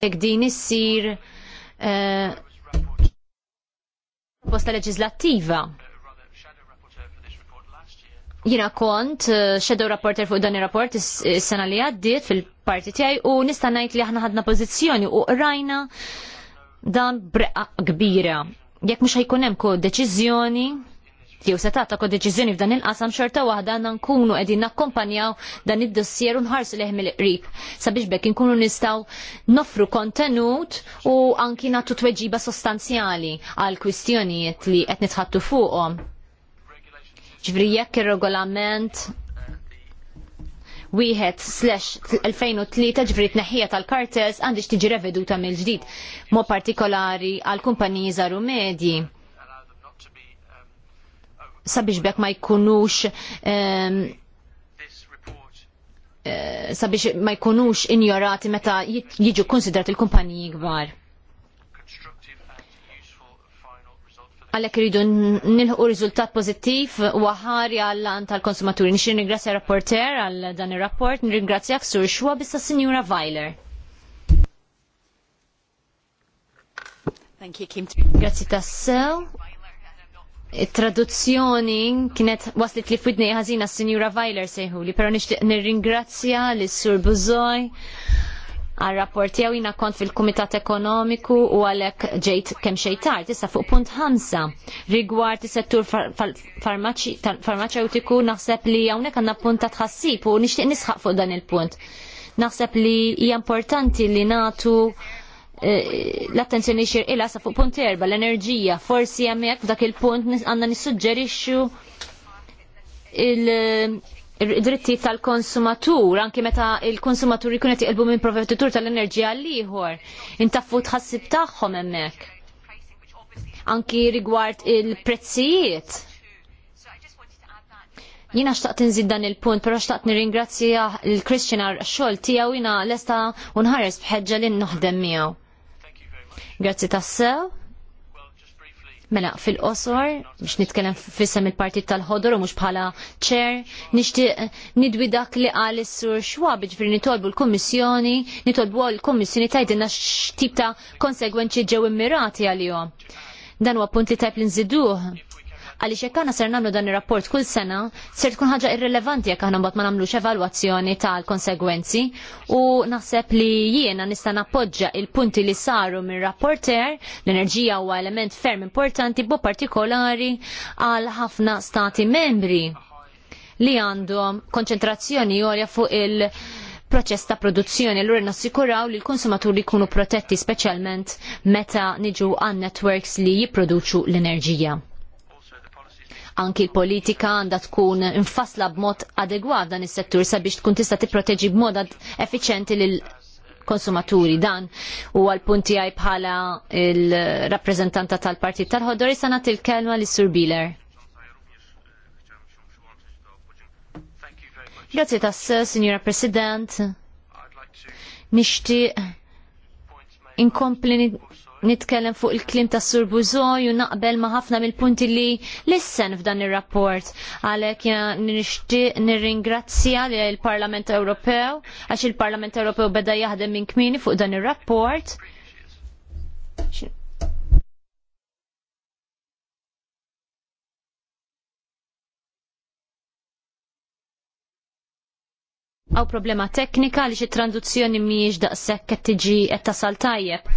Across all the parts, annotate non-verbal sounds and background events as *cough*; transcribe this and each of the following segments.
jekk din issir eh, proposta leġislattiva. Jina kont eh, shadow rapporter fuq dan ir-rapport is-sena li għaddiet fil-parti tiegħi u nista' ngħid li aħna ħadna pożizzjoni u rajna dan breqqa kbira. Jekk mhux ħajkun hemm deċiżjoni jew se tagħta ko deċiżjoni f'dan il-qasam xorta waħda għandna nkunu qegħdin nakkompanjaw dan id-dossier u nħarsu leħ mill-qrib sabiex bekk inkunu nistgħu nofru kontenut u anki nagħtu tweġiba sostanzjali għal kwistjonijiet li qed nitħattu fuqhom. Ġifri jekk ir-regolament wieħed slash 2003 ġifri tneħħija tal-kartels għandix tiġi reveduta mill-ġdid, mo partikolari għal kumpaniji żaru medji sabiex bekk ma jkunux ehm, eh, sabiex ma jkunux injorati meta jiġu konsidrat il-kumpaniji kbar. għalek rridu nilħu rizultat pozittiv u għahari għall an tal-konsumaturi. Nixin ringrazja rapporter għal dan il-rapport, nirringrazzja ksur xwa bissa Signora Weiler. Thank you, Kim traduzzjoni kienet waslit li fidni ħazina s-Sinjura Vajler sejħuli, pero nishtiq nirringrazzja s sur Buzoj għal rapporti jew jina kont fil-Kumitat Ekonomiku u għalek ġejt kemm xejtar, tista fuq punt ħamsa rigward is-settur farmaceutiku naħseb li hawnhekk għandna punt tħassib u nixtieq nisħaq fuq dan il-punt. Naħseb li hija importanti li natu Eh, l-attenzjoni ila sa fuq punt erba l-enerġija forsi hemmhekk f'dak il-punt għandna nissuġġerixxu il-dritti eh, tal-konsumatur anki meta il-konsumatur jkun qed jiqilbu minn provettitur tal-enerġija għal ieħor intaffu tħassib tagħhom hemmhekk. Anki rigward il-prezzijiet. Jina xtaqt nżid dan il-punt, pero xtaqt nirringrazzja l-Christian għal xogħol tiegħu jina lesta unħares bħeġġa li noħdem miegħu. Grazzi tassew. Mela, fil-qosor, biex nitkellem fissem il-partit tal-ħodor u mux bħala ċer, nixtieq eh, nidwi dak li qal is-sur biex ġifri nitolbu l-Kummissjoni, nitolbu l-Kummissjoni tgħidilna x'tip ta' konsegwenċi ġew immirati għalihom. Dan huwa punt tajp tajb nziduħ Għaliex jekk aħna ser nagħmlu dan ir-rapport kull sena, ser tkun ħaġa irrelevanti jekk aħna mbagħad ma nagħmlux evalwazzjoni tal-konsegwenzi u naħseb li jiena nista' nappoġġa il-punti li saru mir-rapporter, l-enerġija huwa element ferm importanti bo partikolari għal ħafna stati membri li għandhom konċentrazzjoni għolja fuq il- proċess ta' produzzjoni l nassikuraw li l-konsumaturi jkunu protetti speċjalment meta niġu għan networks li jipproduċu l-enerġija anki l-politika għandha tkun infasla b'mod adegwat dan is-settur sabiex tkun tista' tipproteġi b'mod effiċenti lil konsumaturi dan u għal punti għaj bħala il-rappresentanta tal-partit tal-ħodori sanat il-kelma li Sur Biler. Grazie tas, Signora President. Nishti inkompli nitkellem fuq il-klim ta' Sur Buzoj u naqbel ma' ħafna mill-punti li lissen f'dan ir-rapport. Għalhekk nixtieq nirringrazzja l parlament Ewropew għax il-Parlament Ewropew beda jaħdem minn kmini fuq dan ir-rapport. Għaw problema teknika li xie traduzzjoni mhijiex daqshekk qed tiġi qed tasal tajjeb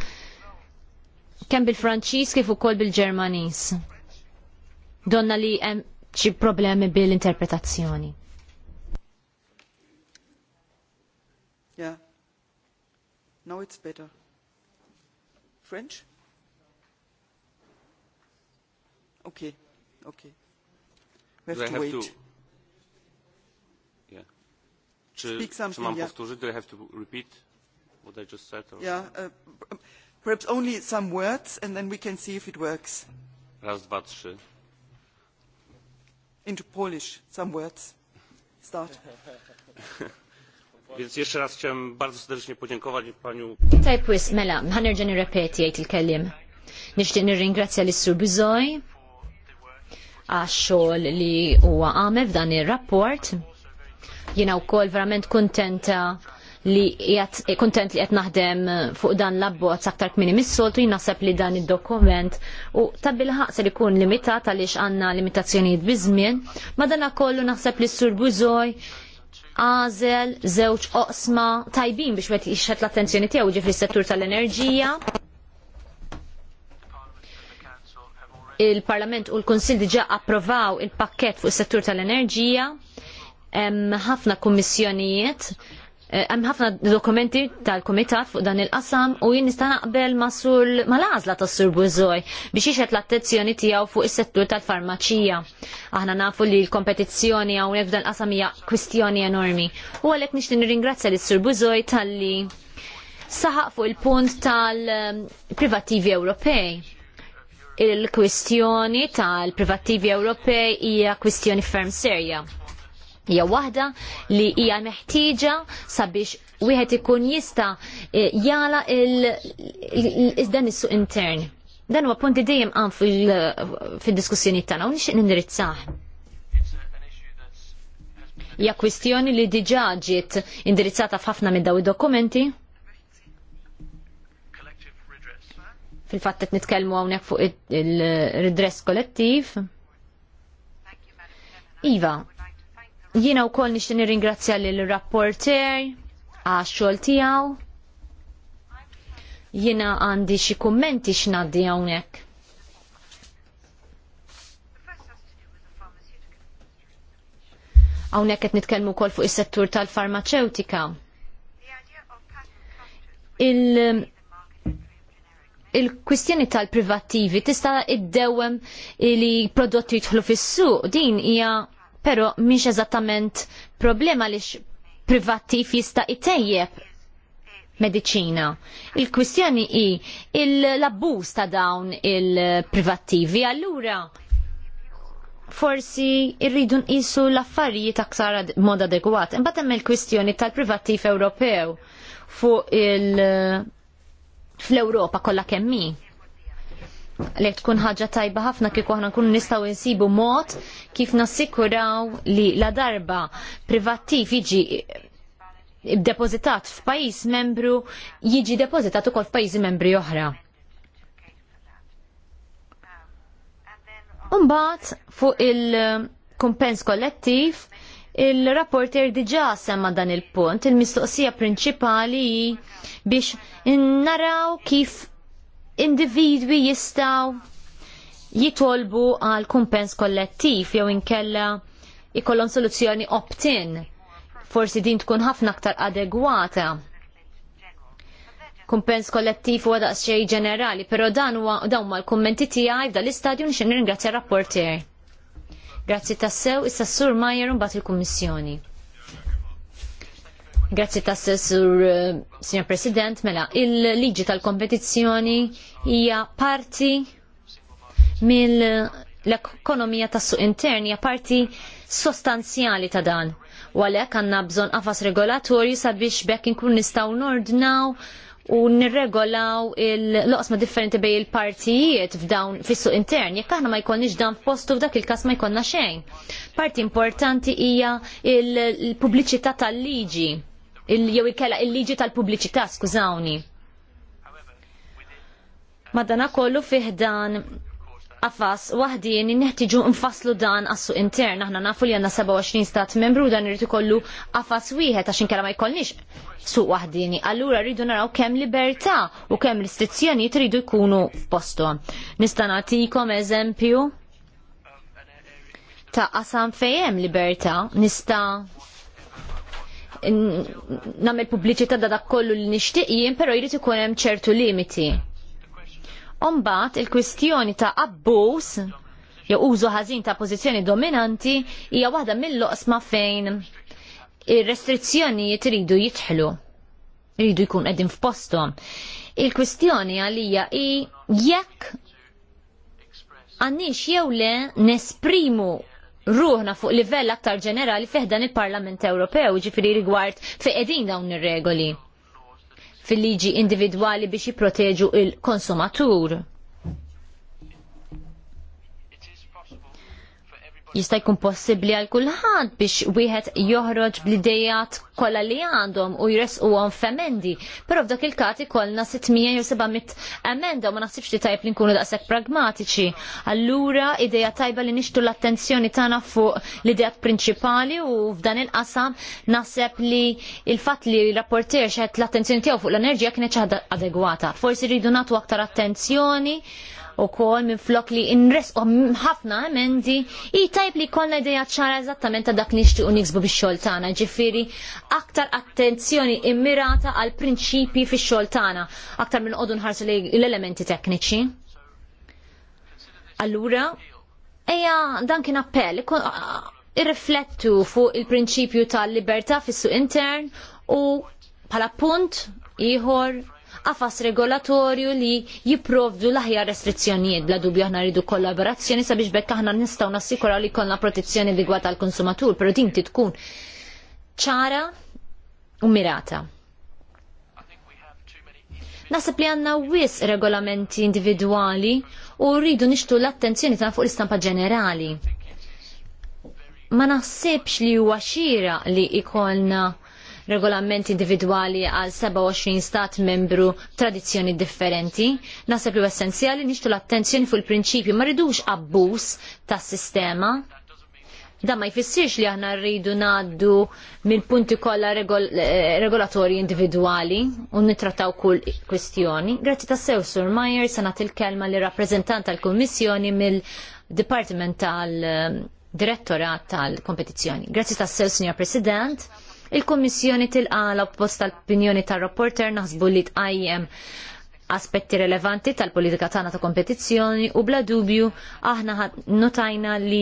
kemm bil-Franċiż kif ukoll bil-Ġermaniż. Donna li hemm xi problemi bil-interpretazzjoni. Yeah. Now it's better. French? Okay. Okay. We have do to I have wait. To... Yeah. Czy, Speak something, czy mam yeah. powtórzyć? Do I have to repeat what I just said? Or... Yeah. Uh, um, Perhaps only some words and then we can see if it works. Raz, dwa, trzy. Into Polish, some words. Start. *laughs* Więc jeszcze raz chciałem bardzo serdecznie podziękować paniu. Tajb wis, mela, ħanerġa nirrepeti jgħid il-kellim. Nixtieq nirringrazzja l-Istru Bizoj għax-xogħol li huwa għamel f'dan ir-rapport. Jiena wkoll verament kuntenta li jgħat kontent li jgħat naħdem fuq dan l-abbozz aktar kmini mis-soltu jnaħseb li dan id-dokument u tabbilħaq ser ikun limitat għaliex għanna limitazzjonijiet bizmin, ma dan kollu naħseb li s-sur Buzoj għazel, żewġ oqsma tajbin biex wet jixħet l-attenzjoni tiegħu ġifri settur tal-enerġija, il-Parlament u l-Konsil diġa approvaw il-pakket fuq is-settur tal-enerġija, ħafna kummissjonijiet Eh, hemm ħafna dokumenti tal-Kumitat fuq dan il-qasam u jien nista' naqbel masul mal-għażla tas-Sur Bużoj biex jixed l-attenzjoni tiegħu fuq is-settur tal-farmaċija. Aħna nafu li l-kompetizzjoni hawnhekk f'dan qasam hija kwistjoni enormi. U għalhekk nixtieq nirringrazzja lis-Sur Bużoj talli saħaq fuq il-punt tal-privattivi Ewropej il-kwistjoni tal-privattivi Ewropej hija kwistjoni ferm serja hija waħda li hija meħtieġa sabiex wieħed ikun jista' e, jala dan is-suq intern. Dan huwa punti dejjem għan fil-diskussjoni tagħna u nixtieq nindirizzah. Hija kwistjoni li diġà ġiet indirizzata f'ħafna minn daw id-dokumenti. Fil-fatt qed nitkellmu hawnhekk fuq il-redress kollettiv. Iva, Jiena wkoll nixtieq nirringrazzja lill rapporter għax-xogħol tiegħu. Jiena għandi xi kummenti x'ngħaddi hawnhekk. Hawnhekk qed nitkellmu wkoll fuq is-settur tal-farmaceutika. Il- il-kwistjoni tal-privattivi tista' iddewwem li prodotti jidħlu fis-suq din hija pero mhix eżattament problema lix privattiv jista' itejjeb medicina. Il-kwistjoni hi l-abbuż ta' dawn il-privattivi, allura forsi rridu nqisu l-affarijiet aktar mod adegwat. Imbagħad hemm il-kwistjoni tal-privattiv Ewropew fuq il- fl-Ewropa kollha kemm hi li tkun ħaġa tajba ħafna kieku aħna nkunu nistgħu insibu mod kif nassikuraw li la darba privattiv jiġi depozitat f'pajjiż membru jiġi depozitat ukoll f'pajjiżi membri oħra. Umbagħad fuq il-kumpens kollettiv Il-rapporter diġa semma dan il-punt, il-mistoqsija prinċipali biex naraw kif individwi jistaw jitolbu għal kumpens kollettiv jew inkella ikollhom soluzzjoni opt-in. Forsi din tkun ħafna aktar adegwata. Kumpens kollettiv huwa daqsxejn ġenerali, però dan huwa dawn mal-kummenti tiegħi f'dan l-istadju nixin ringrazzja rapporter. Grazzi tassew, issa s-sur Majer mbagħad il-Kummissjoni. Grazzi tassessur, eh, signor President, mela, il-liġi tal-kompetizzjoni hija parti mill-ekonomija tas-suq interni, hija parti sostanzjali ta' dan. U għalhekk għandna bżonn qafas regolatorju sabiex bekk inkun nistgħu nordnaw u nirregolaw il-loqsma differenti bej il-partijiet f'dawn fissu intern, jekk aħna ma jkollniex dan f'postu f'dak il-każ ma jkollna xejn. Parti importanti hija il-pubbliċità tal-liġi jew ikella il-liġi tal-pubbliċità, skużawni. Madana kollu fiħdan għafas wahdin neħtiġu nfasslu dan għassu intern. Aħna nafu li għanna 27 stat membru dan rritu kollu għafas wieħed għax kera ma jkollniex suq wahdini. Allura rridu naraw kemm libertà u kemm restrizzjonijiet rridu jkunu f'postom. Nista' nagħtikom eżempju ta' qasam fejem libertà nista' nagħmel pubbliċità da dak kollu li nixtieq jien, però jrid ikun hemm ċertu limiti. Ombagħad il-kwistjoni ta' abbuż jew użu ħażin ta' pożizzjoni dominanti hija waħda mill-loqsma fejn ir-restrizzjonijiet iridu jitħlu. Iridu jkun qegħdin f'posthom. Il-kwistjoni għalija hi jekk għanniex jew le nesprimu ruħna fuq livell aktar ġenerali fiħdan il-Parlament Ewropew, ġifiri rigward fiqedin dawn ir-regoli fil-liġi individwali biex jipproteġu il-konsumatur. jista' jkun possibbli għal kulħadd biex wieħed joħroġ bl-idejat kollha li għandhom u jresquhom f'emendi. Però f'dak il-każ ikollna 600 emenda u ma naħsibx li tajb li nkunu daqshekk pragmatiċi. Allura ideja tajba li nixtu l-attenzjoni tagħna fuq l-idejat prinċipali u f'dan il-qasam naħseb li il-fatt li rapporter xed l-attenzjoni tiegħu fuq l-enerġija kienet xi adegwata. Forsi rridu nagħtu aktar attenzjoni u kol minn flok li inres u ħafna emendi i tajb li kolna ideja ċara eżattament ta' dak li nixtiqu niksbu bix xogħol tagħna, ġifieri aktar attenzjoni immirata għal prinċipi fix xogħol tagħna, aktar minn qogħdu nħarsu l-elementi tekniċi. Allura, eja dan kien appell, irriflettu fuq il-prinċipju tal-libertà fis-suq intern u bħala punt ieħor għafas regolatorju li jipprovdu l-aħjar restrizzjonijiet. Bla dubju aħna rridu kollaborazzjoni sabiex bekk aħna nistgħu nassikuraw li jkollna protezzjoni digwa tal-konsumatur, però din tkun ċara u mirata. Nasib li għanna wis regolamenti individuali u rridu nixtu l-attenzjoni ta' fuq l-istampa ġenerali. Ma naħsibx li huwa xira li ikolna regolament individwali għal 27 stat membru tradizzjoni differenti. Naseb li essenzjali nixtu l-attenzjoni fuq il-prinċipju ma rridux abbuż tas-sistema da ma jfissirx li aħna rridu naddu mill punti kollha regol eh, regolatorji individwali u nitrataw kull kwestjoni. Grazzi ta' sew Sur Majer sanat il-kelma li rappreżentant tal-Kummissjoni mill-Dipartiment tal-Direttorat eh, tal-Kompetizzjoni. Grazzi ta' sew, Signor President. Il-Kummissjoni tilqala post tal-opinjoni tar-rapporter naħsbu li tqajjem aspetti relevanti tal-politika tagħna ta' kompetizzjoni u bla dubju aħna notajna li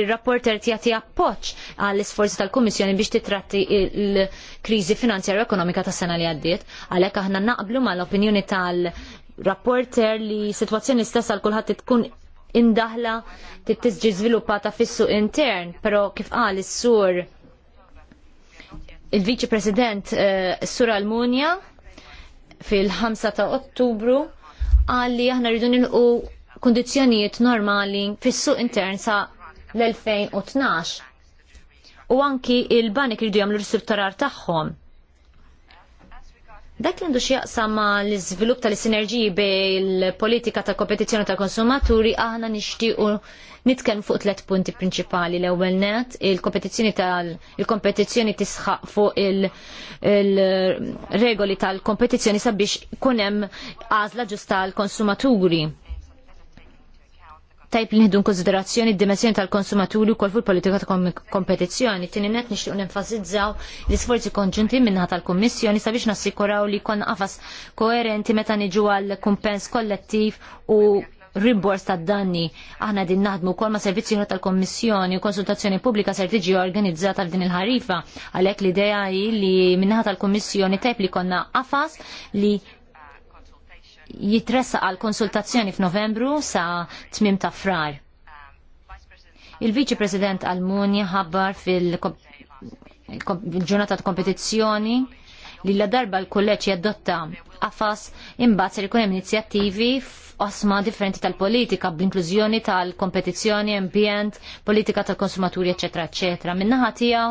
il-rapporter tjati appoċ għall isforzi tal kommissjoni biex titratti il-krizi finanzjarja ekonomika ta' sena li għaddiet. Għalek aħna naqblu ma l-opinjoni tal-rapporter li situazzjoni stessa għal kulħadd tkun indaħla tittisġi fis fissu intern, pero kif qal is-sur il-Viċi President uh, eh, Sura Almunja fil-5 ta' Ottubru għalli aħna rridu nilqu kondizjonijiet normali fis-suq intern sa l-2012. U anki il-banik rridu jagħmlu l-istrutturar tagħhom. Dak li għandu xieqsam ma l-iżvilupp tal-sinerġiji bej politika ta' kompetizzjoni ta' konsumaturi aħna nixtiequ nitkellmu fuq tliet punti prinċipali l-ewwel net il-kompetizzjoni tal il tisħaq fuq il-regoli tal-kompetizzjoni sabiex kunem hemm għażla ġusta l konsumaturi tajb li n konsiderazzjoni d-dimensjoni tal-konsumaturi kol fuq politika ta' kompetizzjoni. Tieni net nixtieq nenfasizzaw l-isforzi konġunti minna tal-Kummissjoni sabiex nassikuraw li jkollna għafas koerenti meta niġu għal kumpens kollettiv u ribbors ta' danni. Aħna din naħdmu kol ma' servizzi tal-Kommissjoni u konsultazzjoni pubblika ser tiġi organizzata f'din il-ħarifa. Għalhekk l-idea hi li minnaħa tal-Kommissjoni tajb li konna qafas li jitressa għal konsultazzjoni f'Novembru sa tmim ta' frar. Il-Viċi President Almuni ħabbar fil-ġurnata ta' kompetizzjoni li la darba l-kolleċ jadotta għafas imbagħad li kunem hemm inizjattivi f'osma differenti tal-politika b'inklużjoni tal-kompetizzjoni, ambjent, politika tal-konsumaturi, eċetera, eċetera. Minnaħa tiegħu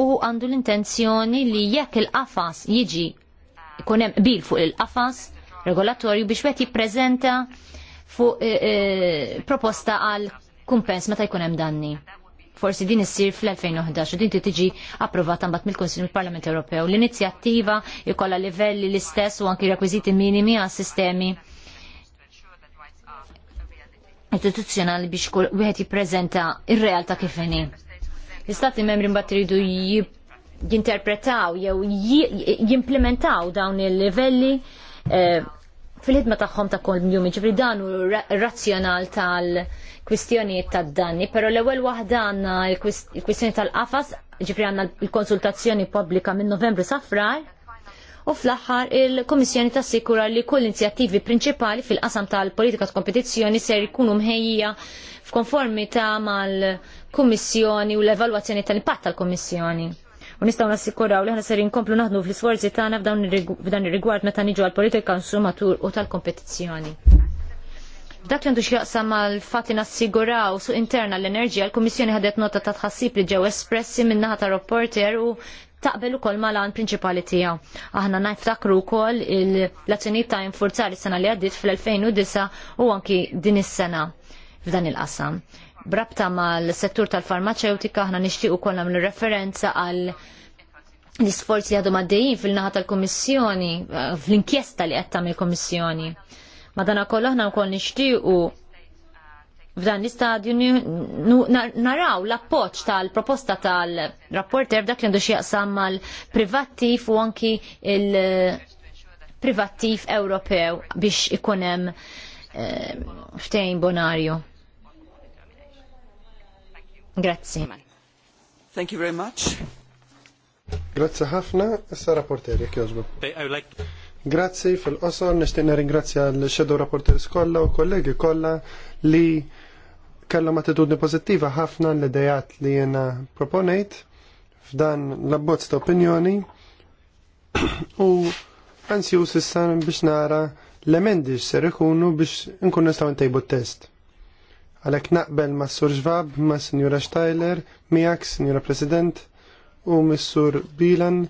u għandu l-intenzjoni li jekk il-qafas jiġi kunem hemm bil fuq il-qafas, regolatorju biex wieħed jippreżenta fuq eh, eh, proposta għal kumpens meta jkun hemm danni. Forsi din issir fl-2011 u din tiġi approvata mbagħad mill konsilju mill-Parlament Ewropew. L-inizjattiva jkollha livelli l-istess u anki rekwiżiti minimi għas sistemi istituzzjonali biex wieħed jippreżenta ir-realtà kif inhi. L-istati membri mbagħad iridu jinterpretaw jew jimplementaw dawn il-livelli Eh, fil-ħidma tagħhom ta' kol ġifri dan u razzjonal tal-kwistjonijiet tad-danni, pero l-ewwel waħda għandna l-kwistjoni tal-qafas, ġifri għandna l-konsultazzjoni pubblika minn Novembru Safrar, u fl-aħħar il-Komissjoni Sikura li kull inizjattivi prinċipali fil-qasam tal-politika ta' kompetizzjoni ser ikunu mħejja f'konformità mal-Kummissjoni u l-evalwazzjoni tal-impatt tal-Kummissjoni u nistgħu nassikuraw li aħna serin komplu naħdmu fl sforzi tagħna f'dan ir-rigward meta niġu għall-politika konsumatur u tal-kompetizzjoni. Dak jandu xjaqsam mal fat li nassiguraw su interna l-enerġija, l-Kummissjoni ħadet nota ta' tħassib li ġew espressi minnaħa ta' reporter u taqbel ukoll mal-għan prinċipali tiegħu. Aħna najftakru wkoll l-azzjonijiet ta' infurzar is-sena li għaddiet fl-2009 u anki din is-sena f'dan il-qasam brabta mal-settur tal-farmaceutika aħna nixtiequ kollha mill referenza għal l-isforzi li għadu għaddejjin fil-naħa tal-Kummissjoni, eh, fl-inkjesta li qed tagħmel kummissjoni Madana kollha aħna wkoll nixtiequ f'dan l-istadju naraw l-appoċ tal-proposta tal-rapporter f'dak li għandu xieqsam mal-privattiv u anki il-privattiv Ewropew biex ikunem eh, ftejn bonarju. Grazzi. Thank you very much. Grazzi ħafna, issa rapporteri kjożbu. Grazzi fil-qosor, nishtiqna ringrazzja l-Shadow Rapporter kollha u kollegi kollha li kellhom attitudni pozittiva ħafna l-idejat li jena proponejt f'dan l-abbozz ta' opinjoni u ansju sissa biex nara l-emendi ser ikunu biex nkun nistgħu ntejbu test Għalhekk naqbel ma' Sur Ġvab, ma' Sinjura Steiler, s Sinjura President, u s-sur Bilan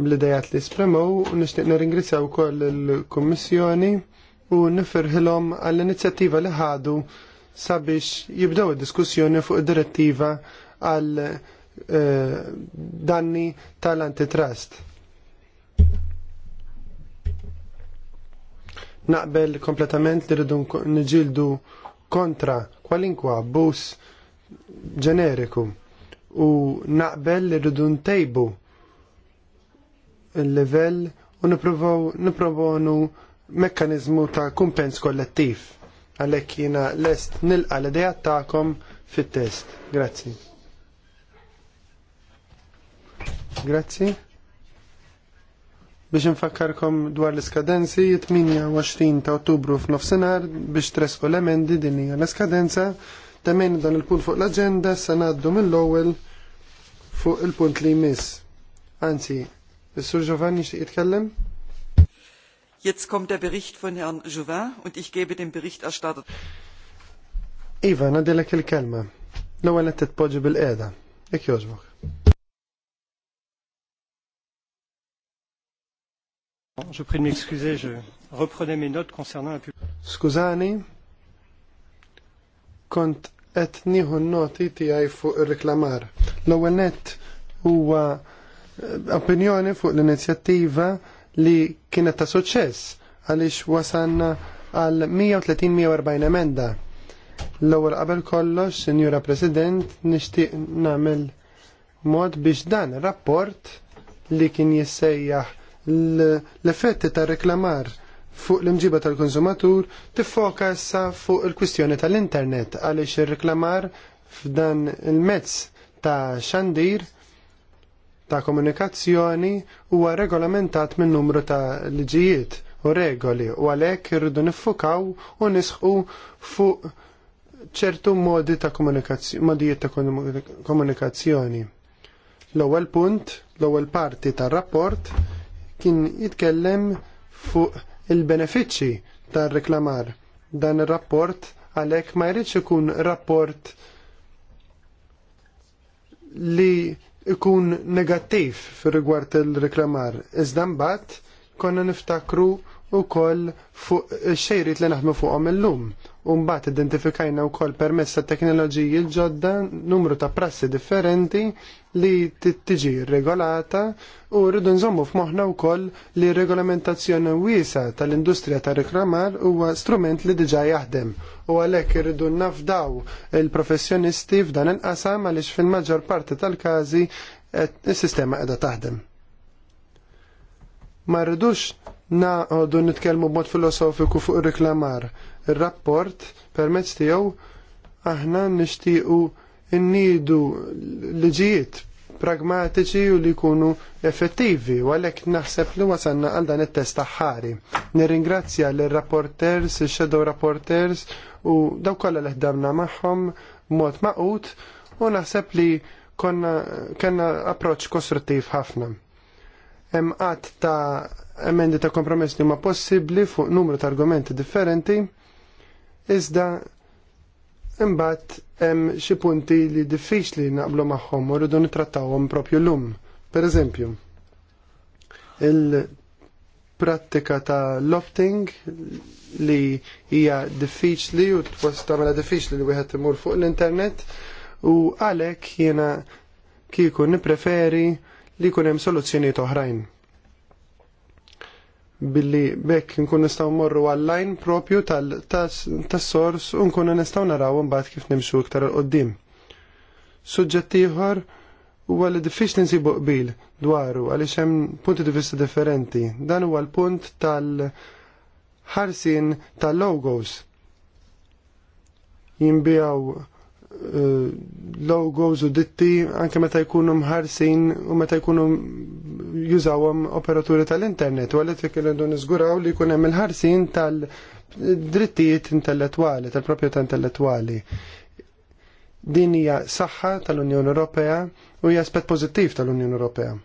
bl-idejat li spremaw u nixtieq nirringrazzjaw kol il-Kummissjoni u nifirħilhom għall-inizjattiva li ħadu sabiex jibdew id-diskussjoni fuq id-direttiva għal eh, danni tal-antitrust. Naqbel kompletament li rridu nġildu kontra kwalinkwa abbuż ġeneriku u naqbel li rridu ntejbu il-level u niprovonu mekkanizmu ta' kumpens kollettiv għalhekk jiena lest nilqa l-idea tagħkom fit-test. Grazzi. Grazzi. Biex nfakkarkom dwar l-iskadenzi, 28 ta' ottubru f'nofsinhar biex tresqu l-emendi din hija l-iskadenza. Temmejn dan il-punt fuq l-aġenda se ngħaddu mill-ewwel fuq il-punt li jmiss. Anzi, is-Sur Giovanni xi jitkellem? Jetzt kommt der Bericht von Herrn Jouvin und ich gebe dem Berichterstatter. Iva, nadilek il-kelma. L-ewwel qed titpoġġi bil-qiegħda. Ek jogħġbok. Je prie de m'excuser, je reprenais mes notes concernant la pub. Skużani, kont qed nieħu n-noti tiegħi fuq ir-reklamar. L-ewwel nett huwa eh, opinjoni fuq l-inizjattiva li kienet ta' suċċess għaliex wasanna għal 130-140 emenda. L-ewwel qabel kollox, Sinjura President, nixtieq nagħmel mod biex dan ir-rapport li kien jissejjaħ l-effetti ta' reklamar fuq l-imġiba tal-konsumatur tiffoka issa fuq il-kwistjoni tal-internet għaliex ir-reklamar f'dan il-mezz ta' xandir ta' komunikazzjoni huwa regolamentat minn numru ta' liġijiet u regoli u għalhekk irridu niffukaw u nisħu fuq ċertu modi ta' komunikazzjoni, modijiet ta' komunikazzjoni. L-ewwel punt, l-ewwel parti tar-rapport kien jitkellem fuq il-benefiċċji tar-reklamar. Dan ir-rapport għalhekk ma jridx ikun rapport li ikun negattiv fir rigward il-reklamar. Iżda mbagħad konna niftakru wkoll fuq ix-xejrit li naħdmu fuqhom illum u mbagħad identifikajna wkoll permezz ta' teknoloġiji ġodda numru ta' prassi differenti li tiġi regolata u rridu nżommu f'moħħna wkoll li regolamentazzjoni wiesa tal-industrija ta' reklamar huwa strument li diġà jaħdem u għalhekk irridu nafdaw il-professjonisti f'dan il-qasam għaliex fil-maġġor parti tal-każi is-sistema qiegħda taħdem. Ma rridux naqdu nitkellmu b'mod filosofiku fuq reklamar. Ir-rapport permezz tiegħu aħna nixtiequ innidu liġijiet pragmatiċi u li jkunu effettivi u għalhekk naħseb li wasanna għal dan it-test ħari. Nirringrazzja l rapporters il-shadow rapporters u daw kollha li ħdamna magħhom mod maqut u naħseb li konna, konna approċ kostruttiv ħafna hemm ta' emendi ta' kompromess li huma possibbli fuq numru ta' argumenti differenti, iżda imbagħad hemm xi punti li diffiċli naqblu magħhom u rridu nittrattawhom propju lum. Per eżempju, il-prattika ta' lofting li hija diffiċli u tagħmilha diffiċli li wieħed imur fuq l-internet u għalhekk jiena kieku nippreferi li jkun hemm soluzzjonijiet oħrajn. Billi bekk nkun nistgħu morru għall-lajn propju tas-sors u nkunu nistgħu naraw imbagħad kif nimxu iktar il qoddim Suġġett ieħor huwa li diffiċli nsibu qbil dwaru għaliex hemm punti di vista differenti. Dan huwa l-punt tal-ħarsin tal-logos. Jinbijaw Eh, logos u ditti anke meta jkunu mħarsin u meta jkunu jużawhom operaturi tal-internet u għalhekk irridu niżguraw li jkun hemm il-ħarsin tal-drittijiet intellettwali, tal-proprjetà intellettwali. Din hija saħħa tal-Unjoni Ewropea u hija aspett pożittiv tal-Unjoni Ewropea.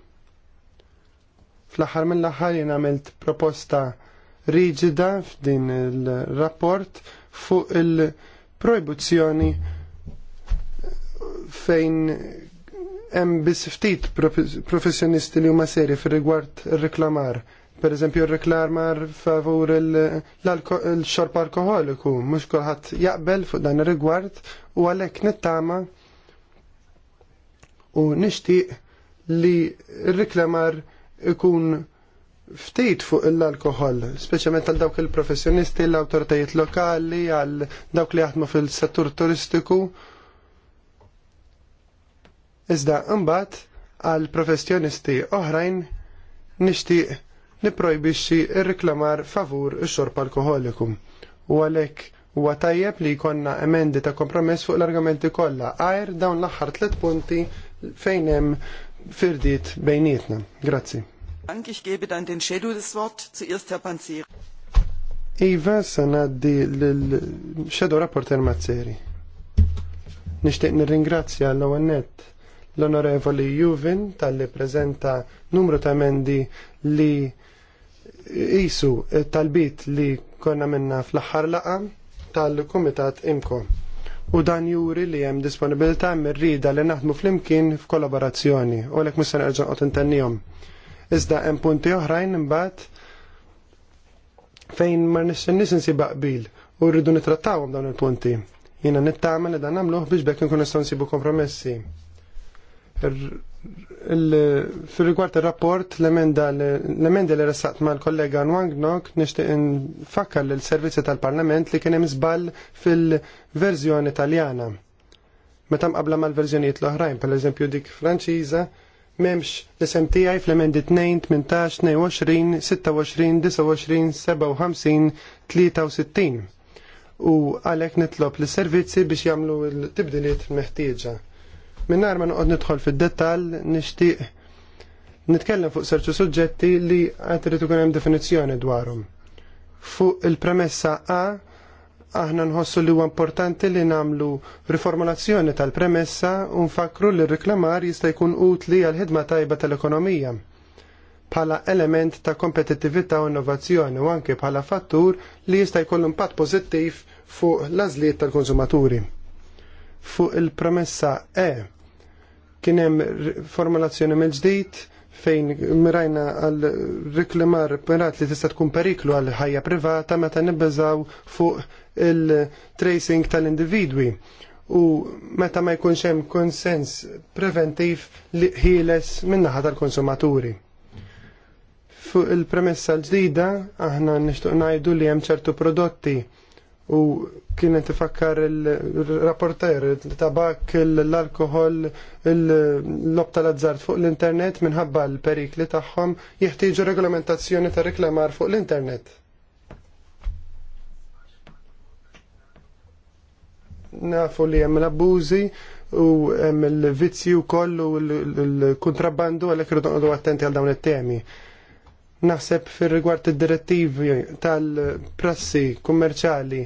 Fl-aħħar mill-aħħar jien għamilt proposta riġida f'din il-rapport fuq il-projbuzzjoni il rapport fuq il il rapport fuq il projbuzzjoni fejn hemm biss ftit professjonisti li huma seri fir-rigward ir-reklamar. Pereżempju r-reklamar favur l-xorb alkoholiku, mhux kulħadd jaqbel fuq dan ir-rigward u għalhekk nittama u nixtieq li r-reklamar ikun ftit fuq l-alkohol, speċjalment għal dawk il-professjonisti, l-awtoritajiet lokali, għal dawk li jaħdmu fil-settur turistiku Iżda imbagħad għal professjonisti oħrajn nixtieq nipprojbixxi rriklamar favur ix-xorb alkoholiku. U għalhekk huwa tajjeb li jkollna emendi ta' kompromess fuq l-argumenti kollha għajr dawn l-aħħar tliet punti fejn hemm firdiet bejnietna. Grazzi. Anki ich gebe dann den Shadow das Wort, zuerst Herr Panzeri. Iva, sanaddi l-Shadow Rapporter Mazzeri. Nishtiq nirringrazzja l-għonnet l-Onorevoli Juvin tal-li prezenta numru ta' emendi li jisu tal-bit li konna minna fl-axar laqa tal-Komitat Imko. U dan juri li hemm disponibilità mir-rida li naħdmu fl-imkien f'kollaborazzjoni u lek mis nerġa' qod intennihom. Iżda hemm punti oħrajn imbagħad fejn ma nixxinniex insib qbil u rridu nittrattawhom dawn il-punti. Jiena nittama li dan nagħmluh biex bekk nkun nistgħu nsibu kompromessi. Fil-rigward il-rapport, l-emenda li ressaqt ma l-kollega Nwangnok nishtiq nfakkar l-servizzi tal-Parlament li kienem zbal fil-verżjoni Italjana. Meta qabla ma l-verżjonijiet l-oħrajn, per eżempju dik Franċiża, memx l-isem tiegħi fl-emendi 2, 18, 22, 26, 29, 57, 63. U għalek nitlob l-servizzi biex jamlu l-tibdiliet meħtieġa Minnar ma noqgħod nidħol fid-dettall nixtieq nitkellem fuq serċu suġġetti li qed irid ikun hemm definizzjoni dwarhom. Fuq il-premessa A aħna nħossu li huwa importanti li nagħmlu riformulazzjoni tal-premessa u nfakru li r-reklamar jista' jkun utli għal ħidma tajba tal-ekonomija bħala element ta' kompetittività u innovazzjoni u anke bħala fattur li jista' jkollu impatt pożittiv fuq l-għażliet tal-konsumaturi. Fuq il-premessa E Kien hemm formulazzjoni mill-ġdid fejn mirajna għal riklimar perat li tista' tkun periklu għal ħajja privata meta nibbeżaw fuq il-tracing tal-individwi u meta ma jkunx hemm konsens preventiv li ħieles min-naħa tal-konsumaturi. Fuq il-premessa l-ġdida aħna nixtieq ngħidu li hemm ċertu prodotti u kienet tifakkar il-rapporter tabak, l-alkohol, l lobta l azzart fuq l-internet minħabba l-perikli tagħhom jeħtieġu regolamentazzjoni ta' reklamar fuq l-internet. Nafu li hemm l-abbużi u hemm il-vizzi wkoll u l-kontrabbandu għalhekk irridu attenti għal dawn it-temi. Naħseb fir rigward id-direttivi tal-prassi kummerċali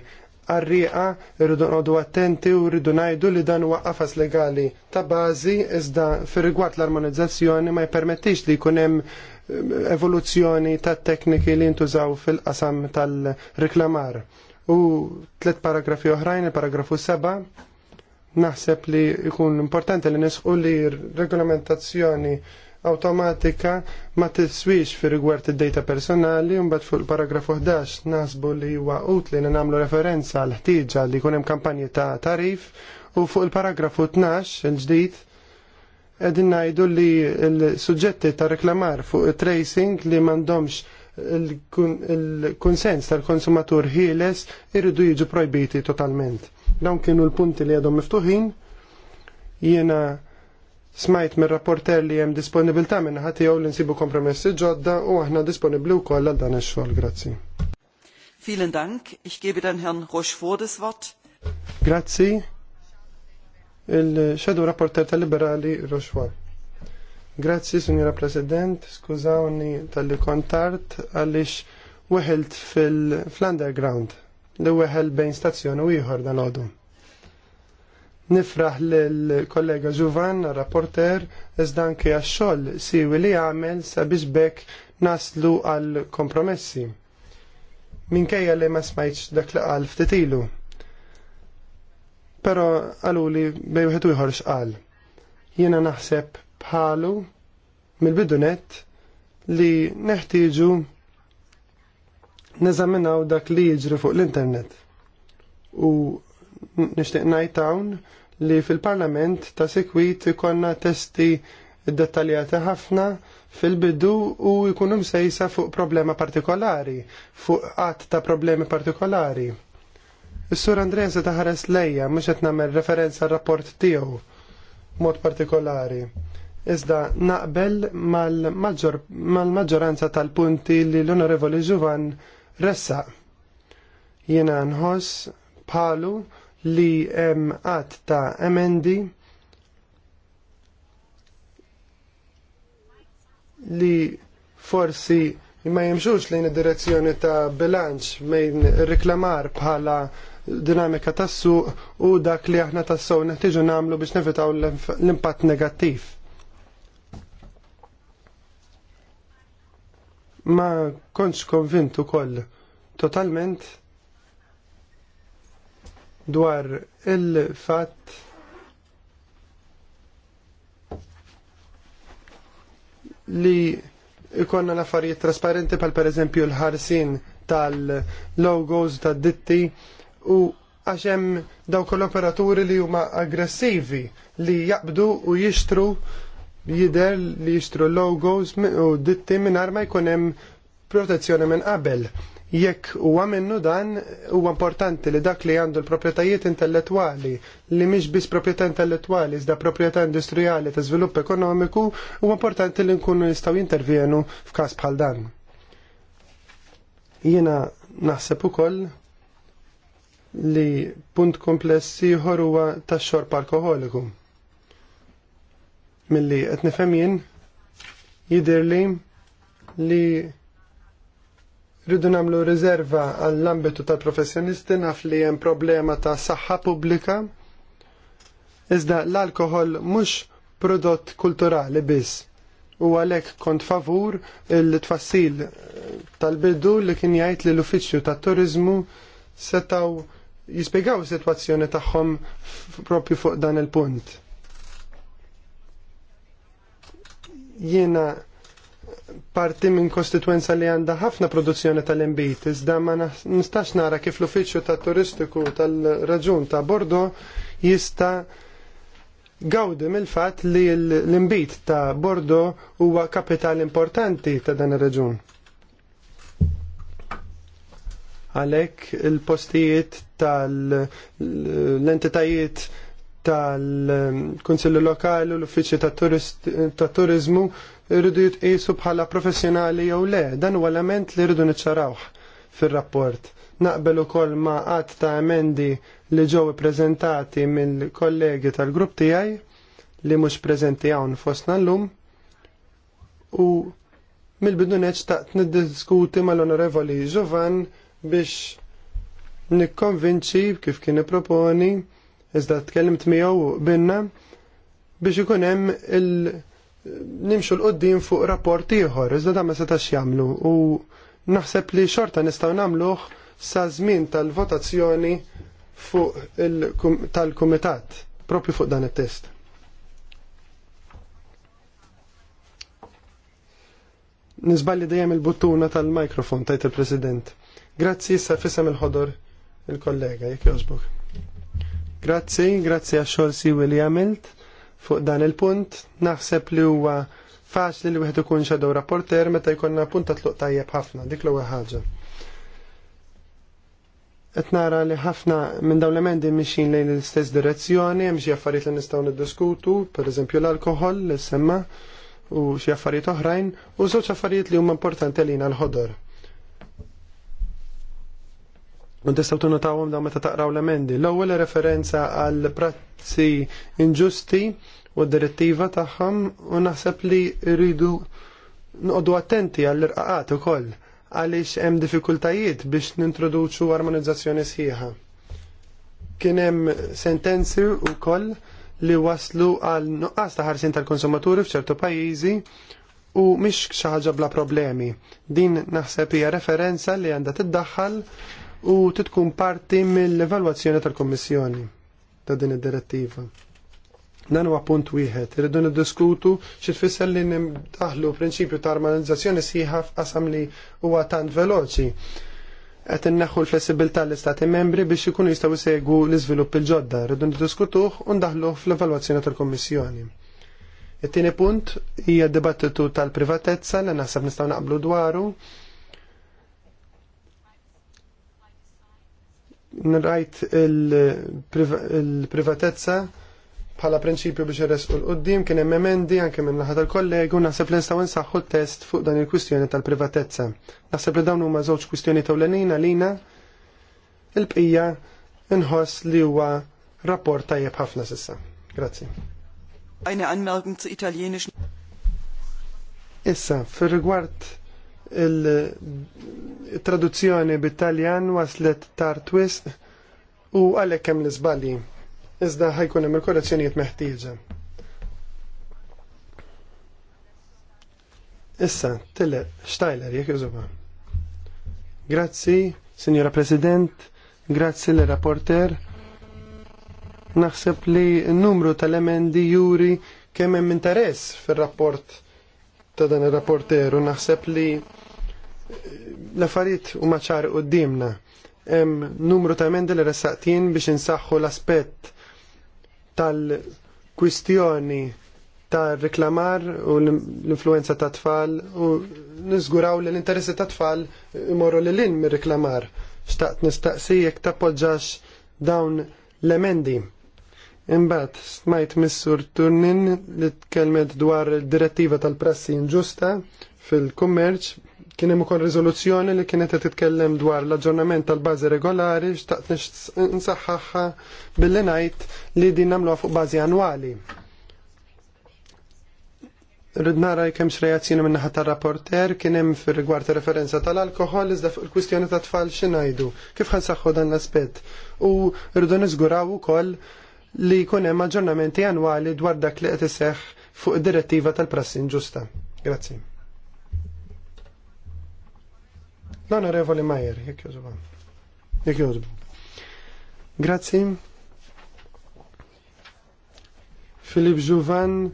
għarriqa rridu nodu attenti u rridu najdu li dan huwa qafas legali ta' bażi iżda fir rigward l-armonizzazzjoni ma jpermettix li jkun hemm eh, evoluzzjoni ta' tekniki li ntużaw fil-qasam tal-reklamar. U tliet paragrafi oħrajn, il-paragrafu 7, naħseb li jkun importanti li nisqu li regolamentazzjoni awtomatika ma tiswix fi rigward id-data personali u mbagħad fuq il-paragrafu 11 nasbu li huwa utli li nagħmlu referenza għal ħtieġa li jkun hemm kampanji ta' tarif u fuq il-paragrafu 12 il-ġdid qegħdin ngħidu li l-suġġetti ta' reklamar fuq tracing li m'għandhomx il-konsens tal-konsumatur ħieles irridu jiġu projbiti totalment. Dawn kienu l-punti li għadhom miftuħin. Jiena Smajt mir rapporter li hemm ta' minn ħati jew li nsibu kompromessi ġodda u aħna disponibbli wkoll għal dan ix-xogħol. Grazzi. Vielen Dank. Ich gebe dann Herrn Rochefort das Wort. Grazzi. Il-Shadow Rapporter tal-Liberali Rochefort. Grazzi, Signora President. Skużawni tal-li kontart għaliex weħelt fil-underground. Li weħel bejn stazzjoni u ieħor dan l-odum. Nifraħ l-kollega Juvan, rapporter, iżda anke għax-xogħol siwi li għamel sabiex bekk naslu għal kompromessi. Minkejja li ma smajtx dak li qal ftitilu. Pero għalu li bejuħetu jħorx għal. Jiena naħseb bħalu mil bidunet li neħtieġu nezaminaw dak li jiġri fuq l-internet. U nishtiq najt hawn li fil-Parlament ta' sekwit ikonna testi dettaljati ħafna fil-bidu u jkunu msejsa fuq problema partikolari, fuq qatt ta' problemi partikolari. Is-sur Andrea se taħares lejja mhux qed nagħmel referenza rapport tiegħu mod partikolari. Iżda naqbel mal-maġġoranza tal-punti li l-Onorevoli Ġuvan ressa. Jiena nħoss bħalu li hemm qatt ta' emendi li forsi ma jimxux lejn id-direzzjoni ta' bilanċ mejn reklamar bħala dinamika tas-suq u dak li aħna tassew neħtieġu nagħmlu biex nevitaw l-impatt negattiv. Ma kontx konvintu koll totalment dwar il-fatt li ikonna l-affarijiet trasparenti pal per eżempju l-ħarsin tal-logos tad-ditti u għaxem dawk l-operaturi li huma aggressivi li jaqbdu u jishtru jider li jixtru logos u ditti minar ma jkunem protezzjoni minn qabel. Jekk huwa minnu dan, huwa importanti li dak li għandu l-proprjetajiet intellettwali li mhix biss proprjetà intellettwali iżda proprjetà industrijali ta' żvilupp ekonomiku, huwa importanti li nkunu nistgħu jintervjenu f'każ bħal dan. Jiena naħseb ukoll li punt kompless ieħor huwa tax-xorb alkoholiku. Milli qed nifhem jien jidher li li Rridu nagħmlu riserva għall-ambitu tal-professjonisti naf li hemm problema ta' saħħa pubblika. Iżda l-alkohol mhux prodott kulturali biss. U għalhekk kont favur il-tfassil tal-bidu li kien jgħid li l-uffiċċju tat-turiżmu setaw jispjegaw is-sitwazzjoni tagħhom propju fuq dan il-punt. Jiena parti minn kostituenza li għanda ħafna produzzjoni tal-imbit, iżda ma nistax nara kif l-uffiċċju ta' turistiku tal-raġun ta' Bordo jista' gawdi mill-fat li l-imbit ta' Bordo huwa kapital importanti ta' dan ir-raġun. Għalek il-postijiet tal-entitajiet tal-Konsillu Lokali u l-Uffiċċju ta' Turizmu irridu jitqisu bħala professjonali jew le, dan huwa element li rridu niċċarawh fir-rapport. Naqbel ukoll ma' qatt ta' emendi li ġew ippreżentati mill-kollegi tal-grupp tiegħi li mhux preżenti hawn fostna llum u mill-biduneċ taqt niddiskuti mal-Onorevoli Ġovan biex nikkonvinċi kif kien proponi iżda tkellimt miegħu binna biex ikun hemm il- nimxu l-qoddim fuq rapport ieħor, iżda da ma setax jagħmlu u naħseb li xorta nistgħu nagħmluh sa żmien tal-votazzjoni fuq tal-kumitat propju fuq dan it-test. Nizballi dejjem il-buttuna tal-mikrofon tajt il-President. Grazzi issa fissam il-ħodor il-kollega, jek jozbuk. Grazzi, grazzi għax si u li għamilt fuq dan il-punt. Naħseb li huwa faċli li wieħed ikun xadow rapporter meta jkollna punta tluq tajjeb ħafna, dik l-ewwel ħaġa. Qed nara li ħafna minn dawn l-emendi mixin lejn l-istess direzzjoni, hemm xi affarijiet li nistgħu niddiskutu, pereżempju l-alkohol li semma u xi affarijiet oħrajn, u żewġ affarijiet li huma importanti lina l-ħodor U tistaw tunotawhom dawn meta taqraw l-emendi. L-ewwel referenza għal prazzi inġusti u d-direttiva tagħhom u naħseb li rridu noqogħdu attenti għall-irqaqat ukoll għaliex hemm diffikultajiet biex nintroduċu armonizzazzjoni sħiħa. Kien hemm sentenzi wkoll li waslu għal nuqqas ta' ħarsin tal-konsumaturi f'ċertu pajjiżi u mhix xi ħaġa bla problemi. Din naħseb hija referenza li għandha tiddaħħal u titkun parti mill-evalwazzjoni tal-Kommissjoni ta' din id-direttiva. Dan huwa punt wieħed, irridu niddiskutu xi tfisser li nimdaħlu prinċipju ta' armonizzazzjoni sieħa f'qasam li huwa tant veloċi. Qed inneħħu l-flessibilità l-Istati membri biex ikunu jistgħu jsegwu l-iżvilupp il-ġodda, rridu niddiskutuh u ndaħluh fl-evalwazzjoni tal-Kommissjoni. It-tieni punt hija d-dibattitu tal-privatezza li naħseb nistgħu naqblu dwaru nrajt il-privatezza bħala prinċipju biex jeres u l-qoddim kien hemm emendi anke minn naħa tal-kollegu naħseb li nistgħu nsaħħu test fuq dan il-kwistjoni tal-privatezza. Naħseb li dawn huma żewġ kwistjoni tewlenin għalina il-bqija nħoss li huwa rapport tajjeb ħafna sissa. Grazzi. Eine Anmerkung zu italienischen. Issa, fir rigward il-traduzzjoni bit-Taljan waslet tar twist u għalhekk kem l izbali Iżda ħajkun hemm il-korrezzjonijiet meħtieġa. Issa, tille, Steiler, jek jużuba. Grazzi, Signora President, grazzi l-rapporter. Naħseb li n-numru tal-emendi juri kemm hemm interess fir-rapport ta' dan ir-rapporter u naħseb li l-affarijiet u maċar u d-dimna. Numru ta' emendi li ressaqtin biex insaxħu l-aspet tal-kwistjoni ta' reklamar u l-influenza ta' tfal u nizguraw li l-interessi ta' tfal imorru li l-in mir-reklamar. Xtaqt nistaqsijek ta' podġax dawn l-emendi. Imbat, smajt missur Turnin li t-kelmet dwar direttiva tal-prassi inġusta fil-kummerċ Kien hemm ukoll riżoluzzjoni li kienet qed titkellem dwar l-aġġornament tal-bażi regolari xtaqt nsaħħaħha billi ngħid li din nagħmluha fuq bażi annwali. Rid nara kemm reazzjoni minn naħa tar-rapporter kien hemm fir-rigward referenza tal-alkohol iżda fuq il-kwistjoni ta' tfal x'ingħidu. Kif ħansaħħu dan l-aspett? U rridu niżguraw ukoll li jkun hemm aġġornamenti annwali dwar dak li qed iseħħ fuq id-direttiva tal-prassin ġusta. Grazzi. L-Onorevoli Majer, jek jużbu. Jek jużbu. Grazzi. Filip Juvan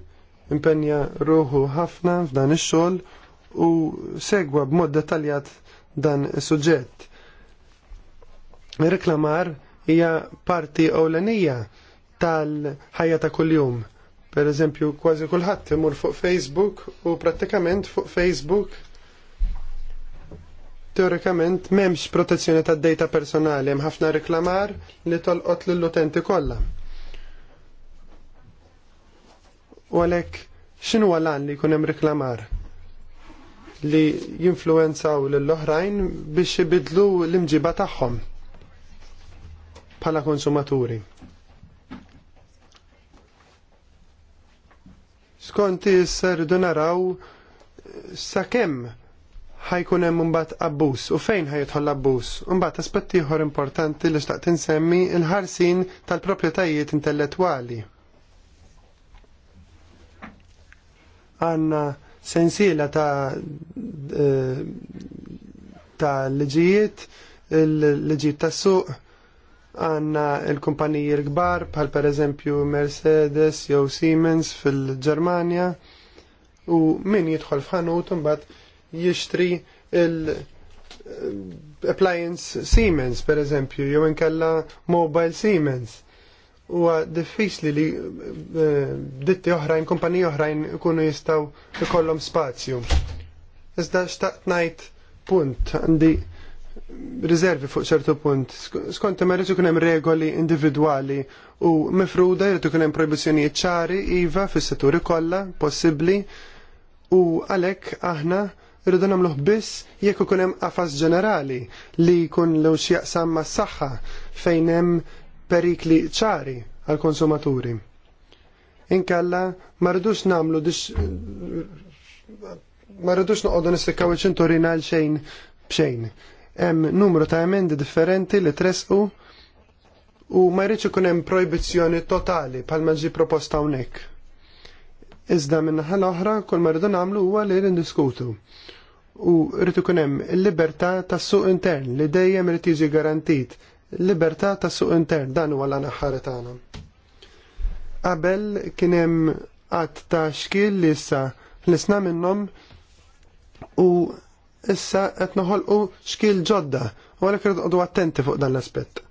impenja ruħu ħafna f'dan ix-xogħol u segwa b'mod dettaljat dan is-suġġett. Reklamar hija parti ewlenija tal-ħajja ta' kuljum. Per eżempju, kważi kulħadd imur fuq Facebook u prattikament fuq Facebook teorikament m'hemmx protezzjoni tad data personali, hemm ħafna reklamar li tolqot lill-utenti kollha. U għalhekk x'inhu għalan li jkun hemm reklamar? Li jinfluenzaw lill-oħrajn biex ibidlu l-imġiba tagħhom bħala konsumaturi. Skonti s serdu naraw sa' kemm ħajkun hemm imbagħad abbuż u fejn ħajidħol abbuż. Imbagħad aspett ieħor importanti li xtaqt insemmi l-ħarsin tal-proprjetajiet intellettwali. Għanna sensiela ta' eh, ta' liġijiet, il-liġijiet tas suq, għanna il-kumpaniji l-kbar bħal per eżempju Mercedes jew Siemens fil-Ġermanja u min jidħol f'ħanut imbagħad jixtri il- eh, appliance Siemens per eżempju, jew inkella mobile Siemens. Huwa diffiċli li eh, ditti oħrajn, kumpani oħrajn ikunu jistgħu ikollhom spazju. Iżda xtaqt ngħid punt għandi riservi fuq ċertu punt. Skont ma rridu jkun hemm regoli individwali u mifruda jrid ikun hemm proibizzjonijiet ċari iva fis-setturi kollha possibbli u għalhekk aħna irridu nagħmluh biss jekk ikun hemm qafas ġenerali li jkun lew jaqsam mas-saħħa fejn hemm perikli ċari għall konsumaturi Inkalla ma rridux nagħmlu ma rridux noqogħdu nistikkaw iċ-ċinturina għal xejn b'xejn. Hemm numru ta' emendi differenti li tresqu u ma jridx ikun hemm projbizzjoni totali bħalma ġi proposta hawnhekk Iżda minnaħa l-oħra kull ma rridu nagħmlu huwa li ndiskutu. U rridu jkun hemm il-libertà tas-suq intern li dejjem irid jiġi garantit. Libertà tas-suq intern dan huwa l aħħar tagħna. Qabel kien hemm qatt ta' xkil li issa ħlisna minnhom u issa qed noħolqu xkil ġodda u għalhekk irqodu attenti fuq dan l-aspett.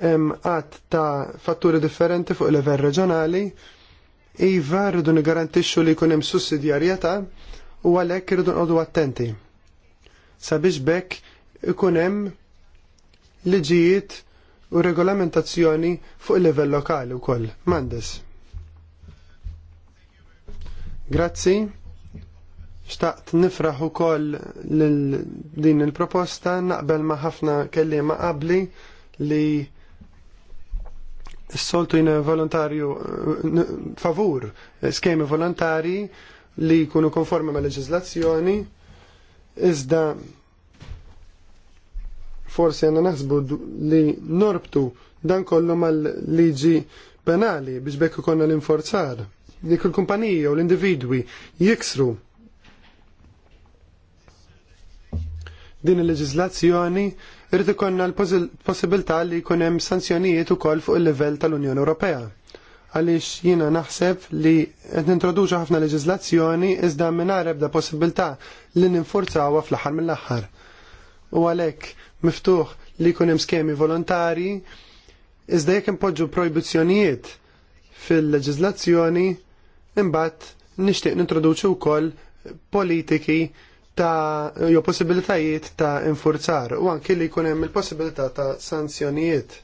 Hemm qatt ta' fatturi differenti fuq il-level reġjonali Iva rridu nigarantixxu li jkun hemm sussidjarjetà u għalhekk irridu nqogħdu attenti. Sabiex bekk ikun hemm liġijiet u regolamentazzjoni fuq il-livell lokali wkoll. M'għandes. Grazzi. Xtaqt nifraħ ukoll lil din il-proposta naqbel ma' ħafna kelliema qabli li s-soltu jina volontarju favur eh, skemi volontari li jkunu konformi ma' leġizlazzjoni iżda forsi għanna naħsbu li norbtu dan kollu mal-liġi penali biex bekku konna l-inforzar li kull kumpanija u l-individwi jiksru din il-leġizlazzjoni Irrid ikollna l-possibilità li jkun hemm sanzjonijiet ukoll fuq il-livell tal-Unjoni Ewropea. Għaliex jiena naħseb li qed introduċu ħafna leġiżlazzjoni iżda mingħajr ebda possibilità li ninfurzawha fl-aħħar mill-aħħar. U għalhekk miftuħ li jkun hemm skemi volontari iżda jekk impoġġu projbizzjonijiet fil-leġiżlazzjoni imbagħad nixtieq nintroduċu wkoll politiki ta' jo possibilitajiet ta' infurzar u anki li jkun hemm il-possibilità ta' sanzjonijiet.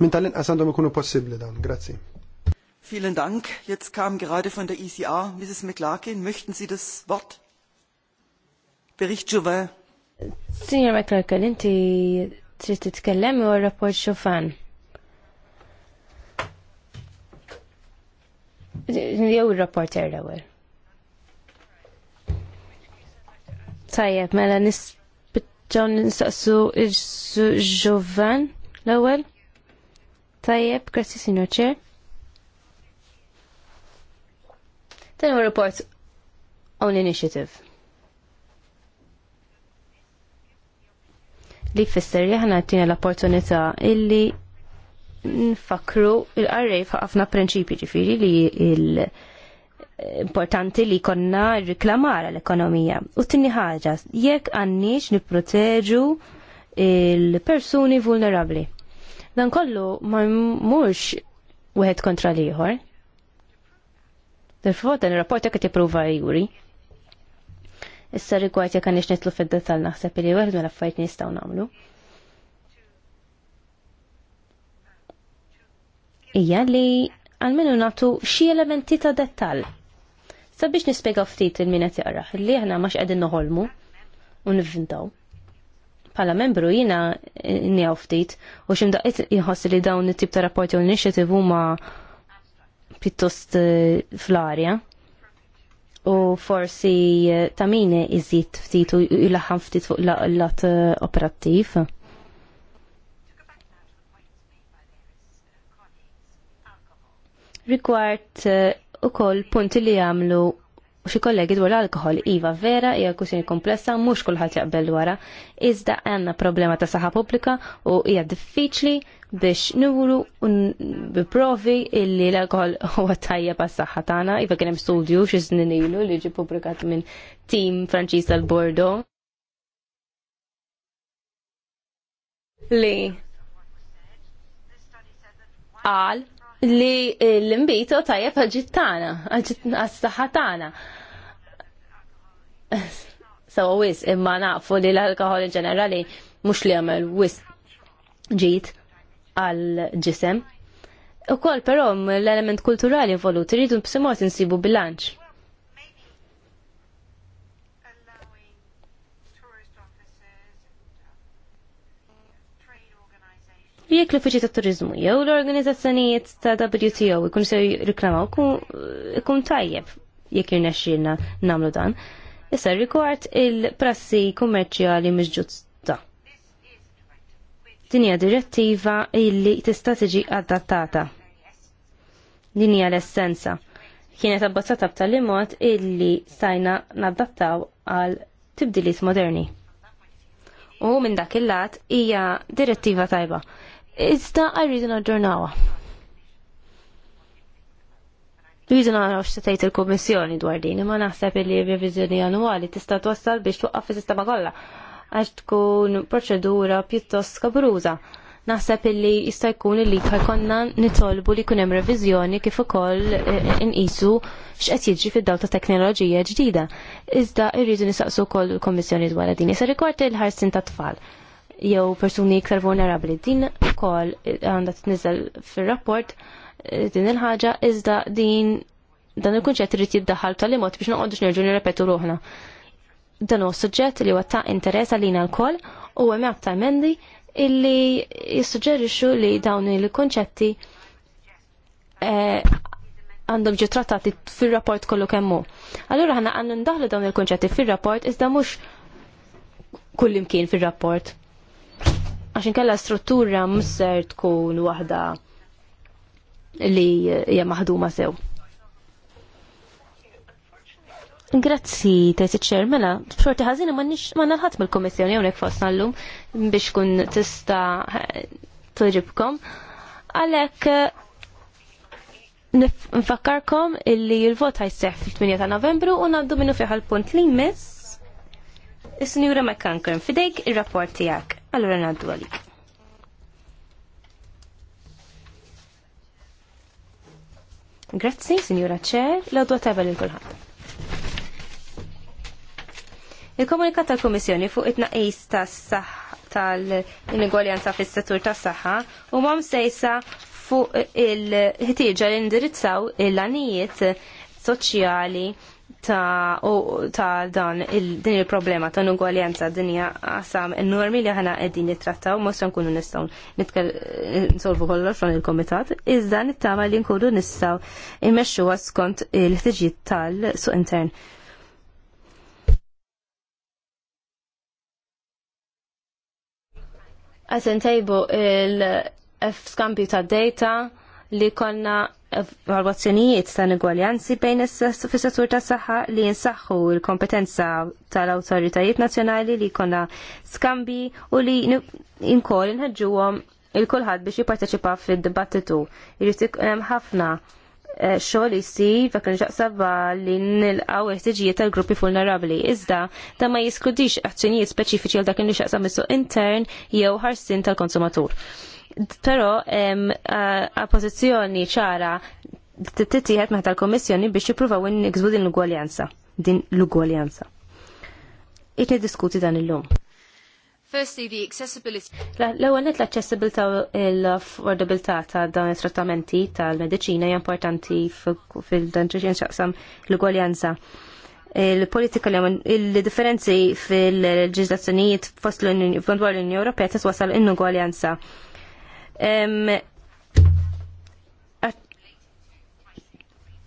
Min tal-inqas għandhom ikunu possibbli dan. Grazzi. Vielen Dank. Jetzt kam gerade von der ICA e Mrs. McLarkin. Möchten Sie das Wort? Bericht Jouvin. Signor McLarkin, inti trid titkellem u rapport Jouvin. Jew ir-rapport l-ewwel. Tajjeb, mela nispiċċaw nistaqsu ġovan l ewel Tajjeb, grazzi Sinjor Ċer. Tani report on initiative. li fisser li ħana għattina l-opportunità illi nfakru il-qarrej ħafna prinċipi ġifiri li il- importanti li konna riklamar l-ekonomija. U t-tini ħaġa, jekk għannix niproteġu il-persuni vulnerabli. Dan kollu ma mux wieħed kontra liħor. Derfot dan il-rapport jekk tippruva juri. Issa rigward jekk għannix nitlu fid-detal naħseb li wieħed ma laffajt nistgħu nagħmlu. Ija li għalmenu natu xie elementi ta' dettal. Sabiex nispiega ftit il-minet jara, li aħna maċ għedin noħolmu u nivvindaw. Pala membru jina njaw ftit u ximdaqit jħoss li dawn it-tip ta' rapporti u initiativ huma pittost eh, fl-arja u forsi eh, tamine iżid ftit u jilaħan ftit fuq l-lat eh, operattiv. rigward eh, ukoll punti li għamlu xi kollegi dwar l-alkohol iva vera hija kusini komplessa mhux kulħadd jaqbel wara. Iżda għandna problema ta' saħħa pubblika u hija diffiċli biex nuru u provi illi l-alkohol *laughs* huwa tajja pa' saħħa tagħna. Iva kien hemm studju xi zninilu li ġie publikat minn tim Franċis tal-Bordeaux. Li qal li l-imbito tajjeb għal-ġittana, għal-saħħatana. Sawa wis, imma naqfu li l-alkohol in ġenerali mux li għamil wis ġit għal-ġisem. U kol, però, l-element kulturali involut, rridu b'simot insibu bilanċ jekk l-Uffiċċju tat-Turiżmu jew l-organizzazzjonijiet ta' WTO jkun se jirriklamaw ikun tajjeb jekk jirnexxielna nagħmlu dan. Issa rigward il-prassi kummerċjali mhix Din hija direttiva illi tista' tiġi adattata. Din hija l-essenza. Kienet abbozzata b'tali mod illi stajna nadattaw għal tibdiliet moderni u minn dak il-lat hija direttiva tajba. Iżda għarridu naġġornawa. Rridu naraw x'tejt il-Kummissjoni dwar din, imma naħseb li r-reviżjoni annwali tista' twassal biex twaqqaf is-sistema kollha għax tkun proċedura pjuttost skabruża. Naħseb illi jista' jkun li konna nitolbu li jkun hemm reviżjoni kif ukoll eh, eh, inqisu x'qed jiġri fid-dawl ta' teknoloġija ġdida. Iżda rridu nistaqsu wkoll il kummissjoni dwar din. Issa rigward il-ħarsin tat-tfal jew persuni iktar vulnerabli. Din ukoll għandha tniżel fir-rapport eh, din il-ħaġa iżda din dan il-kunċett irid jiddaħħal tal imot biex noqgħodux nerġu nirrepetu ruħna. Dan huwa suġġett li huwa ta' interess għalina l u hemm ta' emendi illi jissuġġerixxu li dawn il kunċetti eh, għandhom ġi trattati fil-rapport kollu kemmu. Allura ħana għannu ndaħlu dawn il kunċetti fil-rapport iżda mux kullimkien fil-rapport għaxin inkella struttura mser tkun waħda li hija maħduma sew. Grazzi, tajt Chair mela, xorti ħazina ma nalħat mill-komissjoni għonek fosna l biex kun tista tuġibkom. Għalek, nfakkarkom illi il-vot ħajseħ fil-8 ta' novembru u naddu minnu fiħal punt li mis. Is-Sinjura McCanker, fidejk il-rapport tijak. Allora naddu għalik. Grazzi, Signora Ċer, la tua tavola il kulħadd Il-komunikat tal-Komissjoni fuq it-naqis tal-inegwaljanza fis-settur tas-saħħa u mam sejsa fuq il-ħtieġa li indirizzaw il-lanijiet soċjali ta' u ta' dan il-din il-problema ta' nugwaljanza dinja għasam enormi li ħana għeddin nittrattaw, mos nkunu nistaw nitkell nsolvu kollox fran il-komitat, iżda nittama li nkunu nistaw immexxu skont il-ħtiġijiet tal-suq intern. Għasen tejbu il-f-skampju ta' data li konna valwazzjonijiet ta' negwaljanzi bejn is settur tas saħħa li jinsaħħu l-kompetenza tal-awtoritajiet nazzjonali li jkollna skambi u li inkoll inħeġġuhom il-kulħadd biex jipparteċipa fid-dibattitu. Irid hemm ħafna eh, xogħol jsir dak nixaqsaba li nilqgħu ħtiġijiet tal-gruppi vulnerabbli. Iżda da ma jiskludix azzjonijiet speċifiċi għal dak li nixaqsab intern jew ħarsin tal-konsumatur. Però pożizzjoni ċara tittieħed meħta l komissjoni biex jippruvaw nikzbu din l-ugwaljanza, din l-ugwaljanza. Irid diskuti dan illum. Firstly, the accessibility. L-ewwel net l-accessibilità u l-affordabilità ta' dawn it-trattamenti tal-mediċina hija importanti fil-dan xaqsam l-ugwaljanza il-politika il-differenzi fil-ġizlazzjonijiet fost l-Unjoni Ewropea iswasal in-ugwaljanza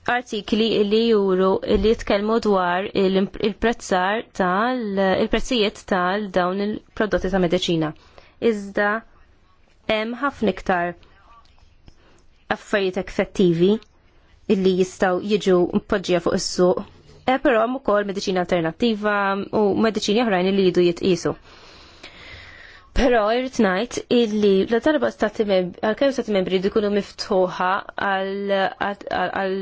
artikli li juru li jitkellmu dwar il-prezzar tal-prezzijiet tal-dawn il-prodotti ta' medicina. Iżda hemm ħafna iktar affarijiet effettivi li jistaw jiġu mpoġġija fuq is-suq. E però hemm ukoll mediċina alternattiva u mediċini oħrajn li jidu jitqisu. Pero irrit ngħid illi l-darba stati membri għalkemm stati membri jkunu miftuħa għal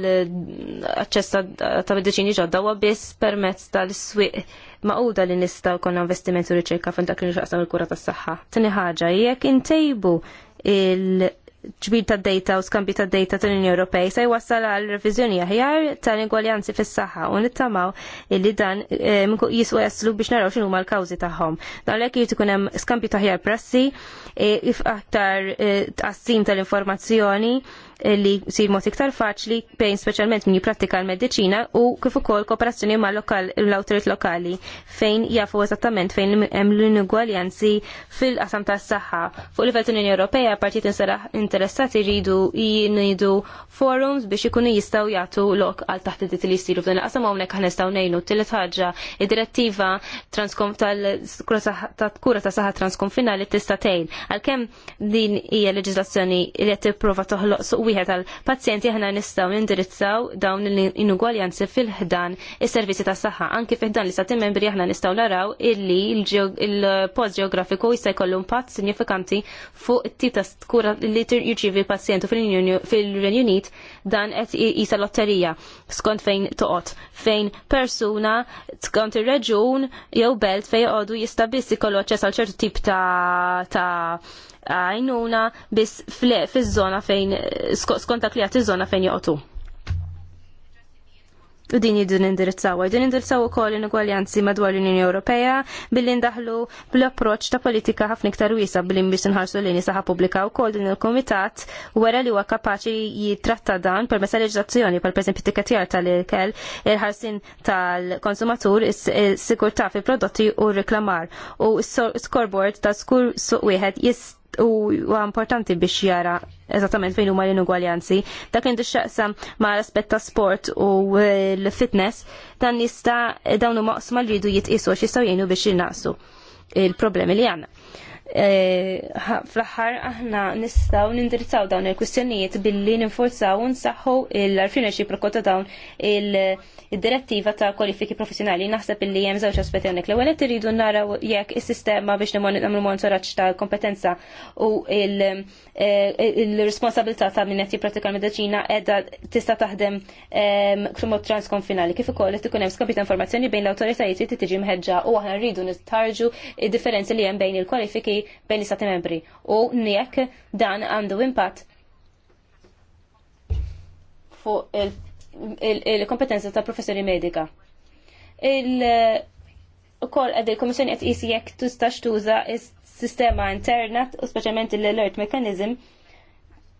aċċess ta' mediċini ġodda wa biss permezz tal iswieq maquda li nista konna u riċerka fin dak li nxaqsam il-kura tas saħħa Tini ħaġa, jekk intejbu il- ċbir ta' data u skambi ta' data tal-Unjoni Ewropej se jwassal għal reviżjoni aħjar tal-ingwaljanzi fis-saħħa u nittamaw illi dan eh, jiswa jaslu biex naraw x'inhu ma' l-kawżi tagħhom. Dan lek jrid ikun hemm skambi ta' aħjar prassi, eh, aktar eh, tqassim tal-informazzjoni, li sir mod iktar faċli bejn speċjalment min jipprattika l-mediċina u kif ukoll kooperazzjoni ma' lokal l-awtorit lokali fejn jafu eżattament fejn hemm l-inugwaljanzi fil-qasam tas-saħħa. Fuq livell Unjoni Ewropea partit interessati jridu jinidu forums biex ikunu jistgħu jagħtu lok għal taħt id li jsiru f'dan il-qasam hawnhekk aħna nistgħu ngħinu. Tielet ħaġa, id-direttiva tal-kura ta' saħħa transkonfinali tista' tgħin. Għalkemm din hija leġiżlazzjoni li qed tipprova toħloq suq wieħed għal-pazjenti aħna nistgħu indirizzaw dawn l-inugwaljanzi fil-ħdan is-servizzi tas saħħa anki fih dan li stati membri aħna nistgħu naraw illi il-post ġeografiku jista' jkollu impatt sinifikanti fuq it-tip ta' kura li jirċievi l-pazjent fil-Renju Unit dan qed isa lotterija skont fejn toqgħod fejn persuna skont ir-reġun jew belt fejn joqogħdu jista' biss ikollu aċċess għal ċertu tip ta' ta' għajnuna biss fiż-żona fejn skont dak li iż-żona fejn joqtu. U din jidun nindirizzaw, jidun nindirizzaw u koll inugwaljanzi madwar l-Unjoni Ewropea billi ndaħlu bl-approċ ta' politika ħafna iktar wisa billi biex nħarsu l-lini saħa publika u koll din il-komitat wara li huwa kapaċi jitratta dan per mesa leġizazzjoni per peżempju tikkatjar tal-ikel il-ħarsin tal-konsumatur is sikurta fi prodotti u reklamar u s-scoreboard ta' skur suq wieħed jista' u importanti biex jara eżattament fejn huma l-inugwaljanzi. Dak inti xaqsam ma' l-aspett ta' sport u l-fitness, dan nista' dawn huma qsma li jridu jitqisu għax jistgħu jgħinu biex jinaqsu il-problemi li għandna. Eh, fl-aħħar aħna nistgħu nindirizzaw dawn il-kwistjonijiet billi ninforzaw unsaħħu nsaħħu l-arfina prokota dawn il-direttiva ta' kwalifiki professjonali. Naħseb illi hemm żewġ aspetti hawnhekk. L-ewwel qed iridu naraw jekk is-sistema biex nagħmlu monitoraċ ta' kompetenza u eh, il-responsabilità ta' min qed l-mediċina qiegħda tista' taħdem ehm, mod transkonfinali. Kif ukoll qed ikun hemm skabita informazzjoni bejn l-awtoritajiet li tiġi mħeġġa u aħna rridu nistarġu id-differenzi li hemm bejn il-kwalifiki bejn l-istati membri u nijek dan għandu impatt fuq il-kompetenza ta' professori medika. Il-koll għad il-Komissjoni għed jisi tustax tuża sistema interna u speċjalment l-alert mechanism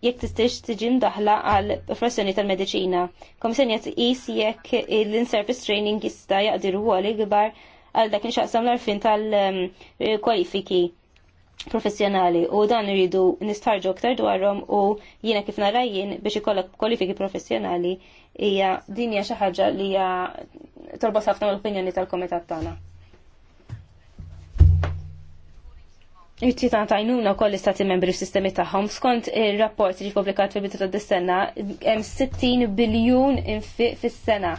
jekk tistax tiġi mdaħla għal professjoni tal-medicina. Komissjoni qed qis jekk l-in-service training jista' jaqdir ruoli kbar għal dak nixaqsam l-arfin tal-kwalifiki. Um, professjonali u dan iridu nistarġu aktar dwarhom u jiena kif nara jien biex ikollok kwalifiki professjonali hija din hija xi ħaġa li hija torbos ħafna l-opinjoni tal-komitat tagħna. Irti ta' tajnuna koll istati membri f-sistemi taħħom. Skont il-rapport li publikat fil bidu d sena 60 biljun fi fis-sena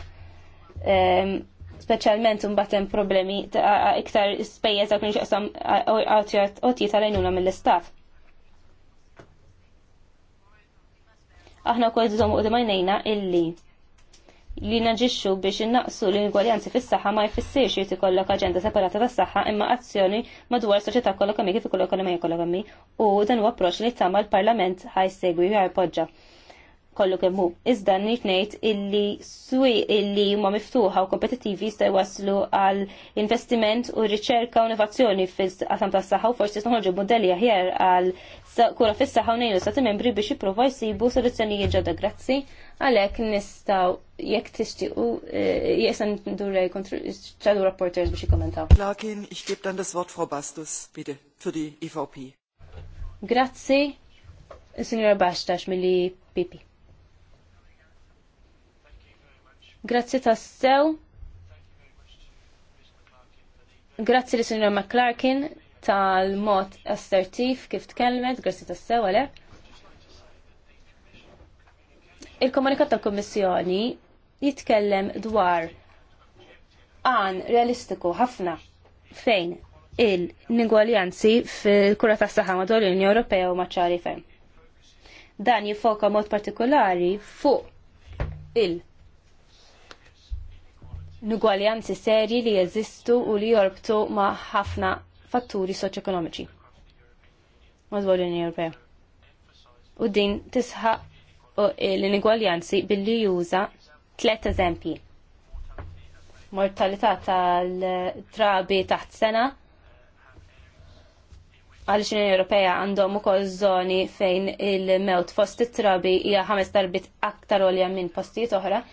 specialment hemm problemi ta' iktar spejjeż kunx nixqsam qotji tal-għajnuna mill istat Aħna wkoll żomm u majnejna illi li naġixxu biex innaqsu l-ingwaljanzi fis-saħħa ma jfissirx jrid ikollok aġenda separata tas-saħħa imma azzjoni madwar soċjetà kollha kemm fi ikollok ekonomija kollha u dan huwa approċċ li l parlament ħajsegwi u jpoġġa kollu kemm hu. Iżda nrid ngħid illi swieq illi huma miftuħa u kompetitivi jista' jwaslu għal investiment u riċerka u innovazzjoni fis-qasam tas-saħħa u forsi noħorġu modelli aħjar għal kura fis-saħħa u ngħidu stati membri biex jiprofa jsibu soluzzjonijiet ġodda grazzi għalhekk nistgħu jekk tixtiequ eh, jesan durre ċadu rapporters biex jikkommentaw. Lakin ich dan dann das Wort Frau Bastus, bitte, für die EVP. Grazzi, Signora Bastax mill Pipi. Grazzi tassew. Grazzi li Sinjora McClarkin tal-mod assertiv kif tkellmet, grazzi tassew għale. Il-komunikat tal-Kommissjoni jitkellem dwar għan realistiku ħafna fejn il-ningwaljanzi fil-kura ta' saħħa madwar l-Unjoni Ewropea u maċċari Fejn. Dan jifoka mod partikolari fuq il- nugwaljanzi serji li jeżistu u li jorbtu ma' ħafna fatturi soċ-ekonomiċi madwar l-Unjoni Ewropea. U din tisħaq e, l-inigwaljanzi billi juża tlet eżempji. Mortalità tal-trabi taħt sena, għalix l-Unjoni Ewropea għandhom ukoll żoni fejn il-mewt fost it-trabi hija ħames darbit aktar għolja minn postijiet oħra.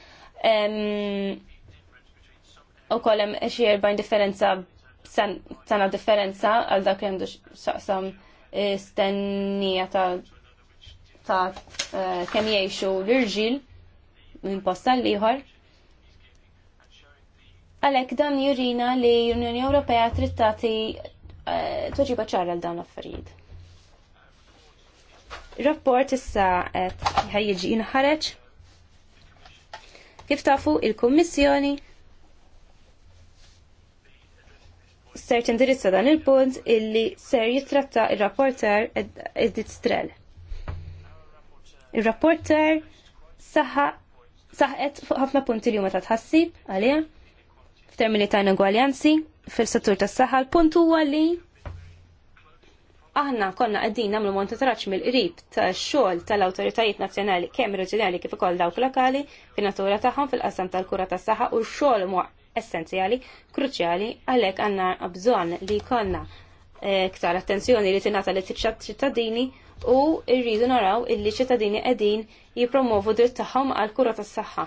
Um, u kolem xie 40 differenza sana differenza għal dak li għandu xaqsam e, stennija ta' ta' e, kem jiexu l-irġil minn posta l-liħor. Għalek dan jurina li l-Unjoni Ewropea trittati tagħti e, toġiba ċara għal dawn l-affarijiet. Rapport issa qed inħareċ. inħareġ. Kif tafu il-Kummissjoni ser tindirizza dan il-punt illi ser jitratta il-rapporter Edith Strel. Il-rapporter saħa saħet fuq ħafna punti li huma ta' tħassib għalija f'termini tajna gwaljanzi fil-settur tas-saħħa l-punt huwa li aħna konna qegħdin nagħmlu monitoraġġ mill-qrib tax-xogħol tal-awtoritajiet nazzjonali kemm reġjonali kif ukoll dawk lokali fin-natura tagħhom fil-qasam tal-kura tas-saħħa u x-xogħol essenzjali, kruċjali, għalhekk għandna bżonn li jkollna eh, iktar attenzjoni li tingħata li ċittadini u rridu naraw illi ċittadini qegħdin jippromovu dritt tagħhom għal kura tas-saħħa.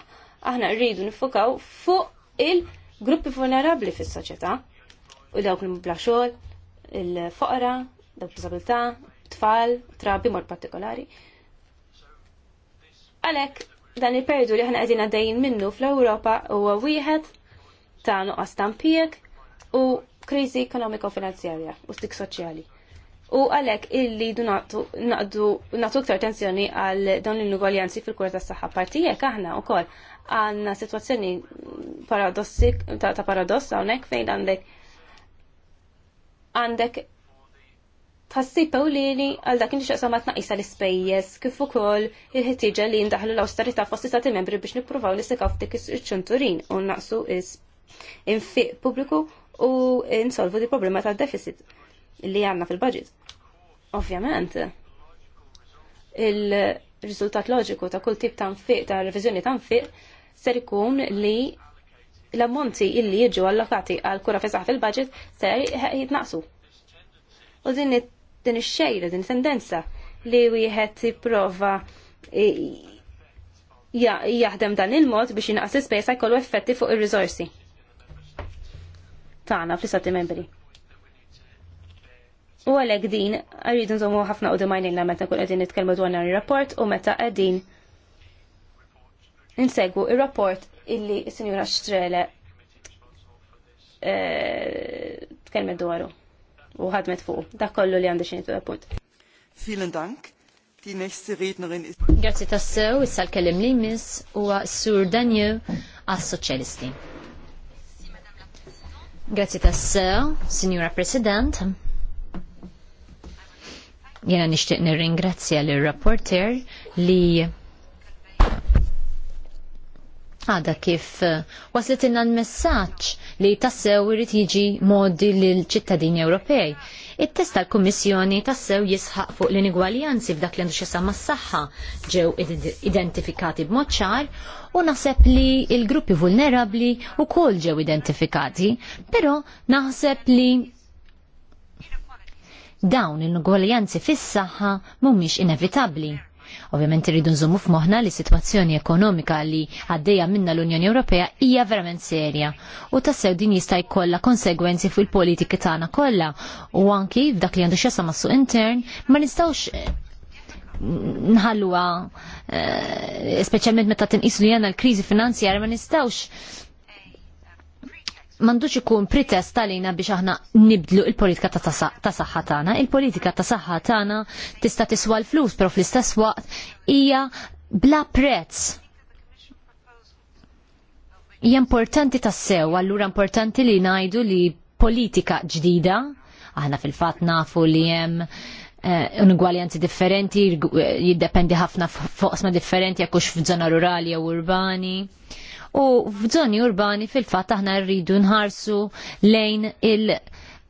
Aħna rridu nifukaw fuq il-gruppi vulnerabbli fis-soċjetà u dawk li bla xogħol, il-foqra, dawk b'disabilità, tfal, trabi mod partikolari. Għalhekk dan il-perdu li ħana għedin għaddejjin minnu fl-Europa huwa wieħed ta' nuqqas tampijek u kriżi ekonomiko finanzjarja u stik soċjali. U għalek illi naqdu ktar tensjoni għal dawn l-inugwaljanzi fil-kura tas saħħa partijek aħna u koll għanna situazzjoni ta' paradossa nek fejn għandek għandek tħassib ewlieni għal dak inti xaqsam għat l-ispejjeż kif ukoll il-ħtieġa li ndaħlu l-awsterità fost istati membri biex nippruvaw li sekaw ftik iċ-ċunturin u naqsu infiq pubbliku u insolvu di problema tal-deficit li għanna fil-budget. Ovvjament, il-riżultat loġiku ta' kull tip ta' nfiq, ta' revizjoni ta' nfiq, ser ikun li l-ammonti illi jiġu allokati għal kura fesaħ fil-budget ser jitnaqsu. U din din ix-xejra, din tendenza li wieħed jipprova jaħdem dan il-mod biex jinaqsi spesa jkollu effetti fuq ir-riżorsi tagħna fl-istati membri. U għalhekk din rridu nżommu ħafna qudiem għajnejna meta kull qegħdin nitkellmu dwar dan ir-rapport u meta qegħdin insegwu ir-rapport illi s-Sinjura Xtrele eh, tkellmet dwaru u ħadmet fuq. Dak kollu li għandi xejn punt. Vielen Dank. Die nächste Rednerin ist. Grazie tassew, issa l kellem li miss u Sur Daniel għas-Soċjalisti. Grazzi tassew, Signora President. Jena nishtiq nirringrazzja l rapporter li għada kif uh, waslet inna l-messagġ li tassew irrit jiġi modi l-ċittadini Ewropej it-test tal-Kummissjoni tassew jisħaq fuq l-inigwaljanzi f'dak li għandu xesam mas-saħħa ġew identifikati b'mod ċar u naħseb li il-gruppi vulnerabli u kol ġew identifikati, pero naħseb li dawn l nugwaljanzi fis-saħħa mhumiex inevitabbli. Ovvjament irridu nżommu f'moħħna li situazzjoni ekonomika li għaddejja minna l-Unjoni Ewropea hija verament serja u tassew din jista' jkollha konsegwenzi fuq il-politiki tagħna kollha u anki f'dak li għandu xesa massu intern ma nistgħux eh, nħalluha eh, speċjalment meta tinqisu li għandna l-kriżi finanzjarja ma nistgħux mandux ikun pretest talina biex aħna nibdlu il-politika ta' saħħa tagħna. Il-politika ta' saħħa tagħna tista' tiswa l-flus, però fl-istess waqt hija bla prezz. Hija importanti tassew, allura importanti li ngħidu li politika ġdida, aħna fil-fatt nafu li hemm eh, ungwaljanzi differenti, jiddependi ħafna fuq differenti jekk hux f'żona rurali jew urbani u f'żoni urbani fil-fatt aħna rridu nħarsu lejn il-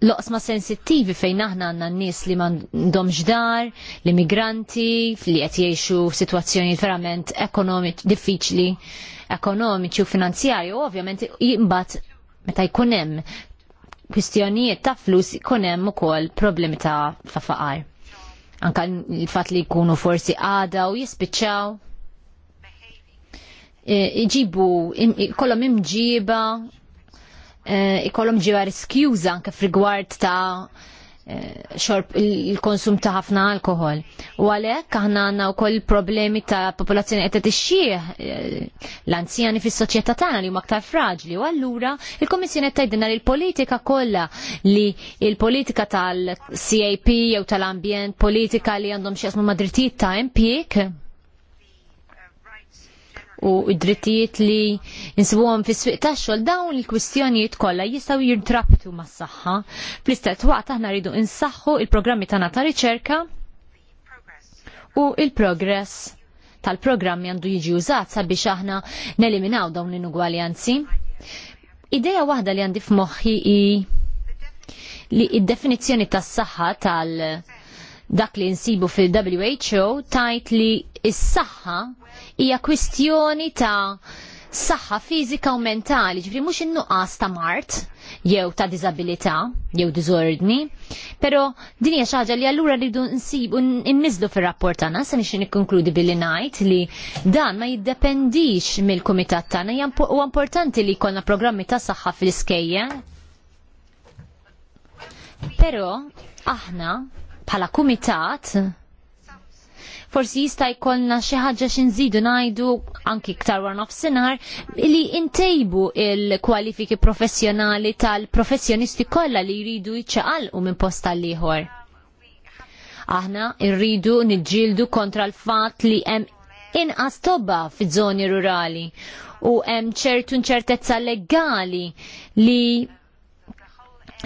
loqsma sensittivi fejn aħna għanna n-nis li mandom ġdar, l-immigranti, li qed jgħixu situazzjoni verament ekonomiċ diffiċli, ekonomiċi u finanzjari, u ovvjament jimbat meta jkun hemm kwistjonijiet ta' flus jkunem hemm ukoll problemi ta' faqar. Anka l-fatt li jkunu forsi għada u jispiċċaw Eh, iġibu kollom imġiba eh, ikollom ġiba riskjuża anke f'rigward ta' eh, xorb il-konsum ta' ħafna alkohol. U għalhekk aħna għandna wkoll problemi ta' popolazzjoni qed tixxih l-anzjani fis-soċjetà tagħna li huma aktar fraġli u allura il komissjoni qed tgħidilna li l-politika kollha li l-politika tal-CAP jew tal-ambjent politika li għandhom xi ma' drittijiet ta' impjieg u id-drittijiet li insibuhom fis-swieq tax-xogħol dawn il-kwistjonijiet kollha jistgħu jintrabtu mas-saħħa. Fl-istess waqt aħna rridu nsaxħu il-programmi ta' ta' riċerka u il-progress tal-programmi għandu jiġi użat sabiex aħna neliminaw dawn l-inugwaljanzi. Ideja waħda li għandi f'moħħi i li id-definizzjoni tas-saħħa tal- dak li nsibu fil-WHO tajt li s-saħħa hija kwistjoni ta' saħħa fiżika u mentali, ġifri mhux innuqqas ta' mart jew ta' disabilità, jew disordni, pero din hija xi ħaġa li allura rridu nsibu nniżlu fir-rapport tagħna se nixin nikkonkludi billi ngħid li dan ma jiddependix mill-kumitat tagħna huwa importanti li jkollna programmi ta' saħħa fl-iskejja. Però aħna bħala kumitat forsi jista' jkollna xi ħaġa xi nżidu ngħidu anki iktar wara nofsinhar li ntejbu il-kwalifiki professjonali tal-professjonisti kollha li jridu jiċċaqalqu minn post tal-ieħor. Aħna rridu niġġieldu kontra l-fatt li hemm inqas tobba fiż-żoni rurali u hemm ċertu nċertezza legali li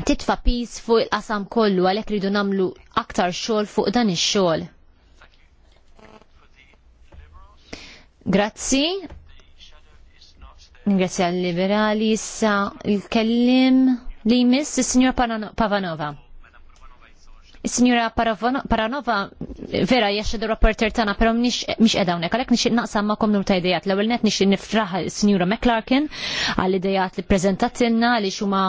titfa' pis fuq il-qasam kollu għalhekk ridu nagħmlu aktar xogħol fuq dan ix-xogħol. Grazzi. Ringrazzja l-liberali issa il-kellim li jmiss il-Signor Pavanova. Il-Signora Paranova vera jaxedu rapporter tana, pero mish edha unek, għalek nix naqsam ma komnu ta' idejat. L-ewel net nix nifraħ il-Signora McClarkin għall-idejat li prezentatilna li xuma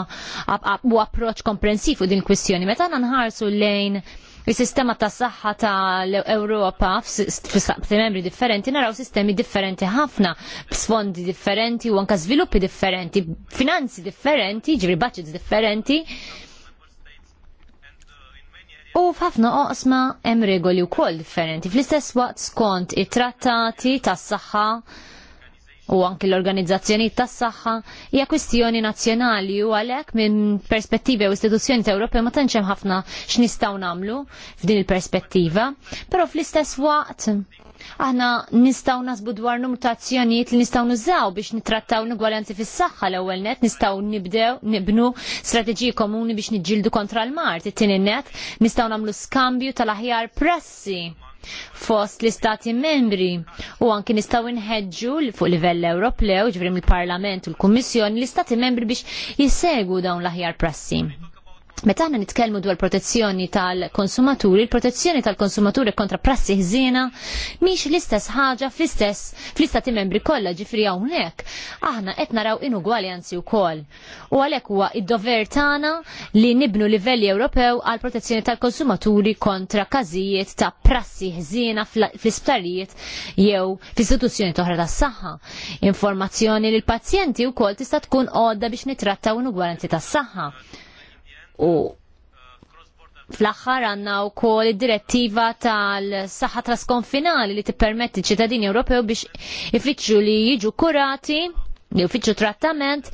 u approċ komprensif u din kwestjoni Meta nħarsu lejn il-sistema ta' saħħa ta' Ewropa f'stati membri differenti naraw sistemi differenti ħafna, sfondi differenti u anka sviluppi differenti, finanzi differenti, ġri budgets differenti. U f'ħafna oqsma hemm regoli wkoll differenti. Fl-istess waqt skont it-trattati tas-saħħa u anki l-organizzazzjoni tas saħħa hija kwistjoni nazzjonali u għalhekk minn perspettiva u istituzzjoni ta' Ewropej ma tantx hemm ħafna x'nistgħu nagħmlu f'din il-perspettiva, però fl-istess waqt aħna nistgħu nasbu dwar numru ta' azzjonijiet li nistgħu nużaw biex nittrattaw l ugwalenzi fis-saħħa l-ewwel net nistgħu nibdew nibnu strateġiji komuni biex niġġieldu kontra l-mart, it-tieni net nistgħu nagħmlu skambju tal-aħjar pressi fost l-istati membri u anki nistaw inħedġu li fuq livell Ewropew, ġvrim mill-Parlament u l-Kummissjoni, l-istati membri biex jissegu dawn l-aħjar prassi. Meta għanna nitkellmu dwar protezzjoni tal-konsumaturi, il-protezzjoni tal-konsumaturi kontra prassi ħżina, miex l-istess ħaġa fl-istess fl-istati membri kollha ġifri hawnhekk. Aħna qed naraw inugwaljanzi wkoll. U għalhekk huwa id-dover tagħna li nibnu livelli Ewropew għal protezzjoni tal-konsumaturi kontra każijiet ta' prassi ħżina fl-isptarijiet jew fl-istituzzjoni toħra tas-saħħa. Informazzjoni li l pazjenti wkoll tista' tkun għodda biex nitrattaw inugwaljanzi tas-saħħa U fl-axħar għanna u kol direttiva tal-saħħa trasconfinali li tippermetti ċittadini Ewropew biex ifittxu li jiġu kurati li uffiċu trattament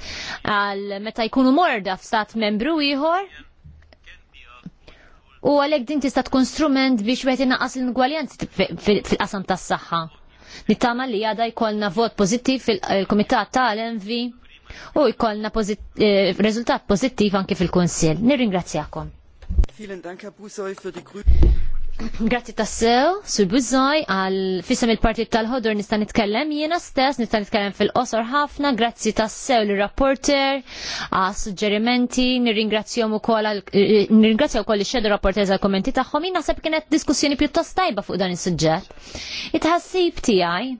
għal meta jkunu morda f'stat membru ieħor. U għalhekk din tista' tkun strument biex wieħed inaqas l-ingwaljanzi fil-qasam tas-saħħa. Nittama li għada jkollna vot pożittiv fil-Kumitat tal-Envi u jkollna eh, riżultat pożittiv anke fil-Kunsill. Nirringrazzjakom. Grazzi tassew, sur Buzzoj, għal fissam il-partit tal-ħodur nista' nitkellem jiena stess, nista' nitkellem fil-qosor ħafna, grazzi tassew l-rapporter, għal suġġerimenti, eh, nirringrazzjom ukoll nirringrazzjaw ukoll ix-xedu rapporter għal kommenti tagħhom, jien kienet diskussjoni pjuttost tajba fuq dan is-suġġett. it tijaj, tiegħi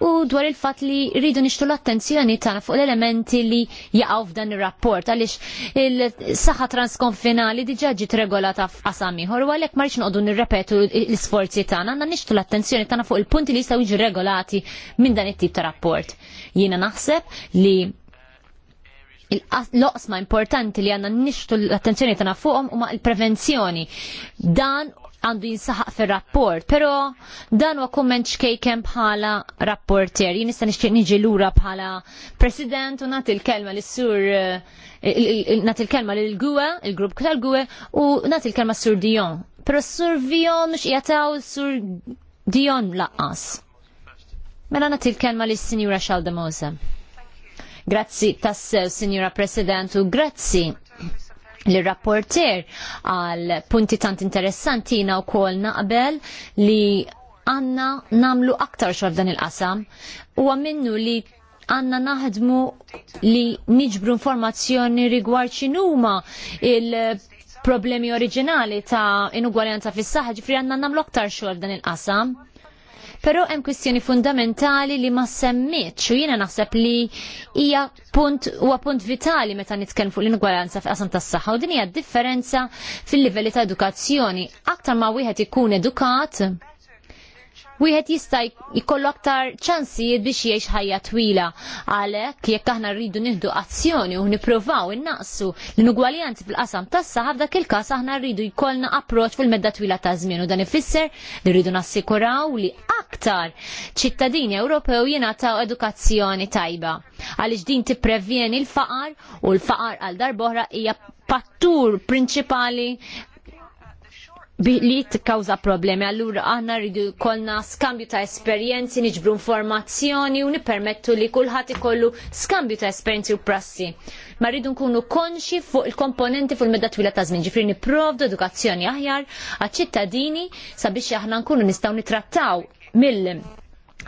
u dwar il-fat li rridu nixtu l-attenzjoni tagħna fuq l-elementi li jaqgħu f'dan ir-rapport għaliex il-saħħa transkonfinali diġà ġiet regolata f'qasam ieħor u għalhekk ma rridx noqogħdu nirrepetu l-isforzi tagħna għandna nixtu l-attenzjoni tagħna fuq il-punti li jistgħu jiġu regolati minn dan it-tip ta' rapport. Jiena naħseb li l-oqsma importanti li għanna nixtu l-attenzjoni tana fuqom u ma' il-prevenzjoni. Dan għandu jinsaħaq fil-rapport, pero dan huwa kumment xkejkem bħala rapporter. Jien nista' nixtieq niġi lura bħala president u nat il kelma lis sur nat eh, il kelma l gwe il-grupp tal-Gwe u nat il kelma sur Dion. Pero sur Dion mhux jataw sur Dion laqqas. Mela nagħti il kelma lis sinjura Xalda Grazzi tassew, Signora President, u grazzi li rapporter għal punti tant interessanti jina u kol naqbel li għanna namlu aktar xor dan il-qasam u għamennu li għanna naħdmu li niġbru informazzjoni rigward xinuma il- problemi oriġinali ta' inugwaljanza fis saħħa ġifri għanna namlu aktar xogħol dan il-qasam. Però hemm kwistjoni fundamentali li ma semmitx u jiena naħseb li hija punt huwa punt vitali meta nitkellem fuq l-ingwaranza f'qasam tas-saħħa u din hija differenza fil-livelli ta' edukazzjoni. Aktar ma wieħed ikun edukat, wieħed jista' jkollu aktar ċansijiet biex jgħix ħajja twila. Għalhekk jekk aħna rridu nieħdu azzjoni u nippruvaw innaqsu l-inugwaljanzi fil-qasam tas-saħħa f'dak il-każ aħna rridu jkollna approċċ fil-medda twila ta' żmien u dan ifisser li rridu nassikuraw li aktar ċittadini Ewropew jingħataw edukazzjoni tajba. Għaliex din tipprevjeni l-faqar u l-faqar għal darbohra hija pattur prinċipali li tikkawza problemi. Allura aħna rridu kolna skambju ta' esperjenzi, niġbru informazzjoni u nippermettu li kulħadd ikollu skambju ta' esperjenzi u prassi. Ma rridu nkunu konxi fuq il-komponenti fuq il-medda twila ta' żmien, ġifri niprovdu edukazzjoni aħjar għaċ-ċittadini sabiex aħna nkunu nistgħu nitrattaw mill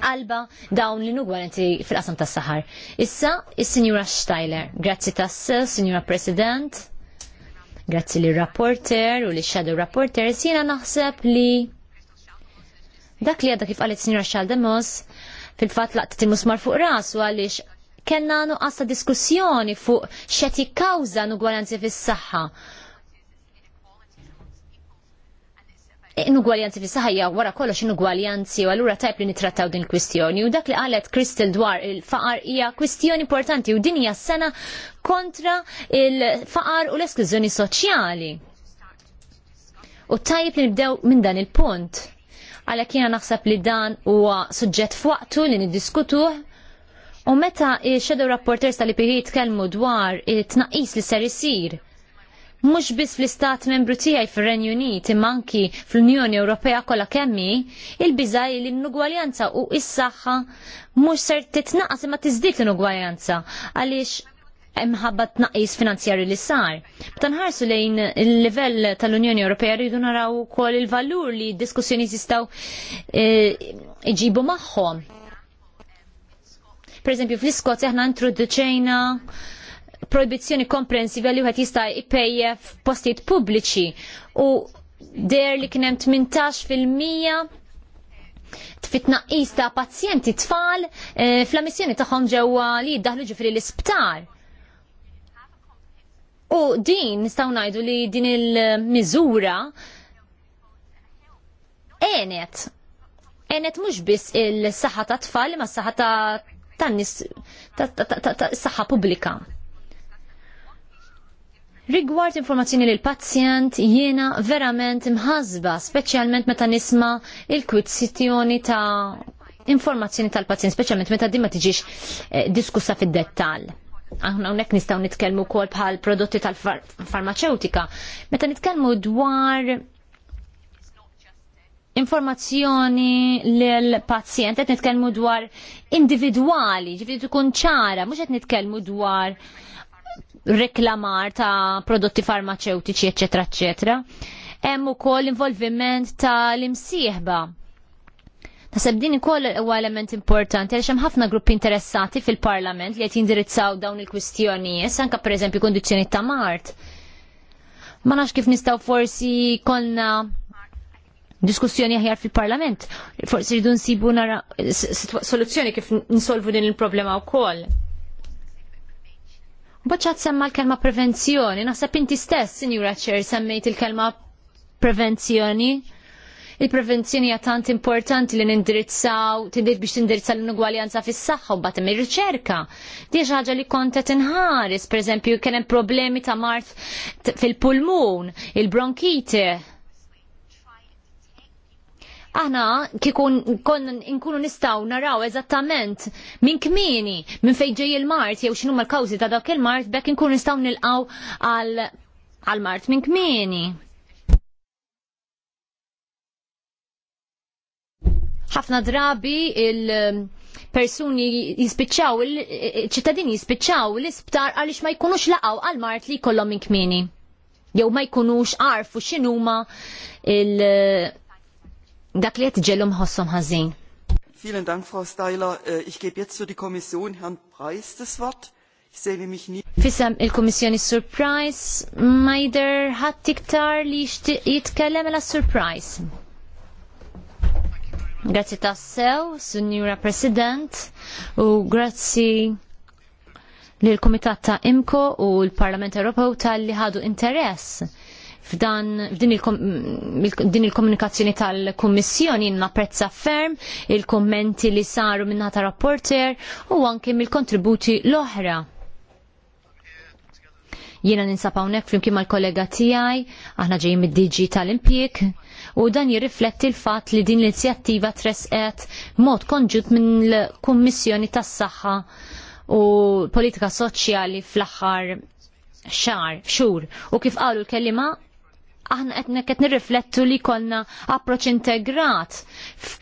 Alba dawn li nugwarenti fil-qasam tas saħar Issa, il-Sinjura Steiler, grazzi tassew, Signora President, grazzi li rapporter u li shadow rapporter, jina naħseb li dak li għadda kif għalet Signora Xaldemos fil-fat laqt musmar fuq rasu għalix kena nuqqas ta' diskussjoni fuq xet jikkawza nugwalanzi fis-saħħa inugwaljanzi fis saħajja wara kollox inugwaljanzi u allura tajb li nitrattaw din kwistjoni u dak li qalet Kristel dwar il-faqar hija kwistjoni importanti u din hija sena kontra il-faqar u l-esklużjoni soċjali. U tajb li nibdew minn dan il-punt għalhekk jiena naħseb li dan huwa suġġett f'waqtu li niddiskutuh U meta il-Shadow Rapporters tal-IPV tkellmu dwar it-tnaqqis li ser isir mhux biss fl-istat membru tiegħi fir-Renju Unit imma anki fl-Unjoni Ewropea kollha kemmi, il bizaj li l nugwaljanza u s-saħħa mhux ser titnaqas imma tiżdied l nugwaljanza għaliex imħabba tnaqqis finanzjarju li sar. Btanħarsu lejn il-livell tal-Unjoni Ewropea rridu naraw ukoll il-valur li diskussjoni jistgħu eh, iġibu magħhom. Per eżempju, fl-Iskozja aħna introduċejna proibizzjoni komprensiva li wieħed jista' jpejja f'postijiet pubbliċi u der li kien hemm 18 fil-mija fit-tnaqqis ta' pazjenti tfal eh, fl ammissjoni tagħhom ġewwa li jiddaħlu ġifri l-isptar. U din nistgħu ngħidu li din il-miżura għenet. Għenet mhux biss il-saħħa ta' tfal ma' s-saħħa ta' tan-nis ta' saħħa pubblika. Rigward informazzjoni lil pazjent jiena verament imħazba, speċjalment meta nisma il-kwizzjoni ta' informazzjoni tal-pazjent, speċjalment meta din ma tiġix eh, diskussa fid-dettall. Aħna hawnhekk nistgħu nitkellmu wkoll bħal prodotti tal-farmaceutika. Meta nitkellmu dwar informazzjoni lill-pazjent qed nitkellmu dwar individwali, ġifieri tkun ċara, mhux qed nitkellmu dwar reklamar ta' prodotti farmaceutiċi, ecc. eccetera. Hemm ukoll involviment tal-imsieħba. Nasab din ukoll huwa element importanti għaliex hemm ħafna gruppi interessati fil-Parlament li qed jindirizzaw dawn il-kwistjonijiet, anke pereżempju kondizzjoni ta' Mart. Ma nafx kif nistgħu forsi konna diskussjoni aħjar fil-Parlament. Forsi rridu nsibu nara soluzzjoni kif nsolvu din il-problema wkoll Boċċat semma l-kelma prevenzjoni, naħseb inti stess, Sinjura Chair semmejt il-kelma prevenzjoni. Il-prevenzjoni hija tant importanti li nindirizzaw, tindir biex tindirizzaw l-inugwaljanza fis-saħħa u bagħad ir-riċerka. Di ħaġa li kont qed inħares, pereżempju kien hemm problemi ta' mart fil-pulmun, il-bronkite aħna kikun kon inkunu nistaw naraw eżattament minn kmini, minn fejġej il-mart, jew xinu mal-kawzi ta' dak il-mart, bekk inkunu nistaw nilqaw għal-mart minn kmini. ħafna drabi il- um, persuni jispiċċaw, ċittadini jispiċċaw l-isptar għaliex ma jkunux laqgħu għal-mart li jkollhom minn kmieni. Jew ma jkunux għarfu x'inhuma il- dak li qed ġellhom ħossom Vielen Dank, Frau Steiler. Äh, ich gebe jetzt für die Kommission Herrn Preis das Wort. Ich sehe nämlich nie... Fissam, il-Komissjoni Surprise, majder hat tiktar li jitkellem la mela Surprise. Grazie tassew, Signora President, u grazzi lill kumitat ta' IMCO u l-Parlament Ewropew tal-li ħadu interess f'dan din il-komunikazzjoni tal-Kummissjoni napprezza ferm il-kommenti li saru minna ta' rapporter u anke mill-kontributi l-oħra. Jiena ninsab hawnhekk flimkien mal-kollega tiegħi, aħna ġejjin mid digi tal impjek u dan jirrifletti l-fatt li din l-inizjattiva tresqet mod konġut minn l-Kummissjoni tas-Saħħa u politika soċjali fl-aħħar xar, xur, u kif qalu l-kelima aħna qed qed nirriflettu li jkollna approċċ integrat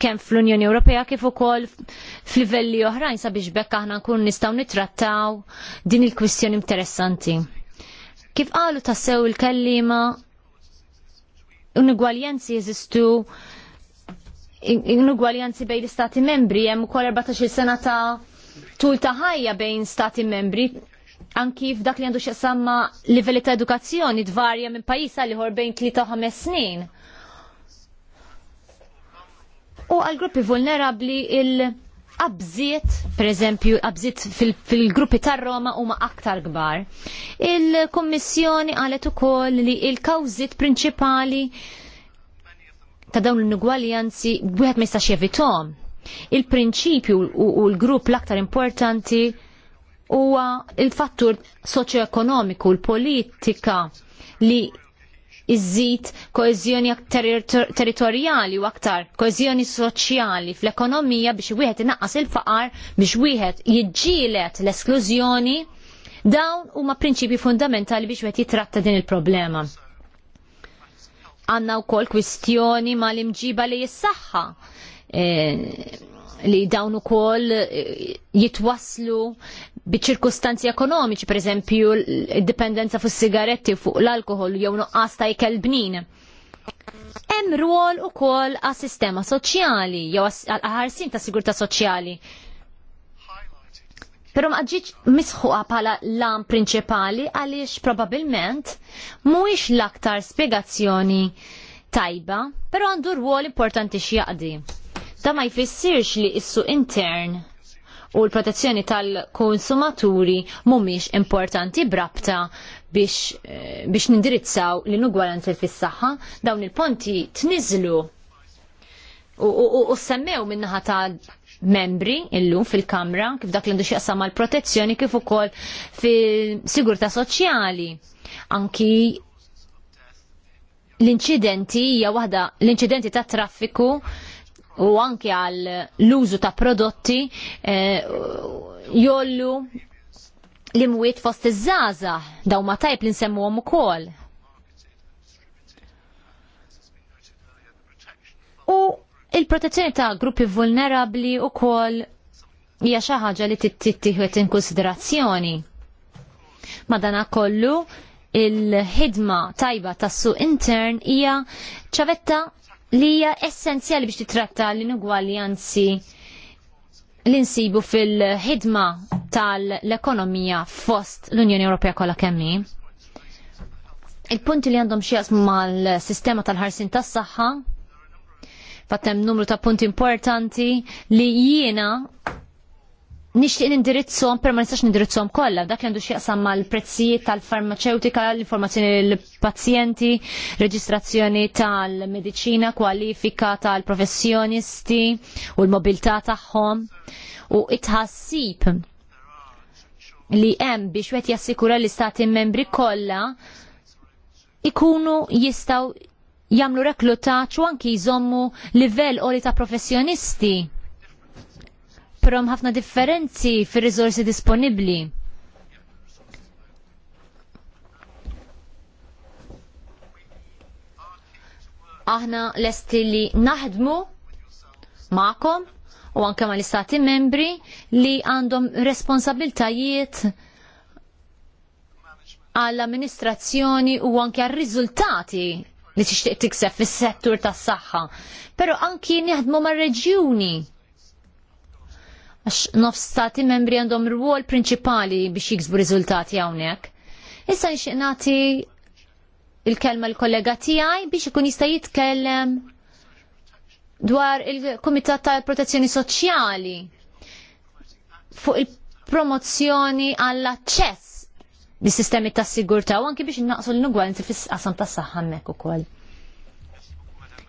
kemm fl-Unjoni Ewropea kif ukoll f'livelli oħrajn sabiex bekk aħna nkun nistgħu nittrattaw din il-kwistjoni interessanti. Kif qalu tassew il-kellima un ugwaljenzi jeżistu un ugwaljenzi bejn l-istati membri, hemm ukoll 14 sena ta' tul ta' ħajja bejn stati membri, anki f'dak li għandu xesamma livelli ta' edukazzjoni dvarja minn pajisa għal liħor bejn 3 snin. U għal gruppi vulnerabli il- Abżiet, per eżempju, abżiet fil-gruppi tar Roma huma aktar kbar. Il-Kommissjoni għalet ukoll li il-kawżiet prinċipali ta' dawn l-inugwaljanzi wieħed ma jistax jevitom. Il-prinċipju u l-grupp l-aktar importanti huwa il-fattur soċjoekonomiku, l-politika li iżid koeżjoni territorjali u aktar koeżjoni soċjali fl-ekonomija biex wieħed inaqqas il-faqar biex wieħed jiġġielet l-esklużjoni dawn huma prinċipji fundamentali biex wieħed jitratta din il-problema. Għanna wkoll kwistjoni mal-imġiba li jissaħħa. Eh, li dawn ukoll eh, jitwasslu biċ-ċirkustanzi ekonomiċi, pereżempju id-dipendenza fuq sigaretti fuq l-alkohol jew nuqqas ta' ikel bnin. Hemm rwol ukoll għas sistema soċjali jew għal-ħarsin ta' sigurtà soċjali. Però ma ġietx misħuqa bħala lam prinċipali għaliex probabbilment mhuwiex l-aktar spjegazzjoni tajba, però għandu rwol importanti x'jaqdi Da ma jfissirx li issu intern u l-protezzjoni tal-konsumaturi mumiex importanti brabta biex, eh, biex nindirizzaw li inugwalanzi fis-saħħa dawn il-ponti tniżlu u semmew minnaħa ta' membri illum fil-kamra kif dak li għandu xieqsam mal protezzjoni kif ukoll fil-sigurta soċjali. Anki l-inċidenti hija waħda l-inċidenti ta' traffiku u anke għal l-użu ta' prodotti eh, jollu l mwiet fost iż-żaza daw ma tajb li nsemmuhom ukoll. U il-protezzjoni ta' gruppi vulnerabli ukoll hija xi ħaġa li tittieħed in konsiderazzjoni. Madana kollu il-ħidma tajba tas-suq intern hija ċavetta li hija essenzjali biex titratta l-inugwaljanzi li nsibu fil-ħidma tal-ekonomija fost l-Unjoni Ewropea kollha kemmi. Il-punti li għandhom xieqs mal-sistema tal-ħarsin tas-saħħa fatem numru ta' punti importanti li jiena nixtieq nindirizzhom per ma nistax nindirizzhom kollha dak għandu x'jaqsam mal-prezzijiet tal-farmaceutika, l-informazzjoni lill-pazjenti, reġistrazzjoni tal-mediċina, kwalifika tal-professjonisti u l-mobilità tagħhom u itħassib li hemm biex wieħed jassikura l-istati membri kollha ikunu jistgħu jagħmlu reklutaċ u anki jżommu livell qoli ta' professjonisti però ħafna differenzi fir-riżorsi disponibbli. Aħna lesti li naħdmu ma'kom u anke ma l-istati membri li għandhom responsabiltajiet għall-amministrazzjoni u anke għal-riżultati li tixtieq tikseb fis-settur tas-saħħa. Però anki nieħdmu mar-reġjuni għax nofs stati membri għandhom rwol prinċipali biex jiksbu riżultati hawnhekk. Issa nixtieq nagħti il-kelma l-kollega tiegħi biex ikun jista' jitkellem dwar il-Kumitat tal-Protezzjoni Soċjali fuq il-promozzjoni għall-aċċess li sistemi ta' sigurta u anki biex naqsu l-nugwalenzi fis-qasam tas saħħa hemmhekk ukoll.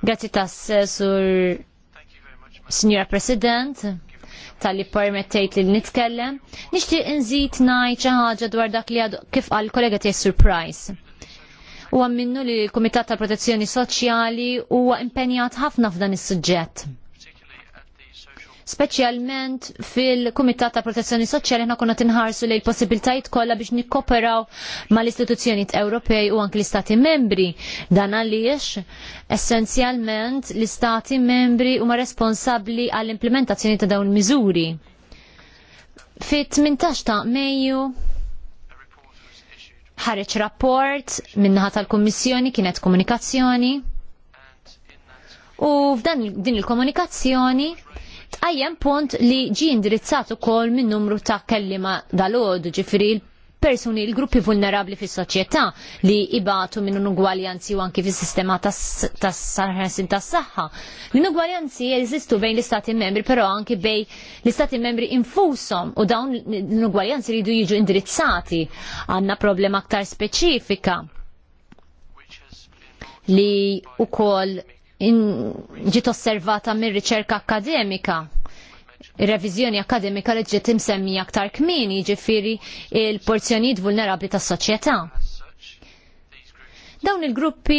ta' s eh, sur Signora President tal-li permettejt li nitkellem. Nixtieq inżid ngħid xi ħaġa dwar dak li għad kif għal kollega tiegħi surprise. Huwa minnu li l-Kumitat tal-Protezzjoni Soċjali huwa impenjat ħafna f'dan is-suġġett speċjalment fil-Kumitat ta' Protezzjoni Soċjali ħna konna tinħarsu lejn possibiltajiet kollha biex nikkoperaw mal-istituzzjonijiet Ewropej u anki l-Istati membri. Dan għaliex essenzjalment l-Istati membri huma responsabbli għall-implementazzjoni ta' dawn miżuri. Fit-18 ta' Mejju ħareġ rapport minnaħa tal-Kummissjoni kienet komunikazzjoni. U f'dan din il-komunikazzjoni Tqajjem punt li ġi indirizzat ukoll minn numru ta' kellima dal-għodu ġifri persuni l gruppi vulnerabli fis soċjetà li ibatu minn ugwaljanzi u anki fis sistema tas-sarħensin tas-saħħa. l ugwaljanzi jeżistu bejn l-istati membri, però anki bejn l-istati membri infushom u dawn l ugwaljanzi ridu jiġu indirizzati għandna problema aktar speċifika li u kol ġiet osservata minn riċerka akademika reviżjoni akademika li ġiet imsemmi aktar kmini ġifiri il-porzjonijiet vulnerabli tas soċjetà. Dawn il-gruppi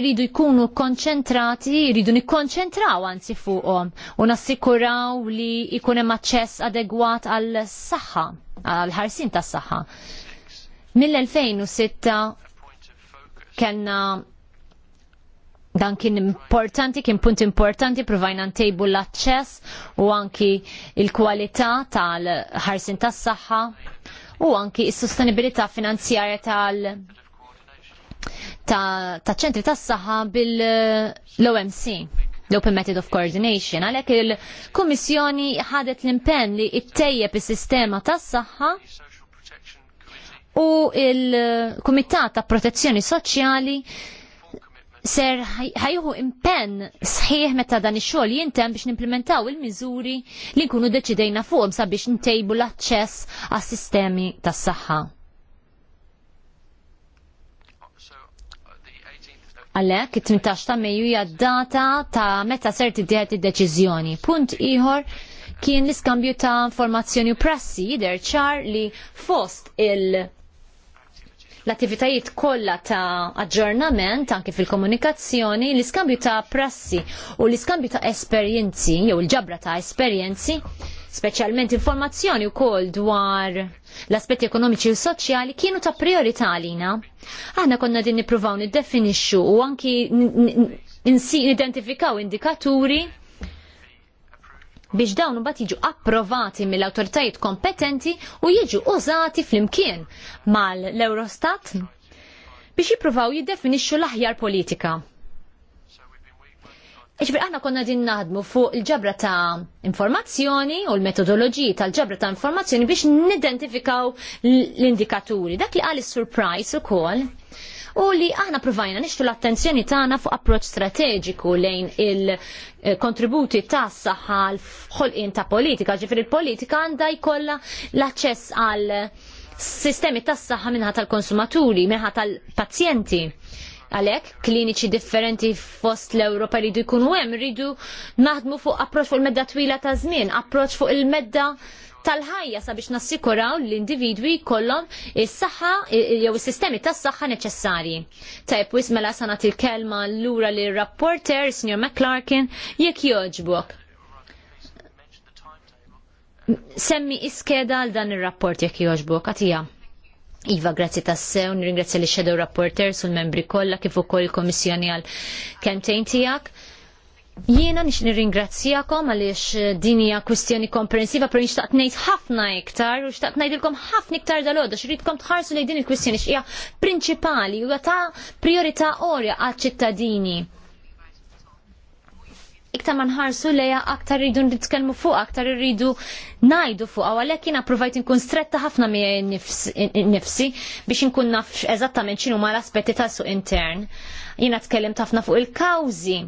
iridu jkunu konċentrati, iridu nikkonċentraw anzi fuqhom u nassikuraw li jkun hemm aċċess adegwat għal saħħa għal ħarsin tas saħħa. Mill-2006 kellna Dan kien importanti, kien punt importanti, provajna ntejbu l aċċess u anki l kwalità tal-ħarsin tas saħħa u anki s sostenibilità finanzjarja tal- ta' ċentri ta tas saħħa bil-OMC l-Open Method of Coordination, għalhekk il-Kummissjoni ħadet l-impenn li ittejjeb is-sistema tas-saħħa u il-Kumitat ta' Protezzjoni Soċjali ser ħajħu impenn sħiħ meta dan ix-xogħol jintem biex nimplementaw il-miżuri li nkunu deċidejna fuqhom sabiex ntejbu l-aċċess għas-sistemi tas-saħħa. Għalhekk it-18 ta' Mejju hija data ta' meta ser tiddieħed id-deċiżjoni. Punt ieħor kien l-iskambju ta' informazzjoni u prassi jidher ċar li fost il- l-attivitajiet kollha ta' aġġornament anke fil-komunikazzjoni, l-iskambju ta' prassi u l-iskambju ta' esperjenzi jew il-ġabra ta' esperjenzi, speċjalment informazzjoni wkoll dwar l-aspetti ekonomiċi u soċjali kienu ta' priorità għalina. Aħna konna din nippruvaw niddefinixxu u anki nidentifikaw indikaturi biex dawn imbagħad jiġu approvati mill-awtoritajiet kompetenti u jiġu użati flimkien mal-Eurostat biex jippruvaw jiddefinixxu l-aħjar politika. Iġbir aħna konna din naħdmu fuq il-ġabra ta' informazzjoni u l-metodoloġiji tal-ġabra ta' informazzjoni biex nidentifikaw l-indikaturi. Dak li għal surprise surprise kol, u li aħna provajna nixtu l-attenzjoni tagħna fuq approċċ strateġiku lejn il-kontributi tas saħħa l-ħolqien ta' politika, ġifir il-politika għandha jkollha l-aċċess għal sistemi tas saħħa minħa tal-konsumaturi, minħa tal-pazjenti għalek kliniċi differenti fost l-Europa rridu jkunu hemm rridu naħdmu fuq approċ fuq il-medda twila ta' żmien, approċ fuq il-medda tal-ħajja sabiex nassikuraw l-individwi kollom is-saħħa jew is-sistemi tas-saħħa neċessarji. Tajb wis mela sanat il-kelma lura li rapporter Sr. McClarkin jekk joġbok. Semmi iskeda għal dan ir-rapport jekk joġbok għatija. Iva, grazzi tassew, nirringrazzja li shadow rapporters u l-membri kollha kif ukoll il-Komissjoni għal kemtejn tiegħek. Jiena nix nirringrazzjakom għaliex eh, din hija kwistjoni komprensiva per nixtaqt ngħid ħafna iktar u xtaqt ngħidilkom ħafna iktar dal-għodu xridkom tħarsu li din il-kwistjoni x'ija prinċipali u ta' priorità orja għal-ċittadini. Iktar ma nħarsu leja aktar rridu nitkellmu fuq, aktar rridu ngħidu fuq, għalhekk jiena provajt nkun stretta ħafna miegħi nnifsi biex inkun naf eżattament x'inhuma l-aspetti tas-suq intern. Jiena tkellimt ħafna fuq il-kawżi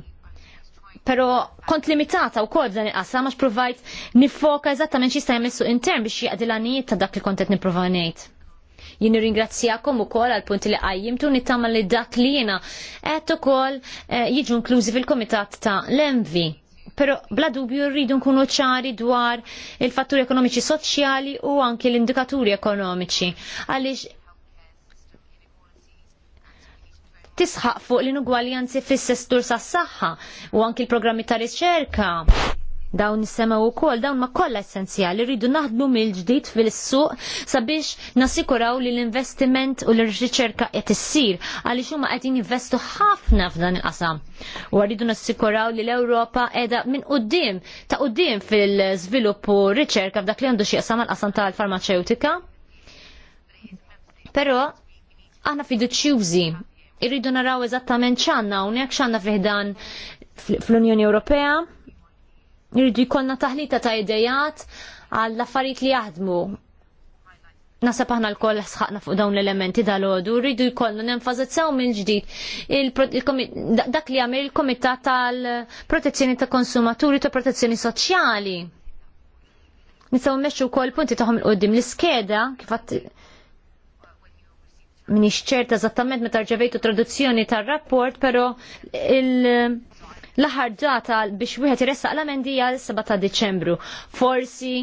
pero kont limitata u kol f'dan il-qasam għax provajt nifoka eżattament xista jemmissu intern biex jgħadilanijiet ta' dak li kontet niprovanejt. Jien ringrazzjakom ukoll għal punti li għajjimtu nittama li dak li jiena qed ukoll eh, jiġu inklużi fil komitat ta' l-envi. Pero bla dubju rridu nkunu ċari dwar il-fatturi ekonomiċi soċjali u anke l-indikaturi ekonomiċi. Għaliex tisħaq fuq l-inugwaljanzi fis-sestur sas-saħħa u anki l-programmi ta' riċerka. Dawn nisema u kol, dawn ma kolla essenzjali, rridu naħdmu mill-ġdid fil-suq sabiex nasikuraw li l-investiment u l-riċerka qed issir għaliex huma qed jinvestu ħafna f'dan il-qasam. U rridu nasikuraw li l-Ewropa qiegħda minn qudiem ta' qudiem fil-żvilupp u riċerka f'dak li għandu xi qasam għall qasam tal-farmaceutika. Però aħna fiduċjużi irridu naraw eżattament x'għandna hawnhekk x'għandna fiħdan fl-Unjoni Ewropea. Irridu jkollna taħlita ta' idejat għall affarijiet li jaħdmu. Nasab aħna l-koll sħaqna fuq dawn l-elementi dal-ħodu, rridu jkollna nenfazizzaw minn ġdid dak li għamil il-Komitat tal-Protezzjoni ta' Konsumaturi ta' Protezzjoni Soċjali. Nisaw meċu kol punti taħom il-qoddim l-skeda, kifat minix ċerta eżattament meta rġevejtu traduzzjoni tar-rapport, però il- l-aħħar data biex wieħed jressaq l-amendi hija l-7 ta' Diċembru. Forsi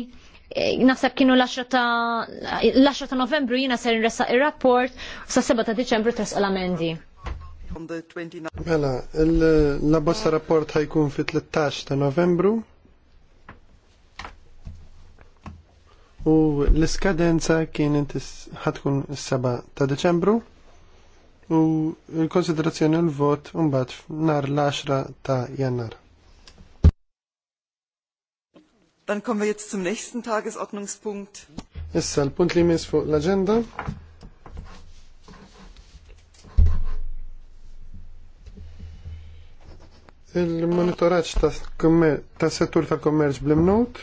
eh, naħseb kienu l-10 ta' Novembru jiena ser nressaq ir-rapport sa' 7 ta' Diċembru tresq l-amendi. Mela, l-abbozza rapport ħajkun fi 13 ta' Novembru u l-iskadenza kienet ħatkun s-7 ta' Deċembru u l-konsiderazzjoni l-vot mbagħad nar l-10 ta' Jannar. Dan kommen wir jetzt zum nächsten Tagesordnungspunkt. Issa l-punt li mis fuq l-agenda. Il-monitoraċ ta', settur tal-kommerċ bl-imnut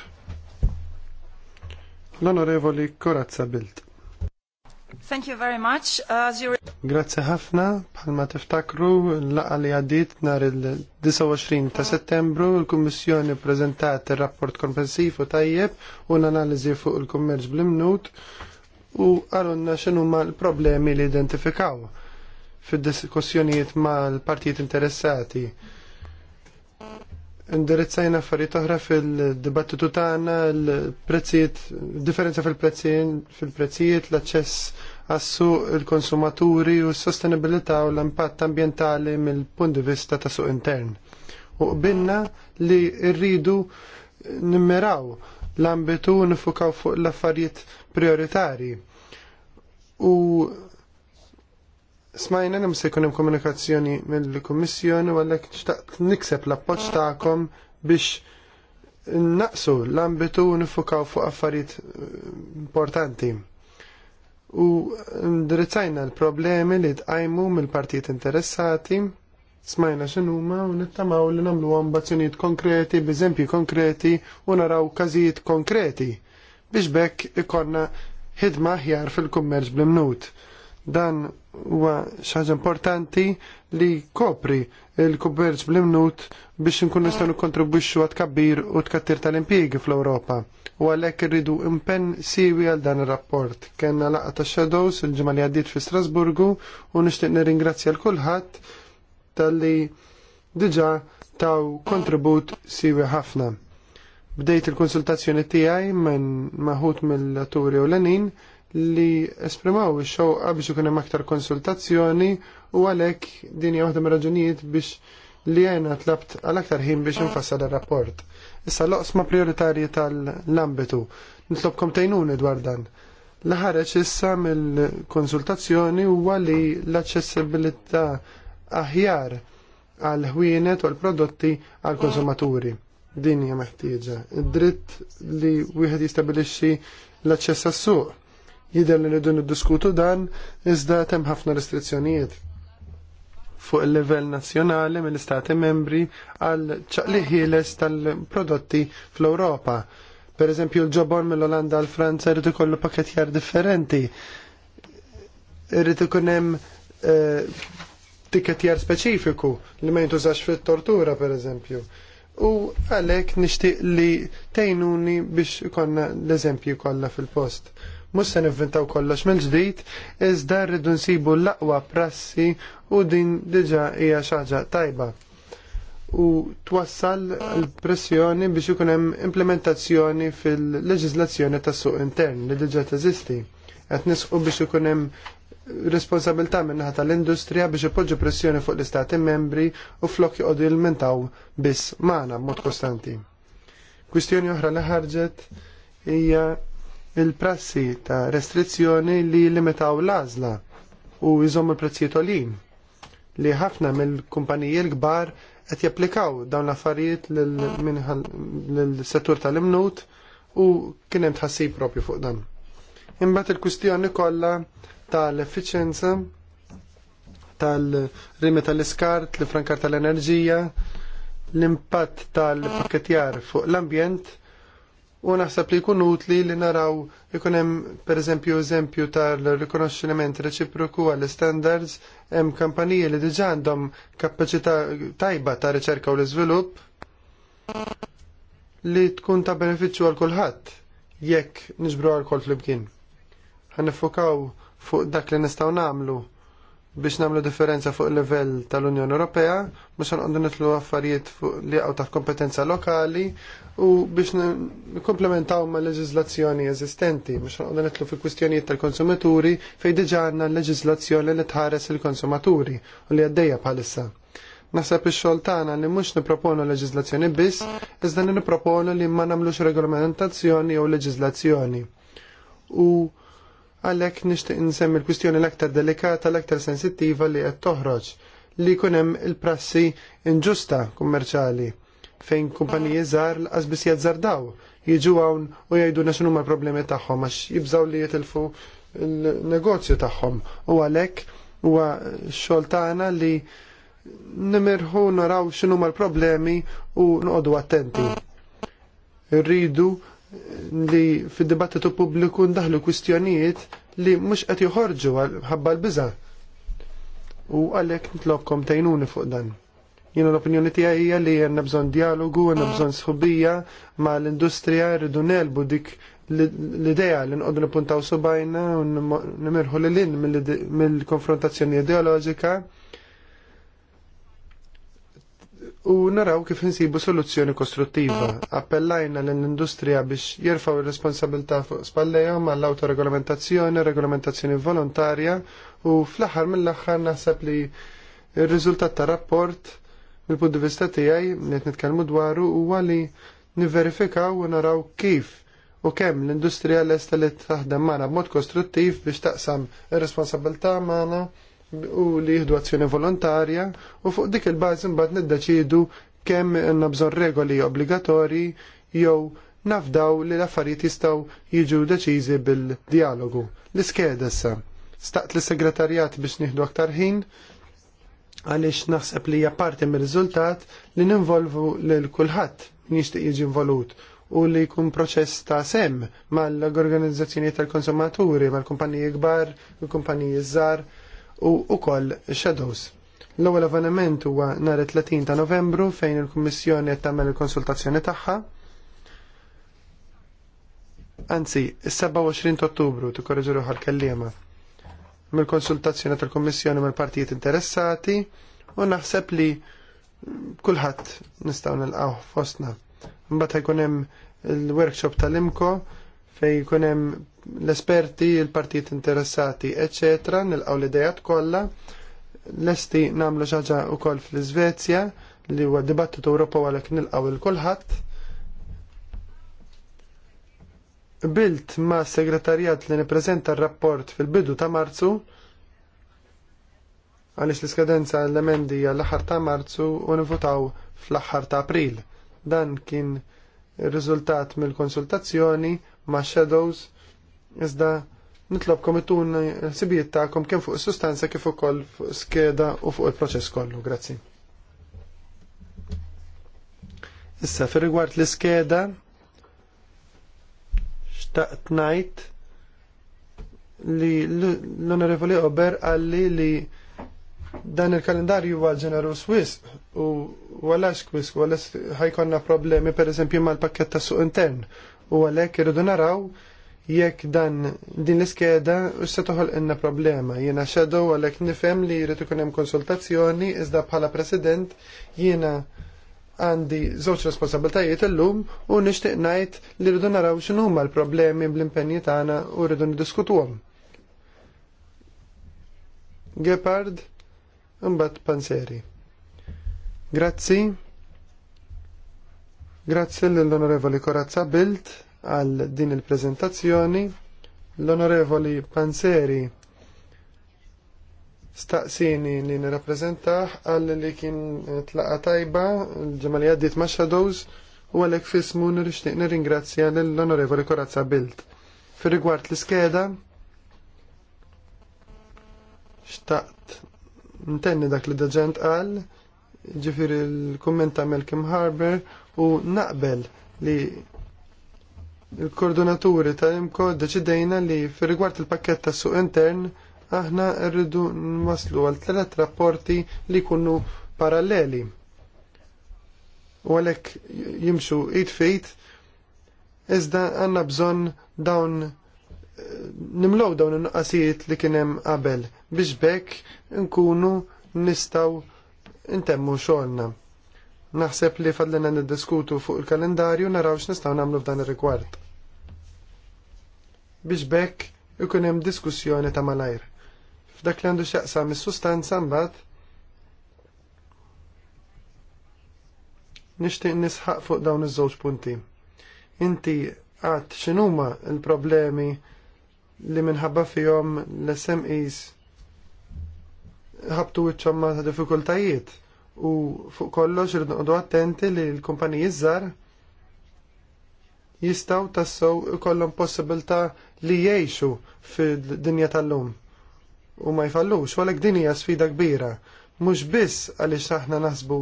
l-Onorevoli Korazza Bilt. Thank you very much. Uh, Grazie ħafna, bħalma tiftakru l-laqa li għaddit nar il-29 ta' settembru il-Kummissjoni prezentat il-rapport kompensiv u tajjeb u l-analizi fuq il kummerċ bl-imnut u għalunna xenu ma l-problemi li identifikaw fid-diskussjonijiet ma l-partijiet interessati indirizzajna affarijiet oħra fil-dibattitu tagħna l-prezzijiet, differenza fil-prezzijiet, l-aċċess għassu il-konsumaturi u s-sostenibilità u l-impatt ambientali mill-punt di vista ta' suq intern. U qbilna li rridu nimmiraw l-ambitu nifukaw fuq l-affarijiet prioritari. U smajna nem se jkun hemm komunikazzjoni mill-Kummissjoni u għalhekk xtaqt nikseb l-appoġġ tagħkom biex naqsu l-ambitu u nifukaw fuq affarijiet eh, importanti. U ndirizzajna l-problemi li tqajmu mill-partijiet interessati, smajna x'inhuma u nittamaw li namlu ambazzjonijiet konkreti, b'iżempji konkreti u naraw każijiet konkreti biex bekk ikonna ħidma ħjar fil-kummerġ bl-mnut. Dan huwa xaġa importanti li kopri il kuberġ bl-imnut biex nkun nistgħu nikkontribwixxu għat kabbir u tkattir tal-impjiegi fl-Ewropa. U għalhekk irridu impenn siwi għal dan ir-rapport. Kenna laqgħa ta' Shadows il-ġimgħa li għaddiet fi Strasburgu u nixtieq nirringrazzja l kulħadd talli diġa' diġà taw kontribut siwi ħafna. Bdejt il-konsultazzjoni tiegħi minn maħut mill-atturi u l li esprimaw ix-xewqa biex ikun hemm aktar konsultazzjoni u għalhekk din hija waħda raġunijiet biex li għajna tlabt għal aktar ħin biex infassal ir-rapport. Issa l-oqsma prioritarji tal-ambitu. Nitlobkom tgħinuni dwar dan. Laħareċ ħareġ issa mill-konsultazzjoni huwa li l-aċċessibilità aħjar għal ħwienet u l-prodotti għal konsumaturi. Din hija meħtieġa. dritt li wieħed jistabilixxi l-aċċess għas-suq Jidher li nidu niddiskutu dan iżda hemm ħafna restrizzjonijiet fuq il-livell nazzjonali mill-istati membri għal ċaqli ħieles tal-prodotti fl-Europa. Per eżempju, l-ġobon mill-Olanda għal Franza jrid ikollu pakettjar differenti. Irrid ikun hemm eh, tikettjar speċifiku li ma jintużax fit-tortura, per eżempju. U għalhekk nixtieq li tejnuni biex konna l-eżempju kollha fil-post. Mhux se nivvintaw kollox mill-ġdid, iżda rridu nsibu l-aqwa prassi u din diġà hija xi ħaġa tajba u twassal l-pressjoni biex ikun hemm implementazzjoni fil-leġiżlazzjoni tas-suq intern li diġà teżisti. Qed nisqu biex ikun hemm responsabilità min-naħa tal-industrija biex ipoġġu pressjoni fuq l-istati membri u flok joqogħdu jilmentaw biss magħna b'mod kostanti. Kwistjoni oħra li ħarġet hija il-prassi ta' restrizzjoni li limitaw l-għażla u jżommu l-prezzijiet olin li ħafna mill-kumpaniji l-kbar qed japplikaw dawn l-affarijiet lill-settur tal-imnut u kien hemm tħassib propju fuq dan. Imbagħad il-kwistjoni kollha tal-effiċjenza tal-rimi tal-iskart, l-frankar tal-enerġija, l-impatt tal-pakketjar fuq l-ambjent u naħseb li jkun utli li naraw ikun hemm pereżempju eżempju tal-rikonoxximent reċiproku għall standards hemm kampaniji li diġà għandhom kapaċità tajba ta' riċerka u l-iżvilupp li tkun ta' benefiċċju għal kulħadd jekk niġbru għal kol flimkien. Ħanifukaw fuq dak li nistgħu nagħmlu biex namlu differenza fuq il-level tal-Unjoni Ewropea, mhux għandu nitlu affarijiet fuq li għaw taħt kompetenza lokali u biex komplementaw ma' leġizlazzjoni eżistenti, mhux għandu nitlu fi kwistjonijiet tal-konsumaturi fej diġanna għandna leġizlazzjoni li tħares il-konsumaturi u li għaddejja bħalissa. Naħseb ix-xogħol tagħna li mhux nipproponu leġizlazzjoni biss, iżda nipproponu li ma nagħmlux regolamentazzjoni jew leġizlazzjoni. U għalhekk nixtieq nsemmi l-kwistjoni l-aktar delikata, l-aktar sensittiva li qed toħroġ li jkun hemm il-prassi inġusta kummerċali fejn kumpaniji żgħar laqas biss jazzardaw jiġu hawn u jgħidulna x'inhuma l-problemi tagħhom għax jibżgħu li jitilfu il-negozju tagħhom. U għalhekk huwa xogħol tagħna li nimirħu naraw x'inhu l-problemi u noqogħdu attenti. Irridu li fid-dibattitu pubbliku ndaħlu kwistjonijiet li mhux qed joħorġu ħabba l-biża. U għalhekk nitlobkom tajnuni fuq dan. Jiena l-opinjoni tiegħi hija li hemm bżonn dialogu, għandna bżonn sħubija ma l-industrija rridu nelbu dik l-idea li nqogħdu nipuntaw subajna u nimirħu lil in mill-konfrontazzjoni ideoloġika u naraw kif insibu soluzzjoni kostruttiva. Appellajna l-industrija biex jirfaw il-responsabilta fuq spallejhom għall autoregolamentazzjoni, regolamentazzjoni volontarja u fl-aħħar mill-aħħar naħseb li il-riżultat ta' rapport mill-punt di vista tiegħi li qed nitkellmu dwaru huwa li nivverifikaw u naraw kif u kemm l-industrija lesta li taħdem magħna b'mod kostruttiv biex taqsam ir-responsabilità magħna u li jihdu azzjoni volontarja u fuq dik il-bażi mbagħad niddeċidu kemm għandna bżonn regoli obbligatorji jew nafdaw li l-affarijiet jistgħu jiġu deċiżi bil-dialogu. L-iskeda issa. Staqt lis segretarjat biex nieħdu aktar ħin għaliex naħseb li hija parti mir-riżultat li ninvolvu lil kulħadd min jixtieq jiġi involut u li jkun proċess ta' sem mal-organizzazzjoni tal-konsumaturi, mal-kumpaniji kbar, il-kumpaniji żgħar, u ukoll shadows. L-ewwel avveniment huwa nhar 30 ta' Novembru fejn il-Kummissjoni qed tagħmel il-konsultazzjoni tagħha. Anzi, is-27 Ottubru tikkorreġu ruħal kelliema. Mill-konsultazzjoni tal-Kummissjoni mill-partijiet interessati u naħseb li kulħadd nistgħu nilqgħu fostna. Mbagħad jkun hemm il-workshop tal-imko fej jkun hemm l-esperti, il partit interessati, eccetera, nilqgħu l-idejat kollha. Lesti nagħmlu xi ħaġa wkoll fl-Iżvezja li huwa dibattitu Ewropa għalhekk nilqgħu il kulħadd. Bilt ma' segretarjat li nippreżenta r-rapport fil-bidu ta' Marzu għaliex l-iskadenza l-emendi għall-aħħar ta' Marzu u nivutaw fl-aħħar ta' April. Dan kien ir-riżultat mill-konsultazzjoni ma' shadows, iżda nitlobkom itun sibijiet ta'kom kien fuq is-sustanza kif ukoll fuq skeda u fuq il-proċess kollu. Grazzi. Issa fir rigward l-iskeda xtaqt ngħid li l-Onorevoli Ober għalli li dan il-kalendarju huwa ġeneru Swiss u għalax kwis għalax ħajkonna problemi per eżempju mal pakketta ta' suq intern u għalhekk irridu naraw jekk dan din l-iskeda s-setuħol inna problema. Jiena xedu għalhekk nifhem li jrid ikun hemm konsultazzjoni iżda bħala president jiena għandi żewġ responsabiltajiet illum u nixtieq ngħid li rridu naraw xinu huma l-problemi bl-impenji tagħna u rridu għom. Gepard imbagħad Panseri. Grazzi. Grazzi l-Onorevoli Corazza Bilt għal din il-prezentazzjoni. L-Onorevoli Panzeri staqsini li nirrappreżentaħ għal li kien tlaqa tajba l-ġemali għaddit ma' Shadows u għalek fismu nirrixtiq nirringrazzja l-Onorevoli Corazza Bilt. Fir rigward l-iskeda, xtaqt ntenni dak li daġent għal ġifiri il komment ta' Malcolm Harbour u naqbel li il-koordinaturi tal-imko deċidejna li fir rigward il-pakket ta' suq intern aħna rridu nmaslu għal tlet rapporti li kunnu paralleli. U għalek jimxu id fejt iżda għanna bżon dawn nimlow dawn il-nuqqasijiet li kienem qabel biex bekk nkunu nistaw intemmu xogħolna. Naħseb li fadlina niddiskutu fuq il-kalendarju naraw x'nistgħu nagħmlu f'dan ir-rigward. Biex bekk ikun hemm diskussjoni ta' malajr. F'dak li għandu x'jaqsam mis-sustanza mbagħad nixtieq nisħaq fuq dawn iż-żewġ punti. Inti għad x'inhuma l-problemi li minħabba fihom l-SMEs ħabtu wiċċhom ma' diffikultajiet u fuq kollox irnoqdu attenti li l-kumpaniji żgħar jistgħu tassew ikollhom possibilità li jgħixu fid-dinja tal-lum u ma jfallux, għalhekk din hija sfida kbira. Mhux biss għaliex aħna naħsbu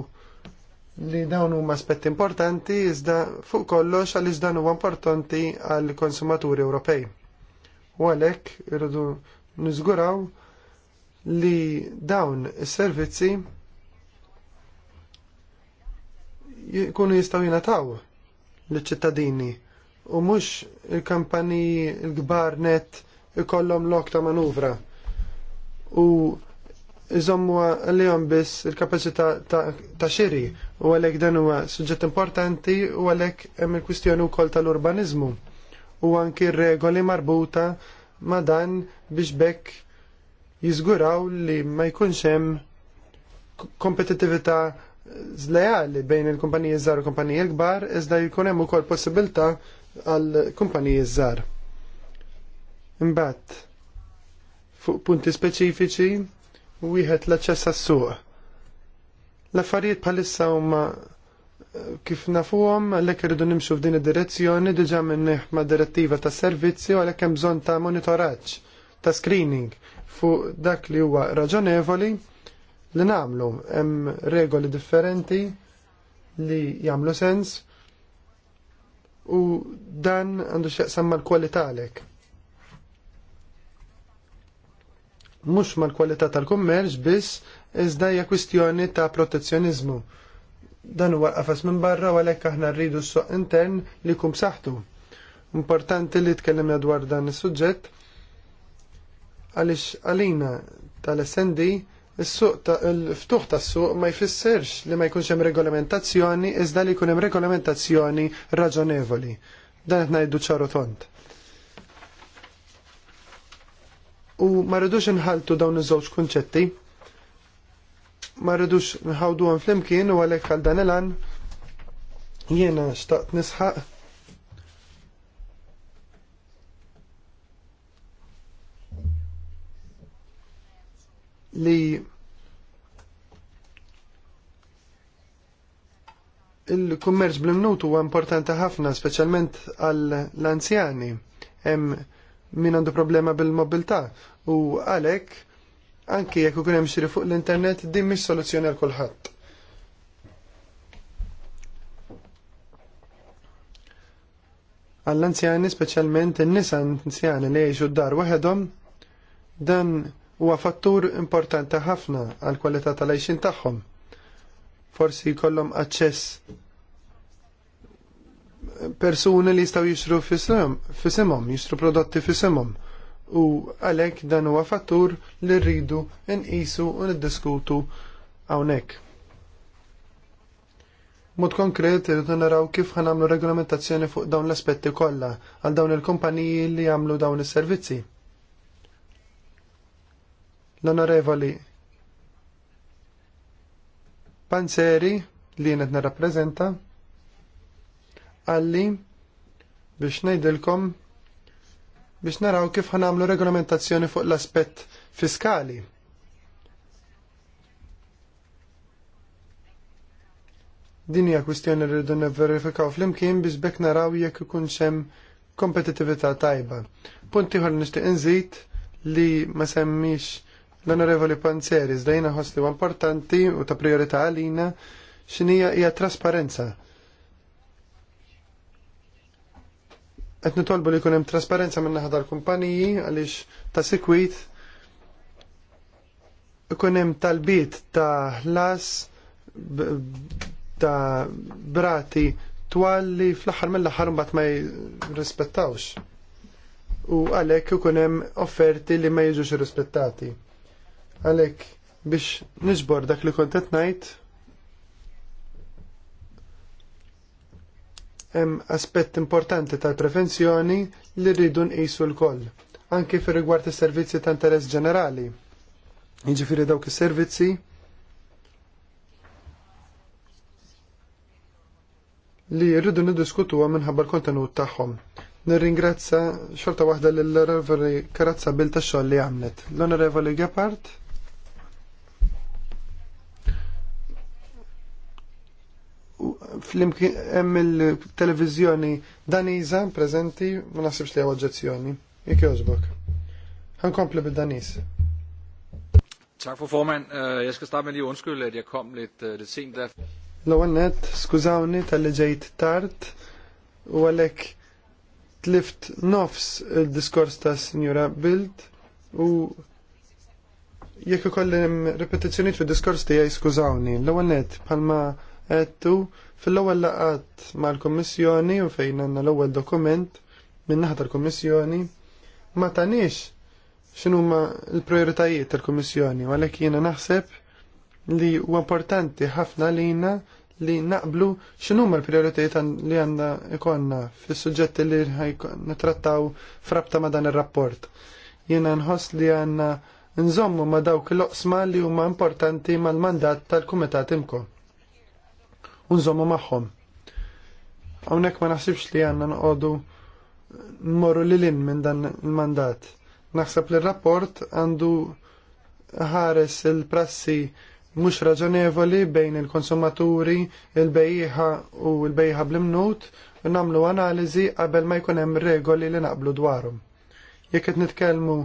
li dawn huma aspetti importanti iżda fuq kollox għaliex dan huwa importanti għall konsumaturi Ewropej. U għalhekk irridu niżguraw li dawn is-servizzi jikunu jistaw jinataw l-ċittadini u mux il-kampaniji il-gbar net ikollom lok ta' manuvra u iżommu għal biss bis il-kapacita ta' xiri u għalek dan huwa suġġett importanti u għalek hemm il-kwistjoni wkoll tal-urbanizmu u anki regoli marbuta ma' dan biex bekk jiżguraw li ma jkunx hemm kompetitività zlejali bejn il-kumpaniji żgħar u kumpaniji kbar iżda jkun hemm ukoll possibilità għal kumpaniji żgħar. Imbagħad fuq punti speċifiċi wieħed l-aċċess għas-suq. L-affarijiet bħalissa huma eh, kif nafuhom għalhekk irridu nimxu f'din id-direzzjoni diġà minn ma' direttiva ta' servizzi u għalhekk hemm bżonn ta' monitoraġġ ta' screening fuq dak li huwa raġonevoli li nagħmlu hemm regoli differenti li jagħmlu sens u dan għandu x'jaqsam mal-kwalità għalhekk. Mhux mal-kwalità tal-kummerċ biss iżda hija kwistjoni ta' protezzjoniżmu. Dan huwa qafas minn barra għalhekk aħna rridu s-soq intern li jkun b'saħħtu. Importanti li tkellem dwar dan is-suġġett għaliex għalina tal-SND Is-suq ta' il-ftuħ tas-suq ma jfissirx li ma jkunx hemm regolamentazzjoni iżda li jkun hemm regolamentazzjoni raġonevoli. Dan qed ngħidu ċaru tont. U ma rridux inħaltu dawn iż-żewġ kunċetti. Ma rridux nħawduhom flimkien u għalhekk għal dan il-an jiena xtaqt nisħaq li il-kummerċ bl imnutu huwa importanti ħafna, speċjalment għall-anzjani, hemm min għandu problema bil-mobilità u għalhekk anki jekk ikun hemm xiri fuq l-internet din mhix soluzzjoni għal kulħadd. Għall-anzjani speċjalment in-nisa anzjani li jgħixu d-dar waħedhom dan huwa fattur importanti ħafna għal kwalità tal-għajxin tagħhom. Forsi jkollhom aċċess persuni li jistgħu jixtru fisimhom, jixru prodotti fisimhom. U għalhekk dan huwa fattur li rridu nqisu u niddiskutu hawnhekk. Mod konkret irid naraw kif nagħmlu regolamentazzjoni fuq dawn l-aspetti kollha għal dawn il-kumpaniji li jagħmlu dawn is-servizzi. L-onorevoli Panzeri li jenet nirrapprezenta għalli biex ngħidilkom biex naraw kif ħanamlu regolamentazzjoni fuq l-aspett fiskali. Din hija kwistjoni li rridu nivverifikaw flimkien biex bekk naraw jekk ikun hemm kompetitività tajba. Punt ieħor nixtieq inżid li ma semmix L-Onorevoli Panzeri, zdajna ħosli importanti u ta' priorità għalina xinija hija trasparenza. Qed nitolbu li jkun hemm trasparenza minn naħa tal-kumpaniji għaliex ta' sikwit ikun hemm talbiet ta' ħlas ta' brati twalli fl-aħħar mill-aħħar mbagħad ma jirrispettawx. U għalhekk ikun hemm offerti li ma jiġux irrispettati. Għalek biex nġbor dak li kontet najt hemm aspett importanti tal-prevenzjoni li rridu nqisu l-koll, anki fir rigward is-servizzi ta' interess ġenerali. Jiġifieri dawk is-servizzi li rridu niddiskutuha minħabba l-kontenut tagħhom. Nirringrazza xorta waħda lill-Onorevoli Karazza Bil tax-xogħol li għamlet. L-Onorevoli Gepard hemm il-televizjoni Daniza prezenti, ma nasibx li oġġezzjoni. Jekk Għan Ħankompli bil-Daniż. Tak for formand. Eh, jeg skal starte med lige at undskylde, at jeg kom lidt, eh, lidt sent der. L-ewwel nett, skużawni tal-li tart, tard u għalhekk tlift nofs il-diskors ta' Sinjura Bild u jekk ikolli repetizzjoniet fid-diskors tiegħi skużawni. L-ewwel nett, palma għettu fil-ewwel laqat mal-Kummissjoni u fejn għandna l-ewwel dokument minn naħa tal kommissjoni ma tanix x'inhuma l-prijoritajiet tal-Kummissjoni għalhekk jiena naħseb li huwa importanti ħafna lina li naqblu x'inhuma l-prijoritajiet li għandna ikonna fis-suġġetti li nitrattaw frabta ma' dan ir-rapport. Jiena nħoss li għandna nżommu ma' dawk l-oqsma li huma importanti mal-mandat tal-Kumitat imkom unżommu magħhom. Hawnhekk ma naħsibx li għandna nqogħdu nmorru lil in minn dan il-mandat. Naħseb li rapport għandu ħares il-prassi mhux raġonevoli bejn il-konsumaturi, il-bejħa u l-bejħa bl-imnut u nagħmlu analiżi qabel ma jkun hemm regoli li naqblu dwarhom. Jekk qed nitkellmu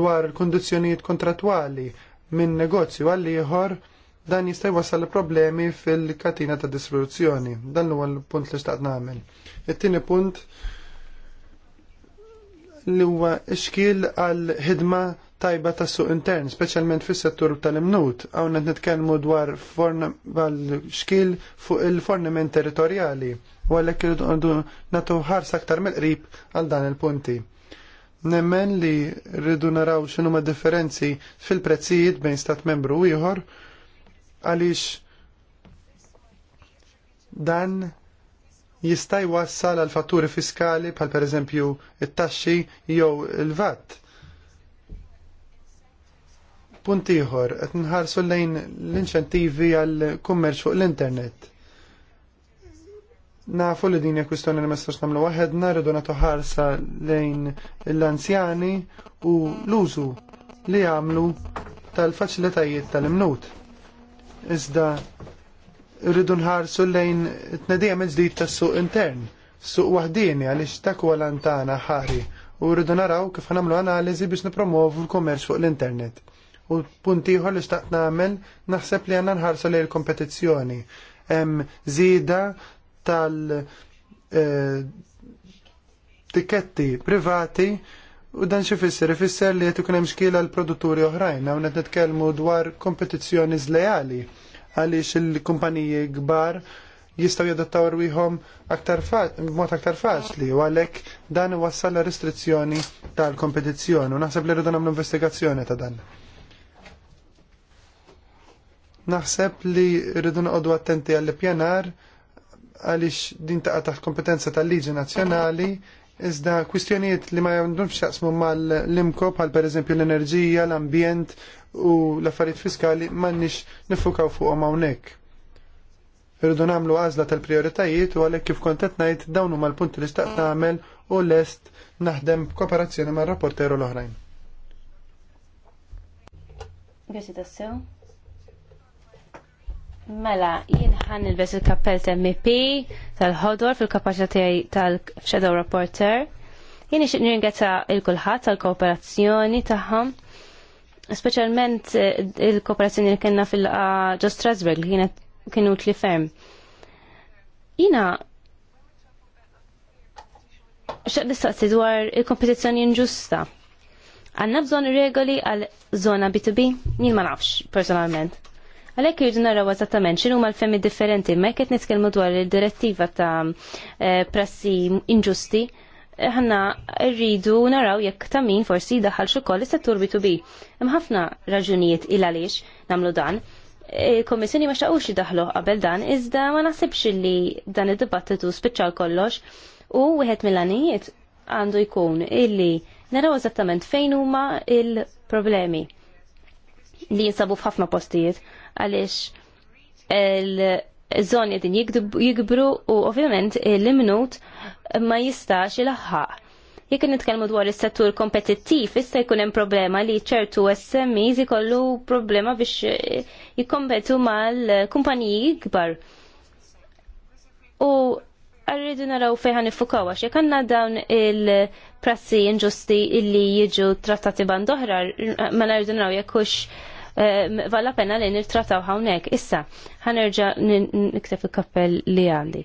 dwar il kundizzjonijiet kontratwali minn negozju għal ieħor dan jista' jwassal problemi fil-katina ta' distribuzzjoni. Dan huwa l-punt li xtaqt nagħmel. It-tieni punt li huwa xkil għal ħidma tajba tas suq intern, speċjalment fis-settur tal-imnut, hawn qed nitkellmu dwar xkil fuq il-forniment territorjali u għalhekk irridu nagħtu ħars aktar mill-qrib għal dan il-punti. Nemmen li rridu naraw x'inhuma differenzi fil-prezzijiet bejn stat membru ieħor għaliex dan jista' jwassal għal fatturi fiskali bħal pereżempju it-taxxi jew il-VAT. Punt ieħor qed nħarsu lejn l-inċentivi għal kummerċ fuq l-internet. Nafu li din hija kwistjoni li ma nagħmlu waħedna rridu nagħtu ħarsa lejn l-anzjani u l-użu li jagħmlu tal-faċilitajiet tal-imnut iżda rridu nħarsu lejn t-nedija ġdid tas-suq intern, suq waħdini għaliex dak huwa lantana ħari u rridu naraw kif nagħmlu analiżi biex nipromovu l-kummerċ fuq l-internet. U punt ieħor li xtaqt nagħmel naħseb li għandna nħarsu lejn il-kompetizzjoni. Hemm żieda tal eh, tiketti privati U dan xifisser ifisser li qed ikun hemm xkiela l produtturi oħrajn hawn qed nitkellmu dwar kompetizzjoni żlejali għaliex il-kumpaniji kbar jistgħu jadattaw rwieħhom aktar b'mod aktar faċli u għalhekk dan iwassal restrizzjoni tal-kompetizzjoni u naħseb li rridu nagħmlu investigazzjoni ta' dan. Naħseb li rridu noqogħdu attenti għall-pjanar għaliex din ta' kompetenza tal-Liġi Nazzjonali Iżda kwistjonijiet li ma għandhomx xaqsmu mal-limko bħal pereżempju l-enerġija, l-ambjent u l-affarijiet fiskali m'għandniex nifukaw fuqhom hawnhekk. Irridu nagħmlu għażla tal-prijoritajiet u għalhekk kif qed ngħid dawn huma l-punti li staqt nagħmel u lest naħdem b'kooperazzjoni mar-rapporteru l-oħrajn. Grazie tassew. Mela, jien ħan il-bes il-kappell tal-MP, tal-ħodor fil tiegħi tal-Shadow Reporter. Jien ixtiq nirringazza il-kulħadd tal-kooperazzjoni tagħhom. Speċjalment eh, il-kooperazzjoni li kellna fil-ġo Strasburg li kienet kienu tli ferm. Jina xaq nistaqsi dwar il-kompetizzjoni inġusta. Għanna bżon regoli għal zona B2B? Jien ma nafx personalment Għalhekk irridu naraw eżattament xinu ma l-femmi differenti, ma qed nitkellmu dwar id-direttiva ta' eh, prassi inġusti, eh, ħanna rridu naraw jekk ta' min forsi daħal xi li is-settur B2B. Hemm ħafna raġunijiet il għaliex nagħmlu dan. Eh, Il-Kommissjoni ma xaqux jidaħlu qabel dan, iżda ma nasibx li dan id-dibattitu speċal kollox u wieħed mill-għanijiet għandu jkun illi naraw eżattament fejn huma il-problemi. il problemi li jinsabu f'ħafna postijiet għaliex il-żoni din jikbru u ovvjament l limnut ma jistax il-ħaq. Jekk nitkellmu dwar is-settur kompetittiv, issa jkun hemm problema li ċertu SMEs ikollu problema biex jikkompetu mal-kumpaniji kbar. U rridu naraw fejn ħan nifukaw għax jekk għandna dawn il-prassi inġusti illi jiġu trattati band oħra, ma narridu naraw jekk hux Eh, valla pena li nirtrataw hawnhekk. Issa, ħanerġa' niktef il-kappell li għandi.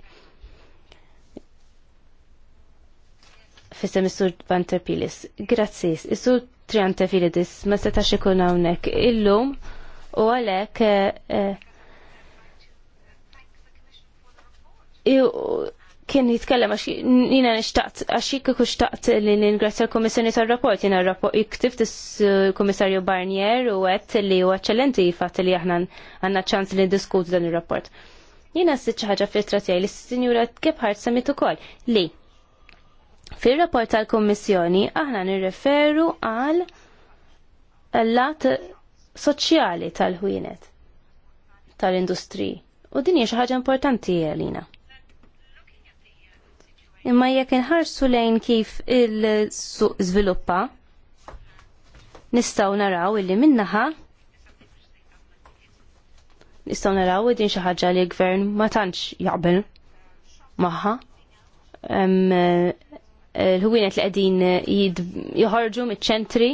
Fissem is-sur Vanterpilis. Grazzi, is-sur Triantafilidis ma setax ikun hawnhekk illum u għalhekk eh, eh, kien jitkellem għax jina nishtaqt, għax jikku kuxtaqt li ningrazzja l-Komissjoni tal-rapport, jina rapport iktif tis-Komissarju uh, Barnier u għet li u eccellenti jifat li aħna għanna ċans li diskut dan il-rapport. Jina s ħaġa fitra tijaj li s-sinjura Gebhardt samitu ukoll li fil-rapport tal-Komissjoni aħna nirreferu għal l-lat soċjali tal ħujnet tal-industri. U din hija xi ħaġa importanti għalina. Imma jekk inħarsu lejn kif il-suq żviluppa, nistgħu naraw illi minnaħa nistgħu naraw din xi ħaġa li l-gvern ma tantx jaqbel magħha. L-ħwienet li qegħdin joħorġu miċ-ċentri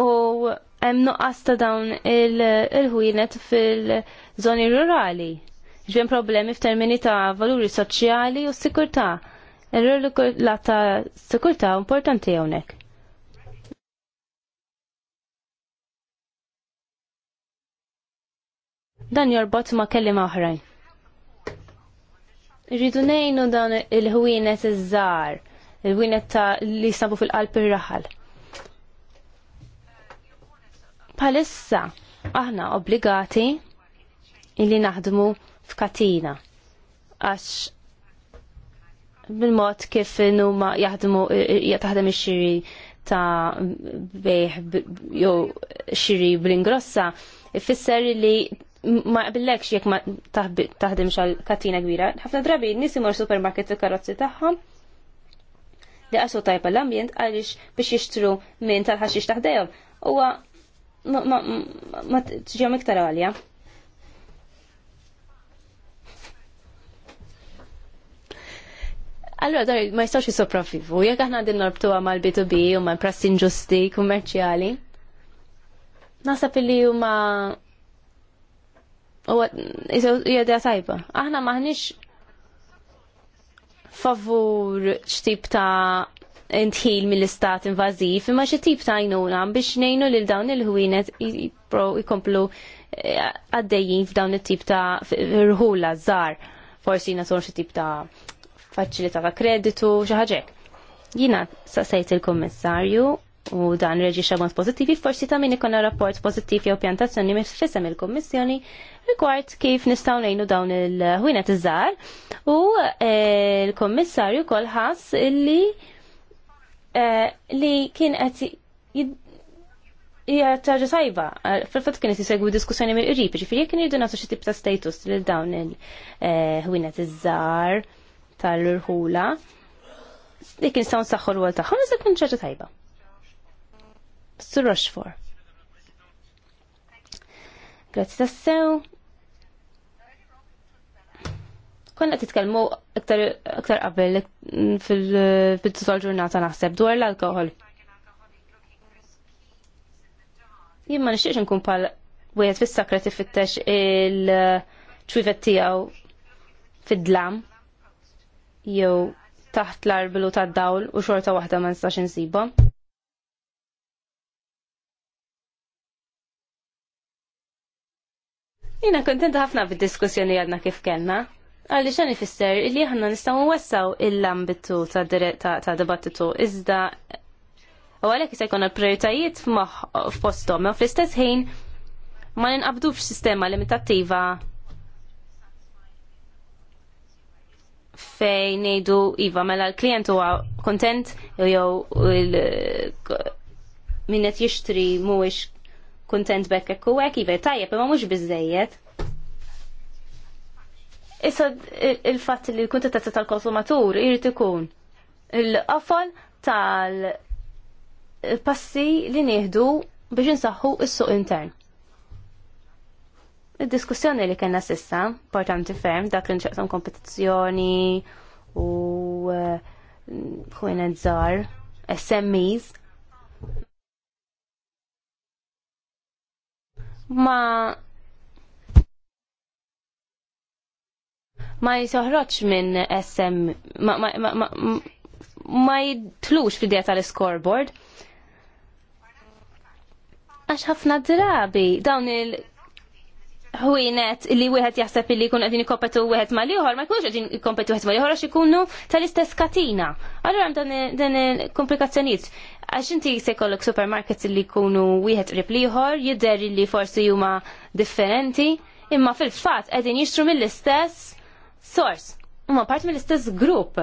u hemm nuqqas ta' dawn il-ħwienet fil-żoni rurali ġbien problemi f'termini ta' valuri soċjali u sikurtà. il rol ta' sikurtà importanti għonek. Dan jorbot ma' kelli maħrajn. Irridu nejnu dan il-ħwienet iż-żgħar, il-ħwienet ta' li sabu fil-qalb ir-raħal. Palissa aħna obbligati illi naħdmu f'katina għax bil-mod kif numa jaħdmu jataħdem ix-xiri ta' bejħ jew xiri bl-ingrossa ifisser li ma qbillekx jekk ma taħdem għal katina kbira. Ħafna drabi nies imor supermarket fil-karozzi tagħhom li għasu tajba l-ambjent għaliex biex jixtru minn tal-ħaxix taħdejhom. Huwa ma tiġi iktar għalja. Allora dar ma jistgħux jisopravivu. Jekk aħna din norbtuha mal-B2B u mal prassi inġusti kummerċjali. Nasab li huma huwa jgħidha tajba. Aħna maħniex favur x'tip ta' intħil mill-istat invażiv, imma xi tip ta' jnuna biex ngħinu lil dawn il-ħwienet jkomplu eh, għaddejjin f'dawn it-tip ta' rħula żgħar forsi natur xi tip ta' faċilità ta' kreditu, xi ħaġa. Jiena saqsejt il-kummissarju u dan reġixa mod pozittivi, forsi ta' min ikon rapport pozittiv jew pjantazzjoni mis fissem il-Kommissjoni rigward kif nistgħu ngħinu dawn il-ħwienet iż-żgħar u eh, l-Kommissarju kol ħass li eh, li kien qed hija taġa sajba. Fil-fatt kien qed jisegwu diskussjoni mill-qrib, ġifieri kien irridu nagħtu xi tip ta' status lil dawn il-ħwienet eh, iż-żgħar tal rħula dik kien sawn l-għol taħħom, iżda kun tajba. Sur Rochefort. Grazzi tassew. Konna titkelmu iktar qabel fil-bittutol ġurnata naħseb dwar l-alkohol. Jien ma nixtiex nkun pal wieħed fis-sakra tifittex il-ċwivet tiegħu fid-dlam jew taħt l-arbilu tad-dawl u xorta waħda ma nistax insibha. Jina kontenta ħafna bid-diskussjoni għadna kif kellna. Għalli xan ifisser li ħanna nistaw nwessaw il-ambitu ta', ta, dibattitu iżda u għalek jista' jkun prioritajiet f'postom, u fl-istess ħin ma ninqabdux sistema limitattiva fejn ngħidu iva mela l-klient huwa kontent jew min qed jixtri mhuwiex kuntent bekk hekk u hekk iva tajjeb imma mhux biżejjed. Issa il-fatt li l-kuntentazza tal-konsumatur irid ikun il-qafol tal-passi li nieħdu biex insaħħu is-suq intern. Il-diskussjoni li kena sissa, importanti ferm, dak li nċaqsam kompetizzjoni u eh, ħwina żgħar, SMEs. Ma ma jisohroċ minn SM, ma, ma, ma, ma, jitlux fil dieta tal-scoreboard għax ħafna drabi dawn il ħwienet li wieħed jaħseb li jkun qegħdin ikompetu wieħed mal ieħor ma jkunux qegħdin ikompetu wieħed mal ieħor għax ikunu tal-istess katina. Allura hemm dan il-komplikazzjonijiet. Għax inti se jkollok supermarkets li jkunu wieħed qrib ieħor, jidher li forsi huma differenti, imma fil-fatt qegħdin jixtru mill-istess sors. Huma parti mill-istess grupp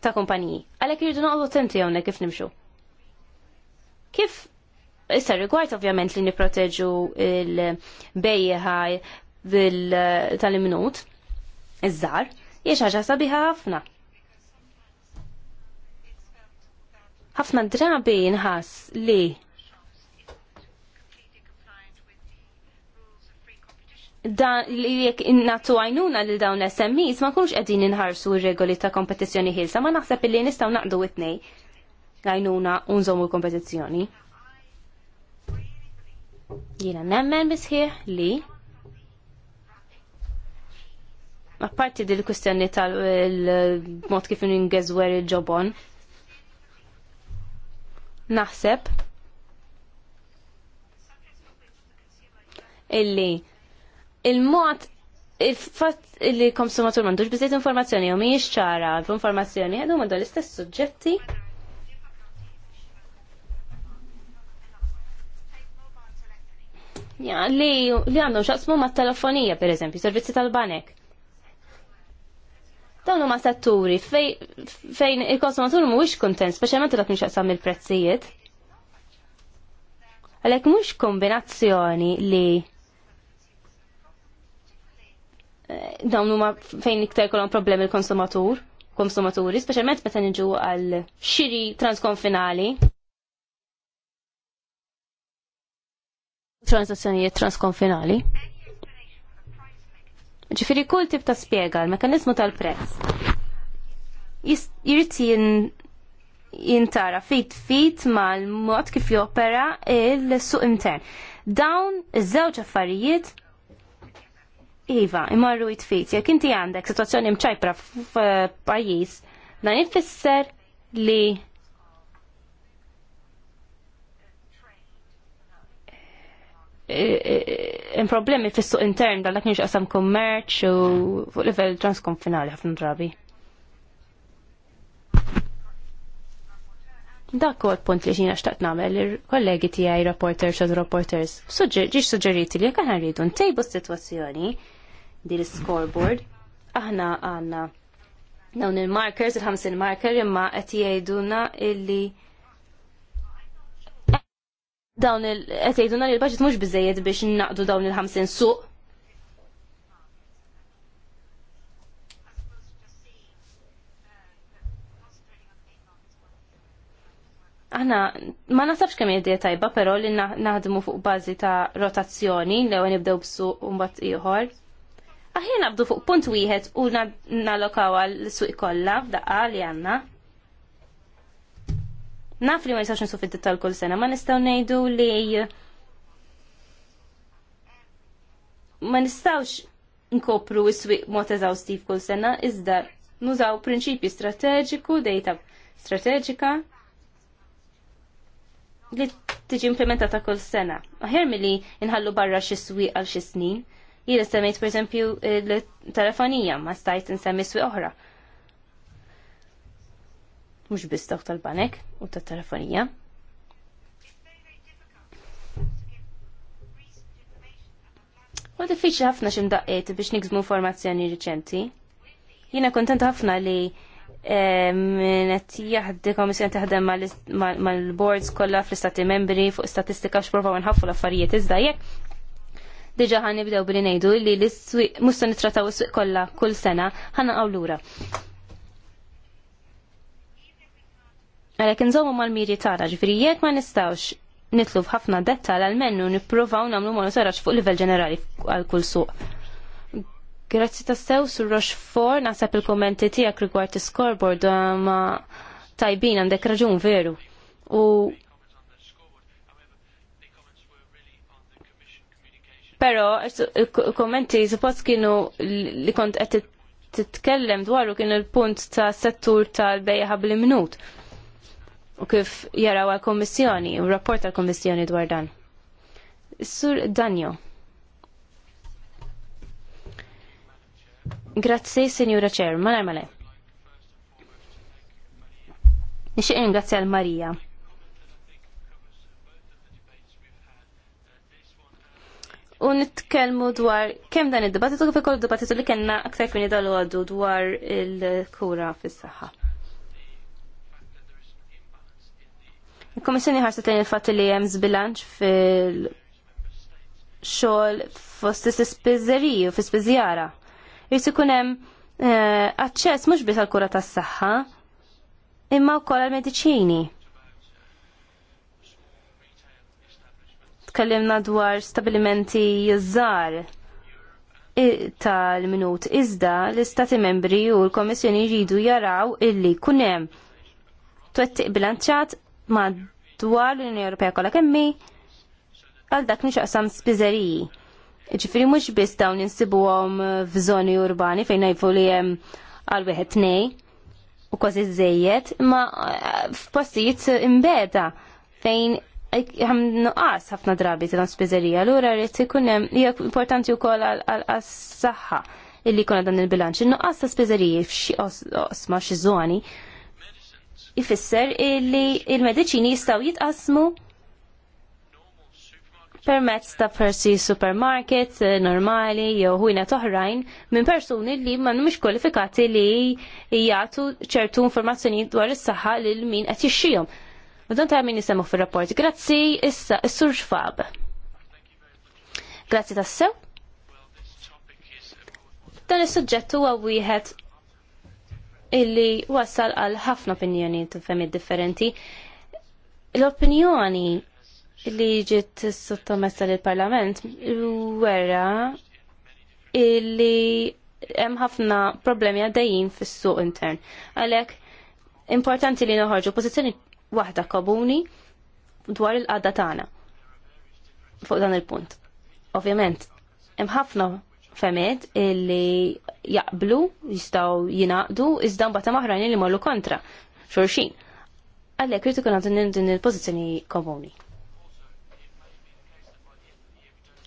ta' kumpaniji. Għalhekk irridu noqgħodu attenti hawnhekk kif nimxu. Kif issa rigward ovvjament li niproteġu il-bejjeħaj tal-imnut, iż-żar, jiex ħaġa sabiħa ħafna. ħafna drabi nħas li dan li jek innatu għajnuna li dawn SMEs ma kunx għedin inħarsu regoli ta' kompetizjoni ħilsa ma naħseb li nistaw naqdu it-nej għajnuna unżomu l-kompetizjoni. Jiena nemmen misħiħ li apparti dil kwistjoni tal-mod kif ingeżwer il-ġobon, naħseb illi il-mod il-fatt li konsumatur mandux bizzejt informazzjoni u miex ċara l-informazzjoni għadu mandu l-istess suġġetti li għandhom xaqsmu ma' telefonija, per eżempju, servizzi tal-banek. Dawn huma setturi fejn il-konsumatur mhuwiex kuntent, speċjalment dak nixaqsam il-prezzijiet. Għalhekk mhux kombinazzjoni li eh, dawn huma fejn iktar kolom problemi l konsumatur konsumaturi, speċjalment meta niġu għal xiri transkonfinali. transazzjonijiet transkonfinali. Ġifiri kull tip ta' spiega l-mekanizmu tal-prezz. Jirrit jintara fit fit mal-mod kif jopera il-suq intern. Dawn iż-żewġ affarijiet Iva, imarru jitfit, jek inti għandek situazzjoni mċajpra f'pajjiż, dan ifisser li in eh, eh, problemi fissu suq intern dal kienx qasam kummerċ u fuq livell transkonfinali ħafna drabi. Dak huwa punt li xina xtaqt nagħmel il-kollegi tiegħi reporters u reporters. Ġiex suġġeriti li jekk aħna rridu ntejbu s-sitwazzjoni din l scoreboard aħna għandna dawn il-markers, il-ħamsin marker imma qed jgħiduna illi dawn il qed jgħidulna li l mux mhux biżejjed biex naqdu dawn il ħamsin suq. Aħna ma nasabx kemm hija tajba, però li naħdmu fuq bażi ta' rotazzjoni li għu nibdew b'suq u mbagħad ieħor. Aħjar nabdu fuq punt wieħed u nalokaw għal suq kollha f'daqqa li għandna. Naf li ma jistax nsu fit kull sena, ma nistaw nejdu li ma nistawx nkopru s-swiq mod eżawstiv kull sena, iżda nużaw prinċipji strateġiku, dejta strateġika li tiġi implementata kull sena. Aħjar milli nħallu barra xi swiq għal xi snin. Jiena semmejt pereżempju l-telefonija ma stajt insemmi swiq oħra mhux biss dawk tal-banek u tat-telefonija. U diffiċli ħafna x'imdaqqiet biex niksbu informazzjoni riċenti. Jiena kuntent ħafna li min qed jaħdi komissjoni taħdem mal-boards kollha fl-istati membri fuq statistika x'provaw nħaffu l-affarijiet iżda jekk diġa ħan nibdew billi ngħidu li l-iswiq musta nittrattaw is-suq kollha kull sena ħana lura. Għalek nżommu mal-miri tara, ġifiri jek ma nistawx nitlu f'ħafna dettal għal-mennu nipprovaw namlu monitoraġġ fuq livell ġenerali għal kull suq. Grazzi ta' sew sur Rochefort, nasab il-kommenti tijak rigward scoreboard eh, ma tajbin għandek raġun veru. U Pero, kommenti suppost kienu li kont qed titkellem dwaru kienu il punt ta' settur tal-bejja ħabli minut. minut u kif jaraw għal-Kommissjoni, u rapport għal-Kommissjoni dwar dan. Sur Danjo. Grazzi, Signora Cher, ma narmale. Nixieq ingrazzi l-Marija. U nitkellmu dwar kemm dan id-dibattitu kif ikoll dibattitu li kellna aktar kmini dal-għadu dwar il-kura fis-saħħa. Il-Komissjoni ħarset lejn il fat li hemm zbilanċ fil xogħol fost ispiżeriji u fi spiżjara. Irid ikun hemm eh, aċċess mhux biss għall-kura tas-saħħa, imma wkoll għall-mediċini. tkellimna dwar stabilimenti żgħar tal-minut iżda l-istati membri u l-Komissjoni jridu jaraw illi kunem twettiq bilanċat madwar l-Unjoni Ewropea kollha kemmi għal dak nixaqsam spiżeriji. Ġifieri mhux biss dawn insibuhom f'żoni urbani fejn ngħidu li hemm għal wieħed tnej u kważi żejjed, imma eh, f'postijiet imbeda fejn ħam nuqqas ħafna drabi ta' spiżerija, allura rrid ikun hemm hija importanti wkoll għas-saħħa illi jkun dan il-bilanċ. innuqqas nuqqas ta' spiżeriji f'xi osma xi żoni ifisser li il-mediċini jistaw jitqasmu permezz ta' persi supermarket eh, normali jew ħujna toħrajn minn persuni li ma kwalifikati li jagħtu ċertu informazzjoni dwar is-saħħa lil min qed jixxihom. U dan ta' min nisemmu fir-rapport. Grazzi issa is-Sur Xfab. Grazzi tassew. Dan is-suġġett huwa wieħed illi wassal għal ħafna opinjoni femi differenti. L-opinjoni li ġiet sottomessa lill parlament wera illi hemm ħafna problemi għaddejjin fis-suq intern. Għalhekk importanti li noħorġu pożizzjoni waħda komuni dwar il-qadda tagħna fuq dan il-punt. Ovvjament, hemm ħafna femet illi jaqblu, jistaw jinaqdu, iżda mbagħad maħrajn li mollu kontra xorxin. Għallek rritu kun għandun din il-pozizjoni komuni.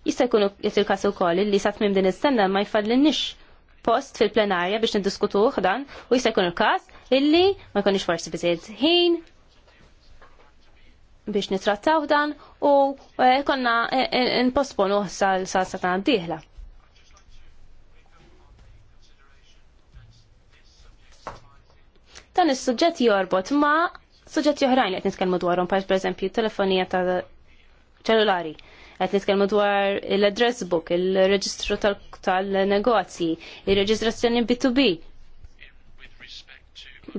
Jista' jkun qed il-każ ukoll li sa tmiem din is-sena ma jfallinniex post fil-plenarja biex niddiskutuh dan u jista' jkun il-każ illi ma jkunx forsi biżejjed ħin biex nitrattaw dan u eh, konna eh, eh, nposponu postponu sa sa d-dieħla. dan is-suġġett jorbot ma' suġġetti oħrajn qed nitkellmu dwarhom bħal pereżempju telefonija ta' ċellulari. Qed nitkellmu dwar l-address book, il-reġistru tal-negozji, ir-reġistrazzjoni B2B.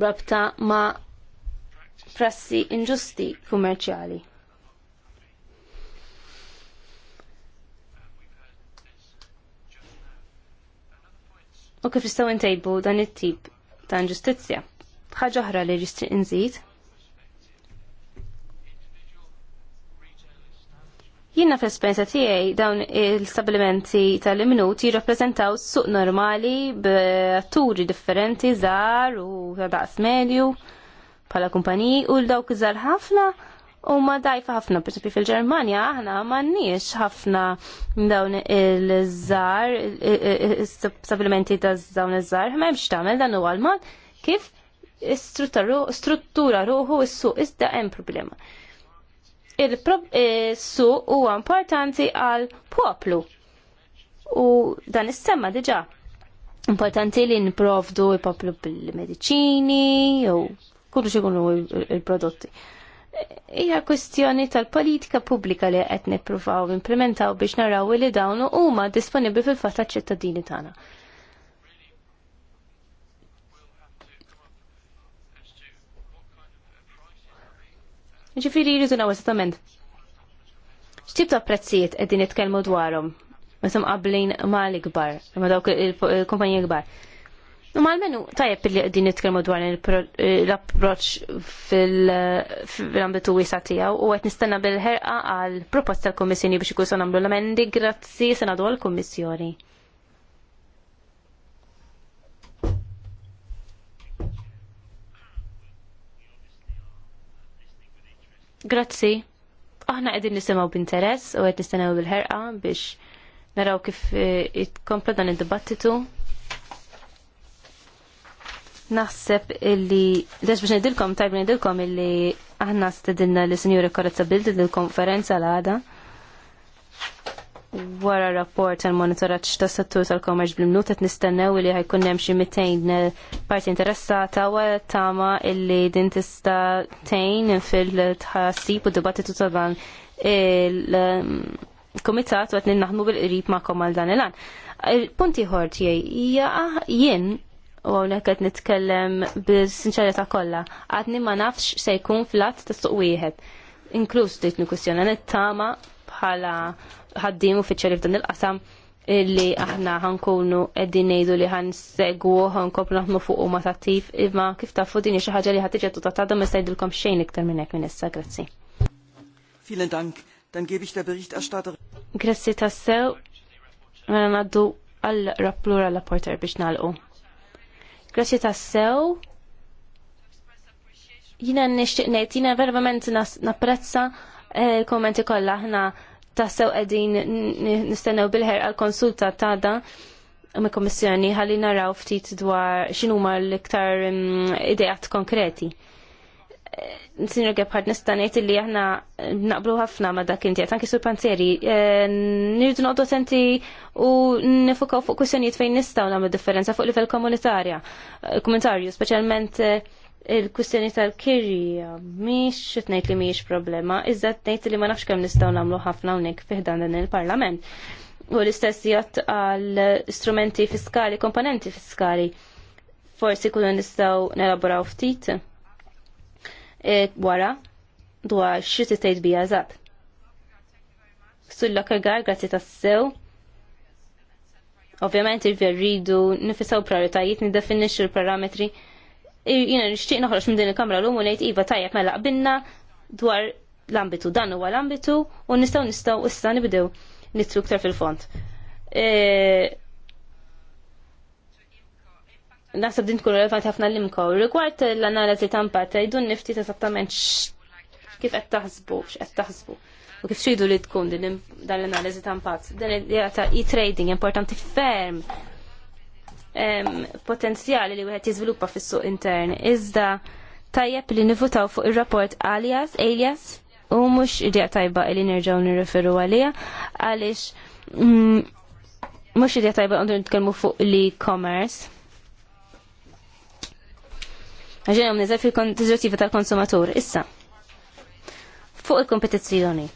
Rabta ma' prassi inġusti kummerċjali. U kif jistgħu ntejbu dan it-tip ta' inġustizzja? Ħaġa oħra li ġisti nżid. Jiena fl-esperienza tiegħi dawn il-stabilimenti tal-imnut jirrappreżentaw suq normali b'atturi differenti żgħar u ta' daqs medju bħala kumpaniji u l-dawk iżgħar ħafna u ma dajfa ħafna, per fil-Ġermanja aħna m'għandniex ħafna dawn il-żgħar stabilimenti ta' dawn iż-żgħar, ma hemmx tagħmel dan huwa l-mod kif struttura ruħu s-suq iżda hemm problema. Il-suq huwa importanti għal poplu u dan is-semma diġà. Importanti li niprovdu il-poplu bil-medicini u kullu xikunu il-prodotti. Hija kwestjoni tal-politika pubblika li qed nippruvaw implementaw biex naraw li dawn huma disponibbli fil fatta ċittadini tagħna. Ġifiri jridu naw eżattament. X'tib ta' prezzijiet qegħdin nitkellmu dwarhom meta qablin mal-ikbar, ma' dawk il kumpanji kbar. Normalmenu tajjeb li qegħdin nitkellmu dwar l-approċċ fil-ambitu wisa tiegħu u qed nistenna bil-ħerqa għal proposta tal-Kummissjoni biex ikun sa nagħmlu l-emendi grazzi se nagħdu għall-Kummissjoni. Grazzi. Aħna qegħdin nisimgħu b'interess u qed nistennew bil-ħerqa biex naraw kif eh, jitkompla dan id-dibattitu. Naħseb illi, dax biex nidilkom, tajb nidilkom illi aħna stedinna li Sinjura Korazza Bild il-konferenza l-għada wara rapport tal monitoraġġ tas settur tal-kommerċ bil mnut qed nistennew li ħajkun hemm xi 200 eh, parti interessata u tama illi din tista' tgħin fil-tħassib u dibattitu ta' dan il-kumitat u qed ninnaħdmu bil-qrib magħkom għal dan il-għan. Punti ħorti, tiegħi hija jien u hawnhekk qed nitkellem bis-sinċerità kollha, għadni ma nafx se jkun flat ta' suq wieħed. Inkluż dik kwistjoni nittama bħala ħaddim uffiċjali f'dan il-qasam illi aħna ħankunu qegħdin ngħidu li ħan segwu ħankopru naħdmu fuq huma tattif imma kif tafu din xi ħaġa li ħad tiġi tutatata ma jsejdilkom xejn iktar minn hekk minn issa, grazzi. Vielen Dank. Dann gebe ich der Berichterstatter. Grazzi tassew. Mela ngħaddu għal rapplura la porter biex nalqu. Grazzi tassew jina nishtiq nejt, jina verament napprezza eh, kommenti kolla ħna tassew qegħdin nistennew bil-ħerqa konsulta ta' da me kommissjoni ħalli naraw ftit dwar x'inhuma l-iktar mm, idejat konkreti. Eh, Sinjor Gebhardt nista' ngħid li aħna naqblu ħafna ma' dak inti qed sur panzeri. Eh, Nirdu noqgħdu attenti u nifukaw fuq kwistjonijiet fejn nistgħu nagħmlu differenza fuq livell komunitarja, eh, komunitarju, speċjalment il-kustjoni tal-kirja miex tnejt li miex problema, iżda tnejt li ma nafx kemm nistgħu nagħmlu ħafna hawnhekk fiħdan dan il-Parlament. U l-istess jgħat għal strumenti fiskali, komponenti fiskali. Forsi kunu nistgħu nelaboraw ftit e, wara dwar xi tgħid bija żgħat. Sulla kergar grazzi tas-sew. Ovvjament il-verridu nifisaw prioritajiet, nidefinix l il parametri jiena nixtieq noħroġ minn din il-kamra l-lum u nejt iva tajjeb mela qbilna dwar l-ambitu. Dan huwa l-ambitu u nistgħu nistgħu issa nibdew nitlu ktar fil-font. E, Nasab din tkun relevanti ħafna l-imko. Rigward l-analiżi ta' impatt, nifti ta' eżattament kif qed taħsbu, x'qed taħsbu. U kif tridu li tkun din dan l-analiżi ta' impatt. Dan jgħata ta' e-trading importanti ferm potenzjali li wieħed jiżviluppa fis-suq intern. Iżda tajjeb li nivutaw fuq ir-rapport alias, alias, u mhux idea tajba li nerġgħu nirreferu għaliha għaliex mm, mhux idea tajba għandu nitkellmu fuq l-e-commerce. Għaxin għom nizel tal-konsumatur. Issa, fuq il-kompetizzjoni.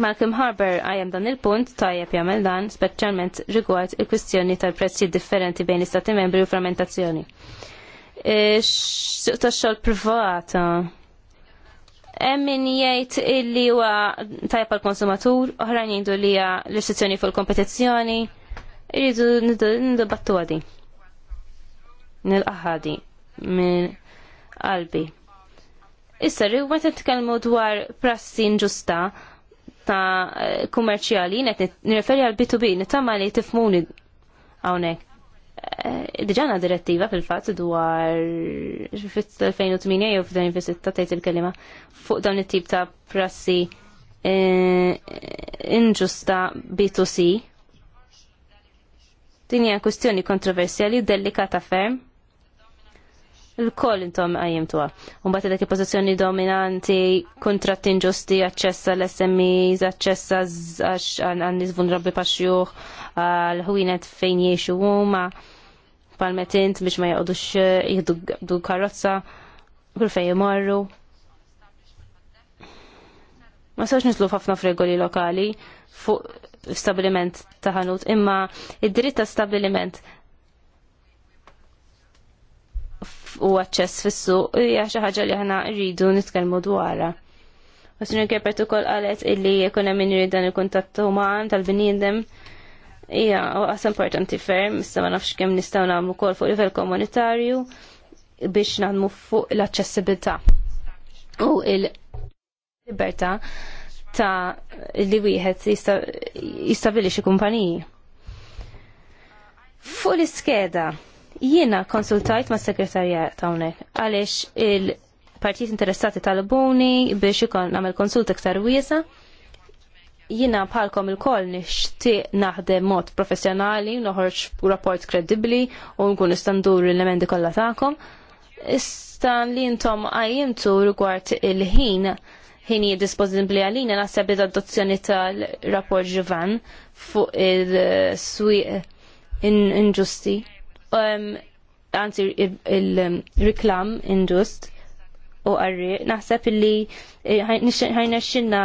Malcolm Harbour għajem dan il-punt tajjeb jagħmel dan speċjalment rigward il-kwistjoni tal-prezzi differenti bejn l-istati membri u frammentazzjoni. E, Suq tax-xogħol privata. Ah. Hemm min jgħid illi huwa tajjeb għal konsumatur oħrajn jgħidu li hija l-istituzzjoni fuq il-kompetizzjoni. Irridu battu għadi. Nil-qaħadi minn qalbi. Issa, t tkellmu dwar prassi inġusta, ta' kummerċjali, net nirreferi għal B2B, nittama li tifmuni għawnek. Eh, Diġana direttiva fil-fat dwar fit-2008 jew fit-2006 tajt il-kelima fuq dawn it-tip ta' prassi eh, inġusta B2C. Din hija kwestjoni kontroversjali delikata ferm il-koll intom għajimtuwa. Umbat dak il-pozizjoni dominanti, kontratti inġusti, għacċessa l-SMEs, għacċessa għannis vulnerabli paxjuħ, għal-ħwinet fejn jiexu huma, palmetint biex ma jgħodux jgħdu karozza, kull fejn jmorru. Ma sawx nislu ħafna f'regoli lokali fuq stabiliment ta' ħanut, imma id-dritt ta' stabiliment u aċċess fis-suq hija xi ħaġa li aħna rridu nitkellmu dwarha. Għasinu kepet u kol għalet illi jekun minn dan il-kuntatt uman tal Ija, hija għas importanti ferm, issa ma nafx kemm nistgħu nagħmlu kol fuq livell komunitarju biex nagħmlu fuq l-aċċessibilità u il-libertà ta' li wieħed jistabilixi kumpaniji. Fuq l-iskeda, Jiena konsultajt ma' ta' hawnhekk għaliex il-partijiet interessati talbuni biex ikon nagħmel konsult iktar wiesa. Jiena bħalkom il-koll nixtieq naħdem mod professjonali, noħorġ rapport kredibbli u nkun istandur l-elementi kollha tagħkom. Issa li intom għajimtu rigward il-ħin ħini disponibli għalina naħseb id-adozzjoni tal-rapport ġivan fuq il swi inġusti. In Um, anzi il-riklam um, indust u għarri, naħseb illi eh, ħajna xinna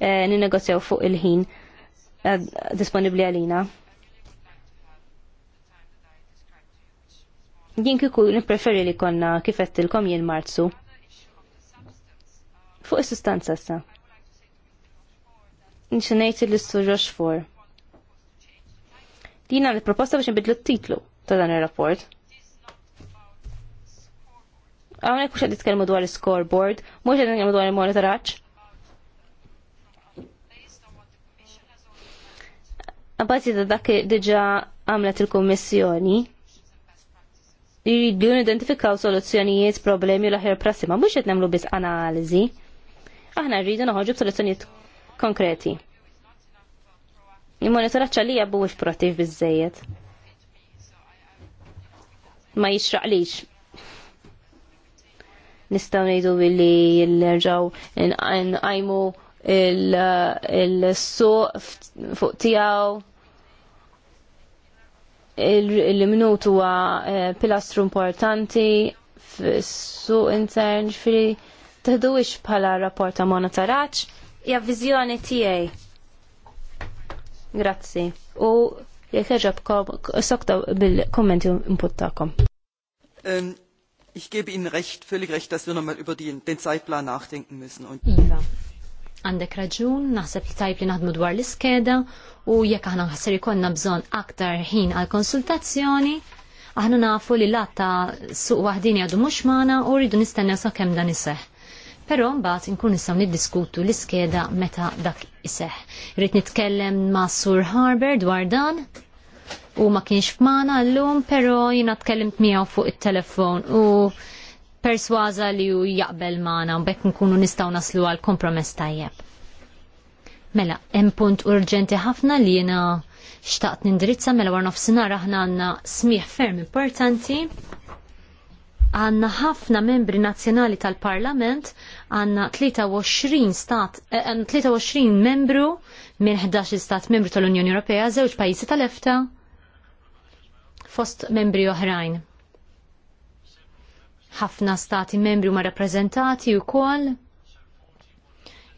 eh, ninegozjaw fuq il-ħin eh, disponibli għalina. Jien kiku nipreferi li konna kifett il-kom jien marzu. Fuq il-sustanza sa. Nxinajt il-istur Rochefort. Dina l-proposta biex nbidlu t-titlu ta' dan ir-rapport. Għawnek mux għed kelmu dwar il-scoreboard, mux għed kelmu dwar il-monitoraċ. Għabbazi ta' dak diġa għamlet il-kommissjoni, jiridu identifikaw soluzzjonijiet problemi l-aħjar prassi, ma mux qed nemlu biss analiżi. Aħna rridu noħorġu b'soluzzjonijiet konkreti. Il-monitoraċċa li jabbu mhux proattiv bizzejiet ma jixraqlix. Nistaw nejdu billi l-nerġaw nqajmu il-suq fuq tijaw il-minut huwa eh, pilastru importanti fis-suq intern ġifieri teħduwix bħala rapport ta' monitoraġġ hija viżjoni tiegħi. Grazzi. U jek ħeġabkom soktaw bil-kommenti inputtakom. Um, ähm, ich gebe Ihnen recht, völlig recht, dass wir nochmal über den, den Zeitplan nachdenken müssen. Und iva, għandek raġun, naħseb li tajb naħdmu dwar l-iskeda u jekk aħna ħassir ikonna bżon aktar ħin għal konsultazzjoni, aħna nafu li latta suq waħdini għadu mux mana u rridu nistennew sa' kem dan iseħ. Però mbagħad inkun nistgħu niddiskutu l-iskeda meta dak iseħ. Rrid nitkellem ma' Sur Harber dwar dan u ma kienx f'mana llum, però jiena tkellimt miegħu fuq it-telefon u persważa li hu jaqbel magħna u bekk nkunu nistgħu naslu għal kompromess tajjeb. Mela, hemm punt urġenti ħafna li jiena xtaqt nindirizza mela war nofsinhar aħna għandna smih ferm importanti għanna ħafna membri nazzjonali tal-Parlament, għanna 23 stat, 23 eh, membru minn 11 stat membru tal-Unjoni Ewropea, żewġ pajjiżi tal-EFTA, fost membri oħrajn. Ħafna stati membri ma rappreżentati wkoll.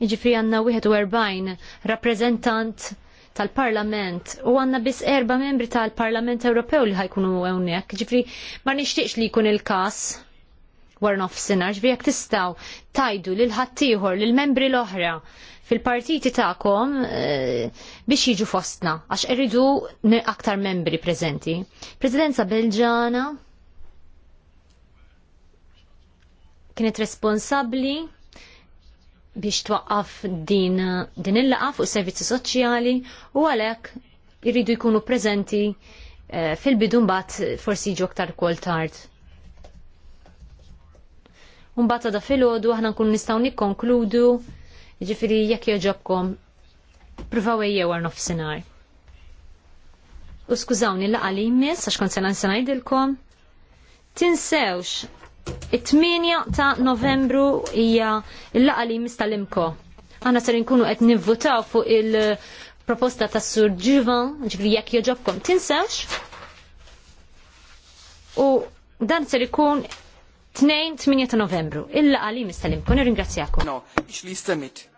Jiġifieri għandna wieħed u 41 rappreżentant tal-Parlament u għanna biss erba membri tal-Parlament Ewropew li ħajkunu hawnhekk. Ġifri ma nishtiqx li jkun il-każ war nofsinhar, ġifri jekk tistgħu tajdu lil ħaddieħor l membri l-oħra fil-partiti tagħkom eh, biex jiġu fostna għax irridu aktar membri preżenti. Presidenza Belġana kienet responsabbli biex twaqqaf din, din il-laqa fuq servizzi soċjali u għalhekk irridu jkunu preżenti eh, fil-bidu mbagħad forsi jiġu aktar kol tard. Mbagħad da filgħodu aħna nkunu nistgħu nikkonkludu jiġifieri jekk jogħġobkom pruvaw ejjew għar nofsinhar. U skużawni laqa li jmiss għax kont se ngħidilkom tinsewx it-8 ta' novembru hija l-laqa li mistalimko. Għana ser nkunu qed nivvotaw fuq il-proposta ta' Sur Ġivan, ġifri jekk joġobkom tinsewx. U dan ser ikun 2-8 ta' novembru. il laqgħa li mistalimko. Nirringrazzjakom. No, xli li